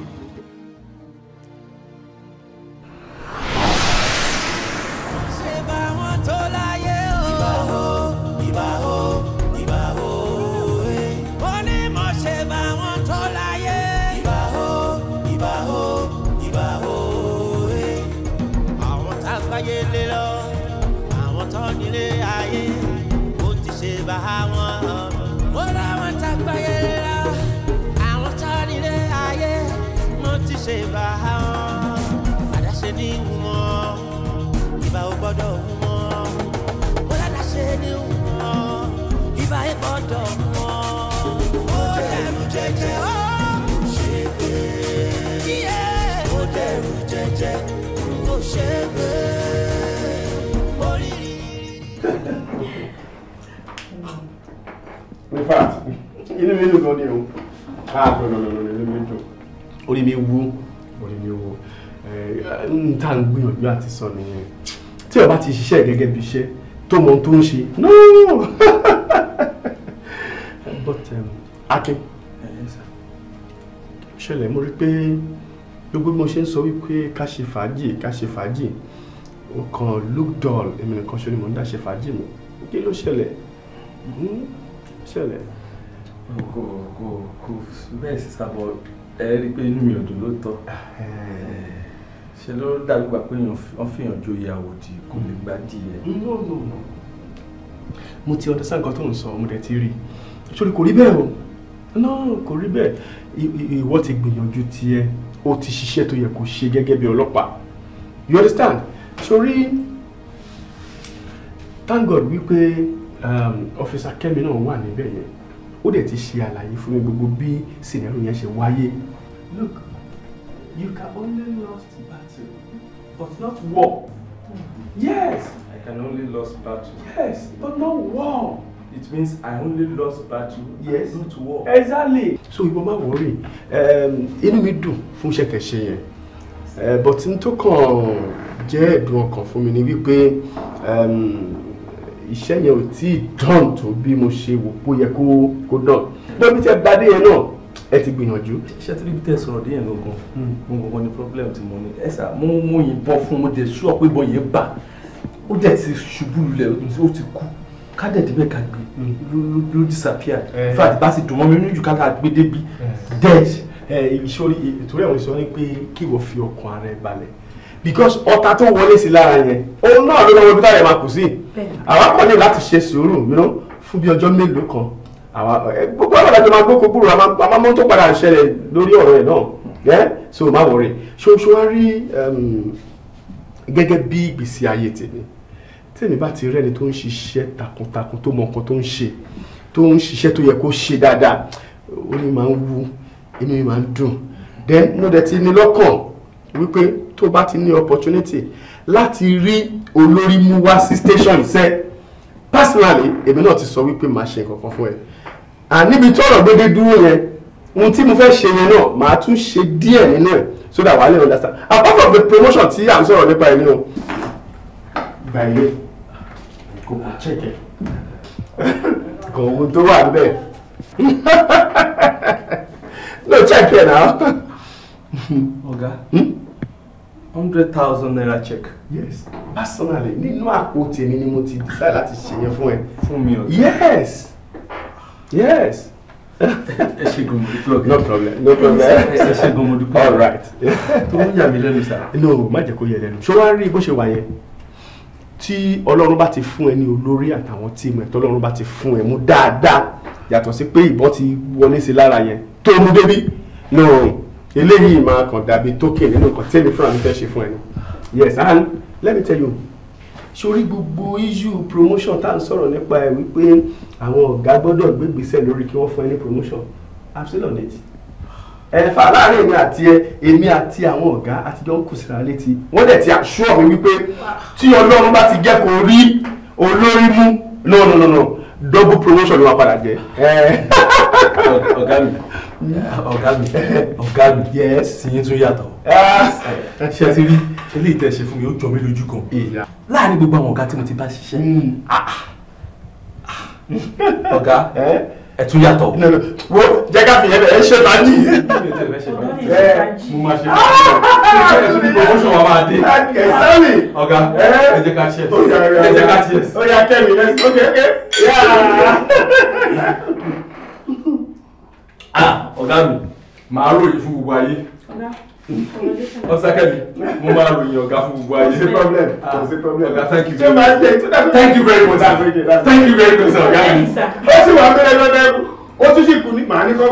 lọ́dọ̀ wọn. ó dẹrù jẹjẹ ó ṣe gbé. ó dẹrù jẹjẹ ó ṣe gbé. in fact inú mi dùn gan ni o ah no no no no inú mi dùn orí mi wú orí mi wú eh, n ta n gbìyànjú àti sọ nìyẹn tí o bá ti ṣiṣẹ́ gẹ́gẹ́ bí iṣẹ́ tó mọ ohun tó ń ṣe no Akin. Ṣẹlẹ̀ mo rí pé gbogbo mo ṣe ń sọ wípé ká ṣe fàájì ká ṣe fàájì ó kàn look dull èmi nìkan ṣe ni mò ń dá ṣe fàájì mi kí ló ṣẹlẹ̀ hmm? ṣẹlẹ̀. kò kò kò bẹ́ẹ̀ sì sábọ̀ ẹ rí i pé inú mi ò dùn lóòótọ́ ah, ṣe ló dàbí gbà pé wọ́n fi hàn joyè àwòdì kò lè gbá díẹ̀. mo ti understand nǹkan tó ń sọ mo dẹ̀ ti rí i sórí kò rí bẹ́ẹ̀ o no kò rí bẹ́ẹ̀ ìwọ ti gbìyànjú tiẹ̀ o ti ṣiṣẹ́ tó yẹ kó ṣe gẹ́gẹ́ bí ọlọ́pàá you understand sori thank God wípé ọfíìsà um, Kẹ́mi náà wà níbẹ̀ yẹn ó dẹ̀ ti ṣe àlàyé fún mi gbogbo bí sinẹ́rù yẹn ṣe wáyé. look you can only lost battle but not war yes. I can only lost battle yes but not war it means I only lost battle yes not war. exactly. so you má wọrí inú mi dùn fún iṣẹ́ tẹ̀ ṣe yẹn but n tó kàn jẹ́ ẹ̀dùn ọkàn fún mi ni wípé iṣẹ́ yẹn ò tí ì dán tó bí mo ṣe wò pó yẹ kó kó dán lóbi tẹ bá dé yẹn náà ẹ ti gbìyànjú. iṣẹ́ tí níbi tẹ́ sọ̀rọ̀ dé yẹn gangan mo gangan ni problem tí mo ní ẹ sà mo mo yìnbọn fún mo dẹ̀ sọ pé ìbọn yẹn bà ó dẹ̀ ti ṣubú lulẹ̀ ó ti kú ká dẹ̀ débẹ̀ ká gbé mm. ló disappear eh. in fact bá sì dùn mọ́ mi nínú jù ká ká gbé débi eh. dead. Eh, ìṣòrí ìtòrí àwọn ìṣòro ni pé kí wọ́n fi ọkàn rẹ̀ balẹ̀ because ọta tó wọlé sí lára yẹn òun náà ló lọ́wọ́ ibi táyà máa kù sí àwa kọ́ ní láti ṣe sùúrù fún bí ọjọ́ mélòó kan àwa gbogbo àwọn àjọ máa gbókò gbúrò a máa mú tó padà ṣẹlẹ̀ lórí ọ̀rọ̀ ẹ̀ náà so má wọrí ṣoṣo wá rí um, gẹ́gẹ́ bí ìgbésí ayé tèmi tèmi bá ti rẹ́ni tó ń ṣiṣẹ́ takuntakun tó mọ nǹkan tó ń ṣe tó ń ṣiṣẹ́ tó yẹ kó ṣe dáadáa ó ní máa ń wú inú mi máa ń dùn then inú dẹ̀ ti ní lọ́kàn wípé tó bá ti ní opportunity láti rí olórí mú wá sí station iṣẹ́ personally èmi náà ti sọ wípé màá ṣe nǹkan kan fún ẹ and níbi tí ọ̀rọ̀ gbédé dúró yẹn ohun tí mo fẹ́ ṣe yẹn náà màá tún ṣe díẹ̀ nínú ẹ̀ so that wàá lè understand apart from the promotion tí à ń sọ̀rọ̀ nípa ẹ̀ ní o gbà kò mọ̀ chẹ́kẹ̀ kò ohun tó wà níbẹ̀ no chẹ́kẹ̀ náà. Hmm? hundred thousand naira check. yes personally nínú àpò tèmi ni mo ti decide láti ṣèyẹn fún ẹ. fún mi ọ̀gá. yes yes. ẹ ṣe gòmòdúpẹ́ ọ̀gá. no problem no problem. ẹ ṣe gòmòdúpẹ́. all right. tó ń yà mí lẹ́nu sá. no má jẹ́ kó yẹ lẹ́nu. ṣé wàá rí bó ṣe wà yẹn tí ọlọ́run bá ti fún ẹ ní olórí àtàwọn tíìmù ẹ tọ́lọ́run bá ti fún ẹ mú dáadáa yàtọ̀ sí pé ìbọn ti wọlé sí lára yẹn tó mú débi náà eléyìí máa kàn dàbí tókè nínú nǹkan tẹ́lẹ̀ fúnra mi fẹ́ ṣe fún ẹ ni yes and let me tell you sórí gbogbo issue promotion tá à ń sọ̀rọ̀ nípa ẹ̀ wípé àwọn ọ̀gá gbọ́dọ̀ gbégbèsè lórí kí wọ́n fún ẹ ní promotion i'm ẹ̀fà láàrin èmi àti ẹ èmi àti àwọn ọ̀gá àtijọ́ ń kù síra létí wọ́n dẹ̀ ti àṣọ mi wípé tí ọlọ́run bá ti jẹ́ kó rí olórí mú no no no no double promotion ló wá padà jẹ. ọ̀gá mi ọ̀gá mi ọ̀gá mi síyín tún yàtọ̀ ṣe ti rí eléyìí tẹ̀ ṣe fún mi ó jọ mí lójú kan láàrin gbogbo àwọn ọ̀gá tí mo ti bá ṣiṣẹ́ hmm. ọ̀gá. Eh? ẹ tún yàtọ̀. wo jẹ́ ká fi yẹn bẹ̀ ẹ ṣe ta ní. ẹ mo máa ṣe ẹ ṣe ní promotion wa máa dé. ẹ sẹ́mi. ọ̀gá ẹ jẹ́ ká ṣe ẹ jẹ́ ká ṣe. ó yá kẹ́mi ẹ ṣe ókè ókè. ọ̀gá mi màá ròyìn fún gbogbo ayé ọsàkẹ́lì mo máa ròyìn ọ̀gá fún gbogbo ayé. kò sí problem kò sí ah, problem. ọ̀gá thank you very much thank you very much thank you very much ọ̀gá mi. ó sì wà bẹ́ẹ̀ lọ́dọ̀ ẹ̀kú ó tún sì kù ní màá ní kọ́.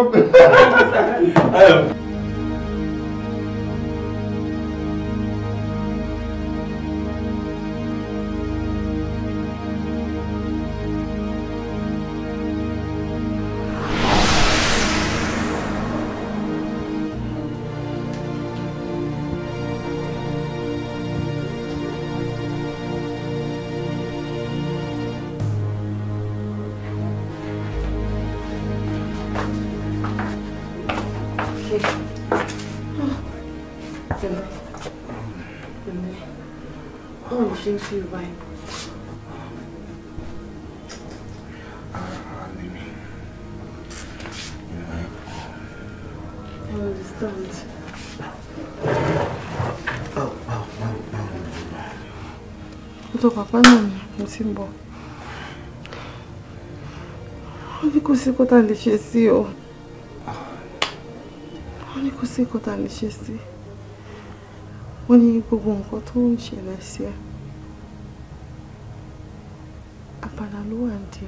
ṣe ń fi ìwà ẹ̀. I understand. Oh, oh, oh, Ọ̀dọ̀ bàbá náà ni mo ti ń bọ̀. Wọ́n ní kò sí kó tá lè ṣe sí o. Wọ́n ní kò sí kó tá lè ṣe sí. Wọ́n ní gbogbo nǹkan tó ń ṣẹlẹ̀ sí ẹ. àǹtí.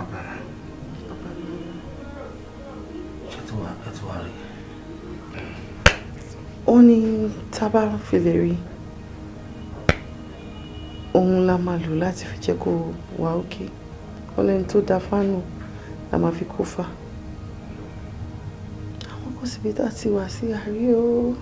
abẹ́rẹ́ ó ní tá ń filẹ̀ òun la máa lò láti fi jẹ́ kó wà òkè ó lẹ́ni tó da fánù la máa fi kó fà àwọn kò síbi tá ti wà sí àárí o.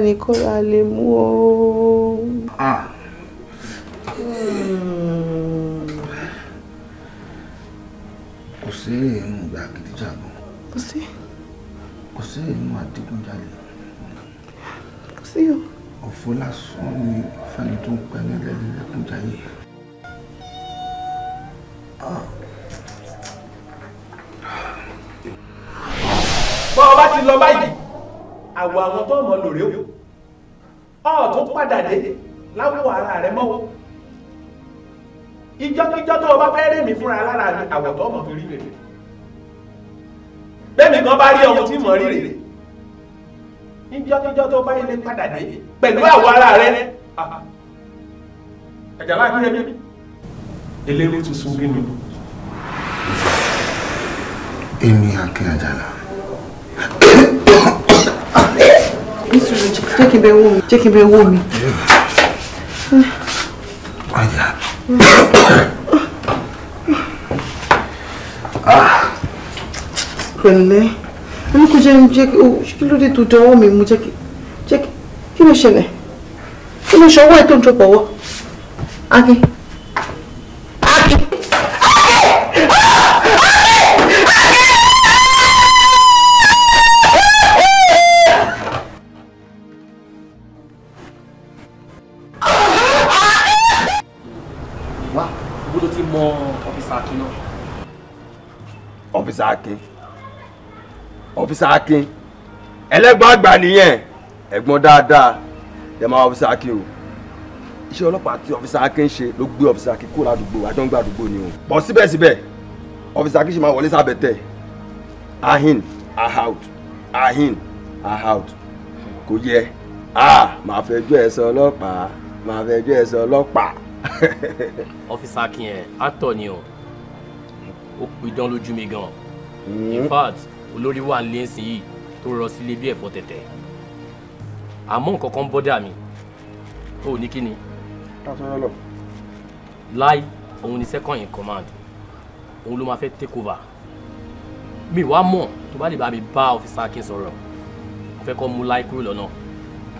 nìkan la lè mú o. kò sí èrè mú ìgbà gidijàgbọ́n. kò sí. kò sí èrè mú kò sí o. òfò lásán ni fẹ́ni tó ń pẹ́ nílẹ̀ nílẹ̀kùnjayé. bọ́ọ̀ bá ti lọ báyìí àwọ̀ àwọn tó mọ̀ lòrè o ọ̀hún padà dé láwọ̀ ara rẹ mọ́wọ́ ìjọ́kíjọ́ tó o bá fẹ́ rí mi fúnra lára mi àwọ̀ tó mọ̀ fi rí rèé bẹ́ẹ̀ni kan bá rí ọ̀hún tí mọ̀ rí rèé ìjọ́kíjọ́ tó o bá ilé padà dé pẹ̀lú àwọ̀ ara rẹ àjàlá ní ẹbí eléwé tuntun bínú. èmi àkè àjàlá nítorí jẹ́ kí n bẹ wò mí jẹ́ kí n bẹ wò mí. Aya. Pẹ̀lẹ́, mo kò jẹ́ jẹ́ kí ló dé tó dọwọ́ mi mú jẹ́ kí jẹ́ kí ló ṣẹlẹ̀? Kí ló ṣọwọ́ ẹ̀ tó ń jọ pọ̀wọ́? Akin. ọ́físà akin ọ́físà akin ẹlẹ́gbọ́n àgbà nìyẹn ẹ̀gbọ́n dáadáa dẹ̀ máa ọ́físà akin o iṣẹ́ ọlọ́pàá tí ọ́físà akin ṣe ló gbé ọ́físà akin kúrò àdúgbò àjọǹgbà àdúgbò ni o bọ̀ síbẹ̀síbẹ̀ ọ́físà akin ṣe máa wọlé sábẹ́ tẹ̀ ahin ahout ahin ahout kò yẹ ah màá fẹ́ ju ẹ̀sọ́ ọlọ́pàá màá fẹ́ ju ẹ̀sọ́ ọlọ́pàá. ọ́físà akin ẹ̀ actor ni o ó pidán lójú mi gan-an in hmm? fact olórí wà ń lé ń sìn yìí tó rọ sílé bí ẹ̀fọ́ tẹ̀tẹ̀ àmọ́ nǹkan kan bọ́dà mi ó ní kí ni. láì òun ni second in command òun ló máa fẹ́ take over mi wá mọ̀ tó bá lè bá mi bá ọ́fíìsì akin sọ̀rọ̀ mo fẹ́ kọ́ mú láì kúrò lọ́nà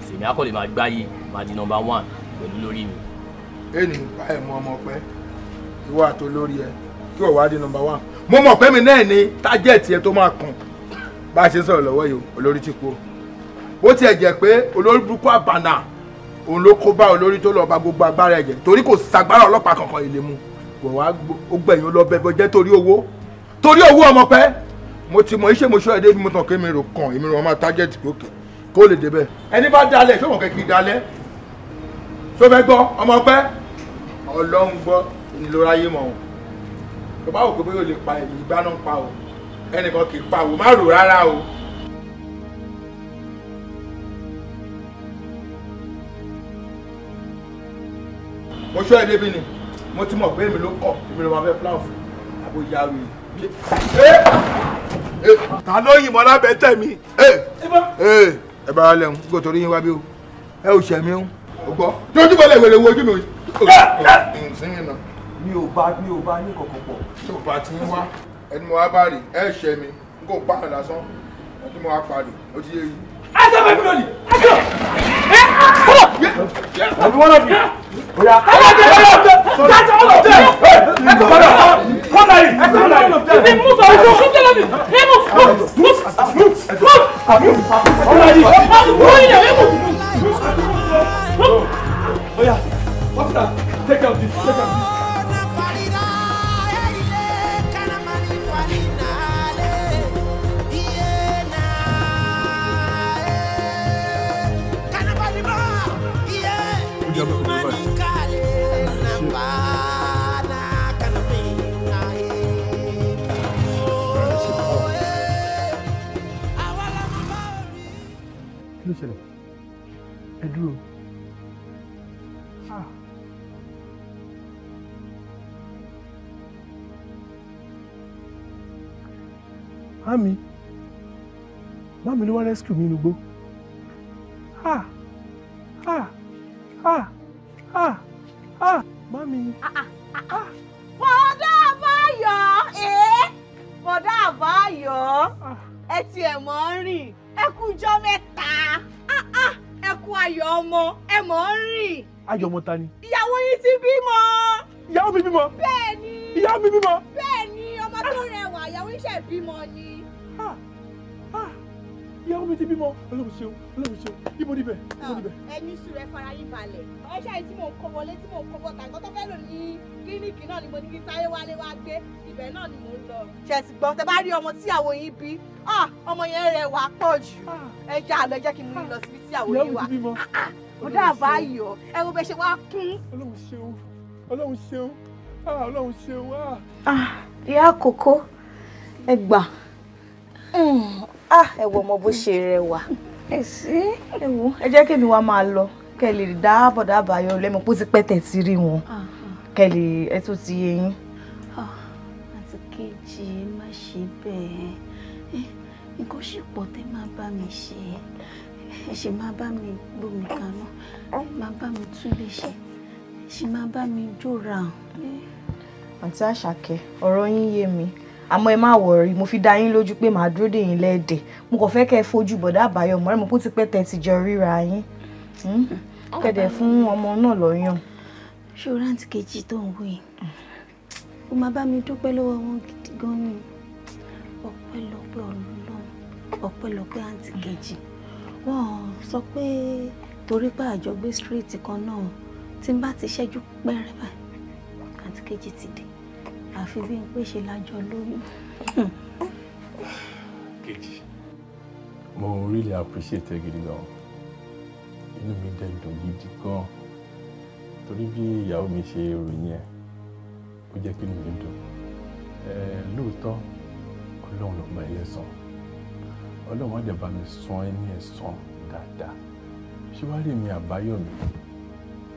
sèmi akọ́lẹ̀ máa gbáyé máa di number one pẹ̀lú lórí mi. ẹnì báyìí mú ọmọ pẹ́ ìwọ àtolórí ẹ kí o wá di number one mo mọ̀ pé mi náà ni tájẹ̀tì ẹ tó máa kàn bá a ṣe sọ̀rọ̀ lọ́wọ́ yìí olórí ti kú ó tiẹ̀ jẹ́ pé olórí burúkú àbànà òun ló kó bá olórí tó lọ́ọ́ ba gbogbo agbára ẹ̀jẹ̀ torí kò sagbára ọlọ́pàá kankan ìlè mu kò wá ó gbẹ̀yìn olóbẹ̀ bọ́jẹ́ torí owó torí owó ọmọ pẹ́ mo ti mọ iṣẹ́ mo ṣọ́ ẹ̀dẹ́ mi tàn kí mi rò kàn èmi rò máa tájẹ̀tì lókè kó lè débẹ̀ ẹni bá dalẹ̀ ṣé wọn kẹ́kì dalẹ̀ ṣó fẹ́ gbọ́ ọmọ pẹ́ ọlọ́run gbọ́ ìnira yé mọ̀ ọ́n tó bá wò pé bóyá o lè pa èyí ìgbà náà pa o ẹnìkan kì í pa o má rò rárá o. mo ṣọ́ ẹ débi ni mo ti mọ̀ pé èmi ló kọ̀ èmi ló máa fẹ́ plan fún àbò ìyá rẹ̀. ta ló yìnbọn lábẹ́ tẹ̀ mí. ẹ bá lẹ̀ ń gbọ́ torí yín wá bí o ẹ ò ṣẹ̀mí o gbọ́. dójúbọ̀lẹ̀ wèrè wo ojú mi mi ò bá mi ò bá ní kọ̀kọ̀ pọ̀. tí o bá ti ń wá ẹni mo wá bá rè ẹ ṣẹ mi n kò pa àná lásán ẹni tí mo wá pa rè ti yé yìí. ẹsẹ̀ bẹ́ẹ̀ bílọ̀ ni ẹsẹ̀ ẹ kọ́ ọ̀bí wọn náà bí oya ẹsẹ̀ bẹ́ẹ̀ bílọ̀ jẹ́ jáde ọ̀lọ̀ jẹ́ ẹsẹ̀ bẹ́ẹ̀ bílọ̀ kọ́nà yìí ẹsẹ̀ bẹ́ẹ̀ bílọ̀ jẹ́ ẹsẹ̀ mú sọ̀rọ̀ ẹsẹ̀ fún tẹ́lẹ̀ mi ẹ mú mú mú ọ̀nà yìí ọ̀nà yìí ọ̀nà yìí Oya, what's that? Take out this, take out this. kí ló ṣẹlẹ̀ ẹ dúró ah. mami mami ló wá rescue mi nugbó ha ah. ah. ha ha ha ha mami. Ah, ah, ah, bọ̀dá àbáyọ̀ ẹ̀ eh? bọ̀dá àbáyọ̀ ẹ tiẹ̀ mọ̀ ń rìn ẹ kújọ́ mẹ́ta ẹ kú ayọ̀ ọmọ ẹ mọ̀ ń rìn. ayọ̀ ọmọ ta ni. ìyàwó yìí ti bímọ. ìyàwó mi bímọ. bẹ́ẹ̀ ni. ìyàwó mi bímọ. bẹ́ẹ̀ ni ọmọ tó rẹwà ìyàwó iṣẹ́ ìbímọ ni ìyàwó mi ti bímọ Ọlọ́run ṣeun Ọlọ́run ṣeun ibo níbẹ̀ ibo níbẹ̀. Ah, ẹni sùn rẹ fara yín balẹ̀ ọṣẹ yìí tí mò ń kọ wọlé tí mò ń kọ bọ́ta nǹkan tó fẹ́ lò ní kílíìkì náà ni mo ní kí sáré wálé wá gbé ibẹ̀ náà ni mò ń lọ. ṣe ti gbọ́ tẹ bá rí ọmọ tí àwọn yín bí ah, ọmọ yẹn rẹ wà pọ̀ jù ah. ẹ já àlọ́ jẹ́ kí n mú yín lọ síbi tí àwọn yín wà mo dábàá yọ ẹ wo bẹ ṣe wá kún. Ọlọ́run ṣeun Ọlọ́run ṣeun Ọlọ́run ṣeun. ìyá àkókò ẹgbà hmm, ah ẹ wò ọmọ bó ṣe rẹwà ẹ sí ẹ wò ẹ jẹ́ kémi wá máa lọ kẹ́ lè dáàbọ̀ dábàá yọ lẹ́mọ̀ pé ó ti pẹ́ tẹ̀ sí rí wọn ah, kẹ́ lè ẹ tó ti yé yín. Ah, àti kejì má ṣe bẹ́ẹ̀ eh, nǹkan ṣì pọ̀ tẹ́ máa bá mi ṣe ẹ ṣe máa bá mi gbómi kaná ẹ máa bá mi tún lè ṣe ẹ ṣe máa bá mi jóra. Eh. àǹtí àṣàkẹ́ ọ̀rọ̀ yín yé mi àmọ́ ẹ má wọrí mo fi dá yín lójú pé màá dúró dè yín lẹ́ẹ̀dẹ̀ mo kàn fẹ́ kẹ́ ẹ fojú bọ̀dá àbáyọ mọ́rẹ́ mo kó ti pẹ́ tẹ́ ti jọ ríra yín hmm? kẹ̀dẹ̀ fún ọmọ náà lọ́yàn. ṣòro àǹtí kejì tó ń wí ó máa bá mi dúpẹ́ lọ́wọ́ wọn gidi gan ni ọpẹ́lọpẹ́ ọlọ́run ọpẹ́lọpẹ́ àǹtí kejì wọ́n sọ pé torí pé àjọgbé street kan náà tí n bá ti ṣẹ́jú pẹ́rẹ́ báyìí àǹtí kejì ti dé àfi bí n pé ṣe lájọ lóyún. kejì mo really appreciate ẹ gidi gan inú mi dẹ̀ dùn gidi gan torí bí ìyàwó mi ṣe ròyìn ẹ ó jẹ́ kí inú mi dùn lóòótọ́ ọlọ́run ló mọ ẹlẹ́sàn ọlọ́run á dẹ̀ bá mi san ẹ ní ẹ̀san dáadáa ṣíwájú mi àbáyọ̀mí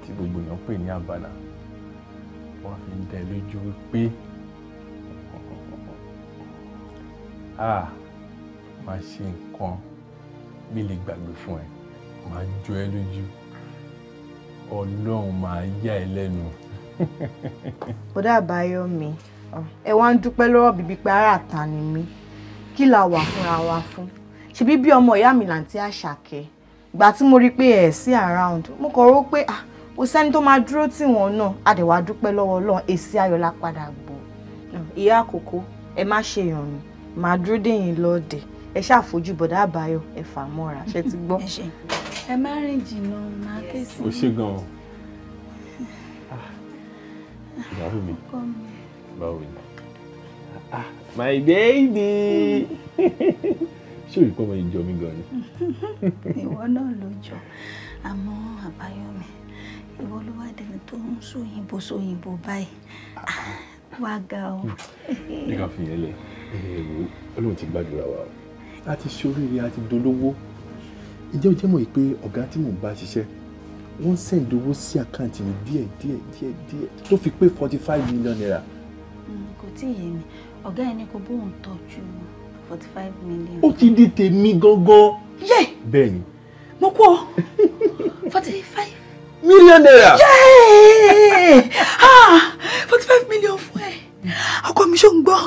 tí gbogbo èèyàn pè ní àbànà wọ́n fi ń dẹ lójú wípé ah máa ṣe nǹkan mi lè gbàgbé fún ẹ máa jọ ẹ lójú ọlọ́run máa yà ẹ lẹ́nu. kódà báyọ̀ mi ẹ wá ń dúpẹ́ lọ́wọ́ bíbí pé ara àta ni mí kí la wà fúnra wa fún ṣebí bí ọmọ ìyá mi làǹtí àṣàkẹ́ gbà tí mo rí pé ẹ̀ sí around mo kọ̀ rò pé ah kò sẹ́ni tó máa dúró tì wọ́n náà àdẹ̀wà dúpẹ́ lọ́wọ́ ọlọ́run èsì ayọ̀ la padà gbọ́ ìyá àkókò ẹ má ṣe ìyọnu màá dúró dèyìn lọ́ọ̀dẹ̀ ẹ ṣáà fojú bọ̀dá àbáyọ ẹ fà mọ́ra ṣe ti gbọ́. ẹ má rìn jìnnà máa ké o ṣe gan-an ah. ìyàwó mi báwo ni ah, my baby ṣé o rí pé ọmọ yìí jọ mí gan ni. ìwọ náà ló jọ àmọ́ àbáyọmí ìwọ ló wá dẹni tó ń sòyìnbó sòyìnbó báyìí ah wá ga ọ. ní ká fi yẹn lẹ ẹwọ Ọlọ́run ti gbàdúrà wa o a ti ṣoríire a ti dolówó ìjẹ́ o jẹ́ mọ̀ pé ọ̀gá tí mò ń bá ṣiṣẹ́ wọ́n send owó sí àkáǹtì mi díẹ̀ díẹ̀ díẹ̀ díẹ̀ tó fi pé forty five million naira. Hmm, kò tí ì yé mi ọ̀gá ẹni kò bóun tọ́jú forty five million. ó ti di tèmi gangan. yẹ bẹ́ẹ̀ mo kú ọ forty five million naira. Ah, forty five million fún ẹ ọkọ mi ṣó ń gbọ́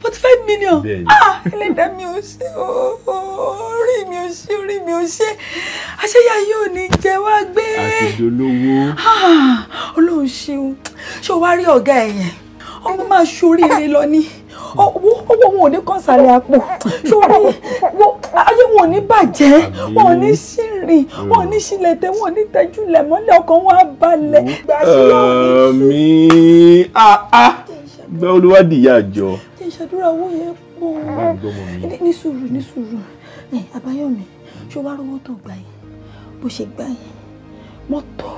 forty five million ah, ẹlẹ́dàá mi ò ṣe orí mi ò ṣe orí mi ò ṣe àṣeyà yóò ní jẹ wá gbé. àṣejò lówó. Ah, ọlọ́run ṣeun ṣé o wá rí ọ̀gá ẹ̀ yẹn ọmọ máa ṣoríire lọ ni owó wọn ò ní kàn sàlẹ̀ àpò ṣorí ayé wọn ò ní bàjẹ́ wọn ò ní ṣìrìn wọn ò ní ṣìlẹ̀tẹ̀ wọn ò ní tẹjúlẹ̀ mọ́lẹ̀ ọkàn wọn á balẹ̀ gbà sí ọ̀hún. mi gbẹ́ olúwádìí ìyá àjọ. kí n ṣàdúrà owó yẹn pọ̀ ní sùúrù ní sùúrù àbáyọ̀mí o wá rówó tó gbà yìí bó ṣe gbà yìí mọ́tò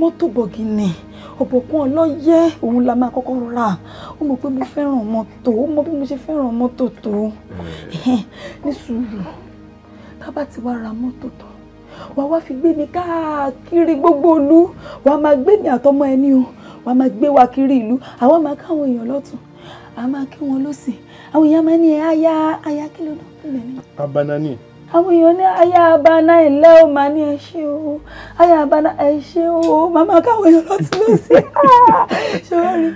mọ́tò bọ̀gìnì ọ̀bọ̀kún ọlọ́yẹ́ òun la máa kọ́kọ́ rà ó mọ̀ pé mo fẹ́ràn mọ́tò ó mọ̀ bí mo ṣe fẹ́ràn mọ́tò tó ní sùúrù tá a bá ti wá ra mọ́tò tó wà wá fi gbé mi káàkiri gbogbo ìlú wà máa gbé mi àtọmọ ẹni o wà máa gbé wa kiri ìlú àwa máa káwọn èèyàn lọ́tún àwa máa kí wọn lọ́sìn àwọn èèyàn máa ní ẹ aya aya kí ló dún kí lè abanani àwọn èèyàn ní aya abana ẹ̀lẹ́ ò máa ní ẹ ṣé o aya abana ẹ ṣé o màmá káwọn èèyàn lọ́tí lọ́sí ṣé wọ́n rí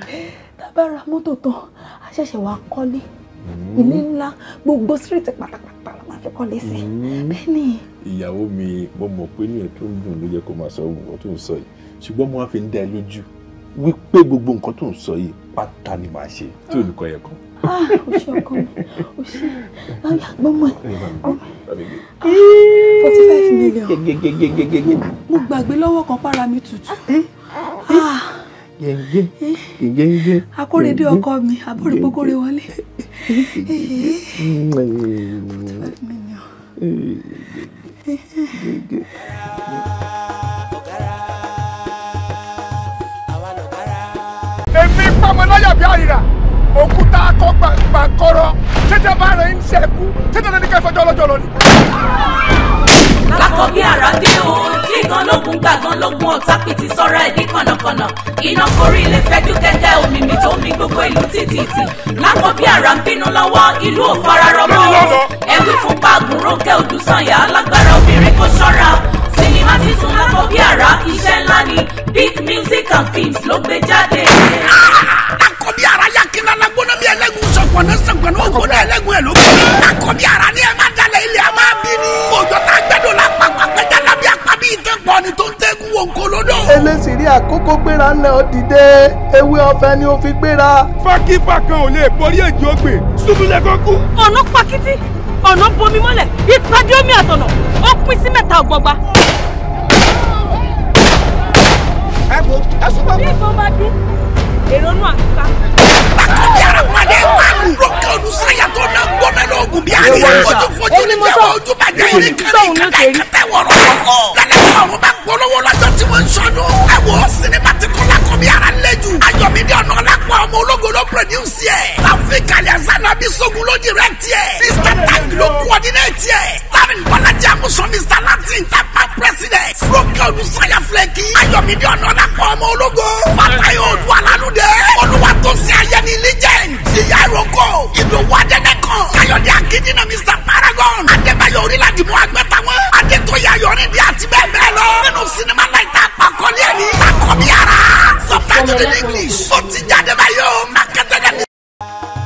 tábàrà mọ́tò tán a ṣẹ̀ṣẹ̀ wá kọ́lé ilé ńlá gbogbo street pátápátá la máa fi kọ́lé sí mm-hmm. bẹ́ẹ̀ ni. ìyàwó mi mo mọ̀ pé ní ẹ̀tọ́ ń dùn ló yẹ kó máa sọ ohun tó ń sọ yìí ṣùgbọ́n mo wá fi ń dá ẹ lójú wípé gbogbo nǹkan tó ń sọ yìí pátá ni màá ṣe tí olùkọ́ yẹ kan. Ah, ṣe ọkọ mi o ṣe báyà gbọ́mọ ẹ̀ forty five million mo gbàgbé lọ́wọ́ kan para mi tutù gẹ́gẹ́. akóredé ọkọ mi àbúrò gbogbo wọlé. forty five million. èmi pamọ́ láyà bí àrìrà òkúta akọgbàkọrọ tètè bá rẹ ń ṣẹkú tètè lẹni kẹfẹ jọlọjọlọ ni. lákọ̀ bí ara dé o kí gan lógun gbàgán lógun ọ̀tá pìtì sọ́ra ẹ̀ ní kànnàkànnà iná korí ilé fẹ́jú kẹ́kẹ́ omi mi tó mi gbogbo ìlú títìtì lákọ̀ bí ara ń bínú lọ́wọ́ ìlú ò fara rọmọ́ ẹ̀wí fún paagun rónkẹ́ òdùsànyà alágbára obìnrin kò ṣọ́ra sinimá titun lákọ̀ bí ara iṣẹ́ ńlá ni big music and films ló gbé jáde. Ah! lákọ̀ bí ara sànpọ̀nà sànpọ̀nà ògbóná ẹlẹ́gùn ẹ̀ ló bí. àkọ́bí ara ni ẹ máa dalẹ̀ ilẹ̀ a máa bí ni. òjò tá a gbẹ́dọ̀ la pàpà pẹ́jà lábẹ́ àpábí ìtẹ́ pọ̀ ni tó ń tẹ́kù wọn kó lódò. eléṣìírí àkókò gbéra ń lẹ ọ dìde ewé ni o fi gbéra. fákífà kan ò lè borí èjì ògbè súnmílẹ̀ kan kú. ọ̀nà pàkìtì bomi mọ́lẹ̀ ìpàdé omi àtọ̀nà ó pín sí mẹ́ta ọ̀gbọ̀gba. ẹ wo ẹ sọ bí ìbọn bá dún èrònú àtúntà. Àjàràmọ́dé máa ń lókè olùsáyà tó náà gbọ́dọ̀ ní ogun bí àríyá ojú ní jẹ́wọ́ ojú bàjẹ́ ìrì kan ní kàkà ìwọ̀rọ̀ ọ̀kọ̀. Lálẹ́ ọ̀run bá polówó lọ́jọ́ tí wọ́n ń ṣọ́nú. Ẹ̀wọ̀ sinimá ti kọ́ mi ara lẹ́jù. Ayọ̀mídé Ọ̀nàlápọ̀ ọmọ ológo ló pẹ̀lúsì ẹ̀. Taofik Aliasan Abisogun ló direct ẹ̀. Mr Tang ló coordinate ẹ̀. Starring Bọ́lájí Amusan Mr Latin Tapa president. Roke Olùsáyà Flẹ́kì. Ayọ̀mídé Ọ̀nàlápọ̀ ọmọ ológo. Fatayo Odúalálúdé. Olúwa tó ṣe ayé ní legend. Ìyá ìrókò. Ìdòwò Adẹ́nẹ́kan. Káyọ̀dé Akíndínà Mr Paragon. Adébáyọ̀ Oríládìmọ̀ Àgbẹ̀t wọn. adétòye ayọ̀rìndí àti bẹ́ẹ̀ bẹ́ẹ̀ lọ. nínú sinimá náà ìta àpàkọ́lé ẹ̀ ní ìta kọ́bí ara. subtitled in English. ó ti jáde báyọ̀. akẹ́tẹ̀dẹ̀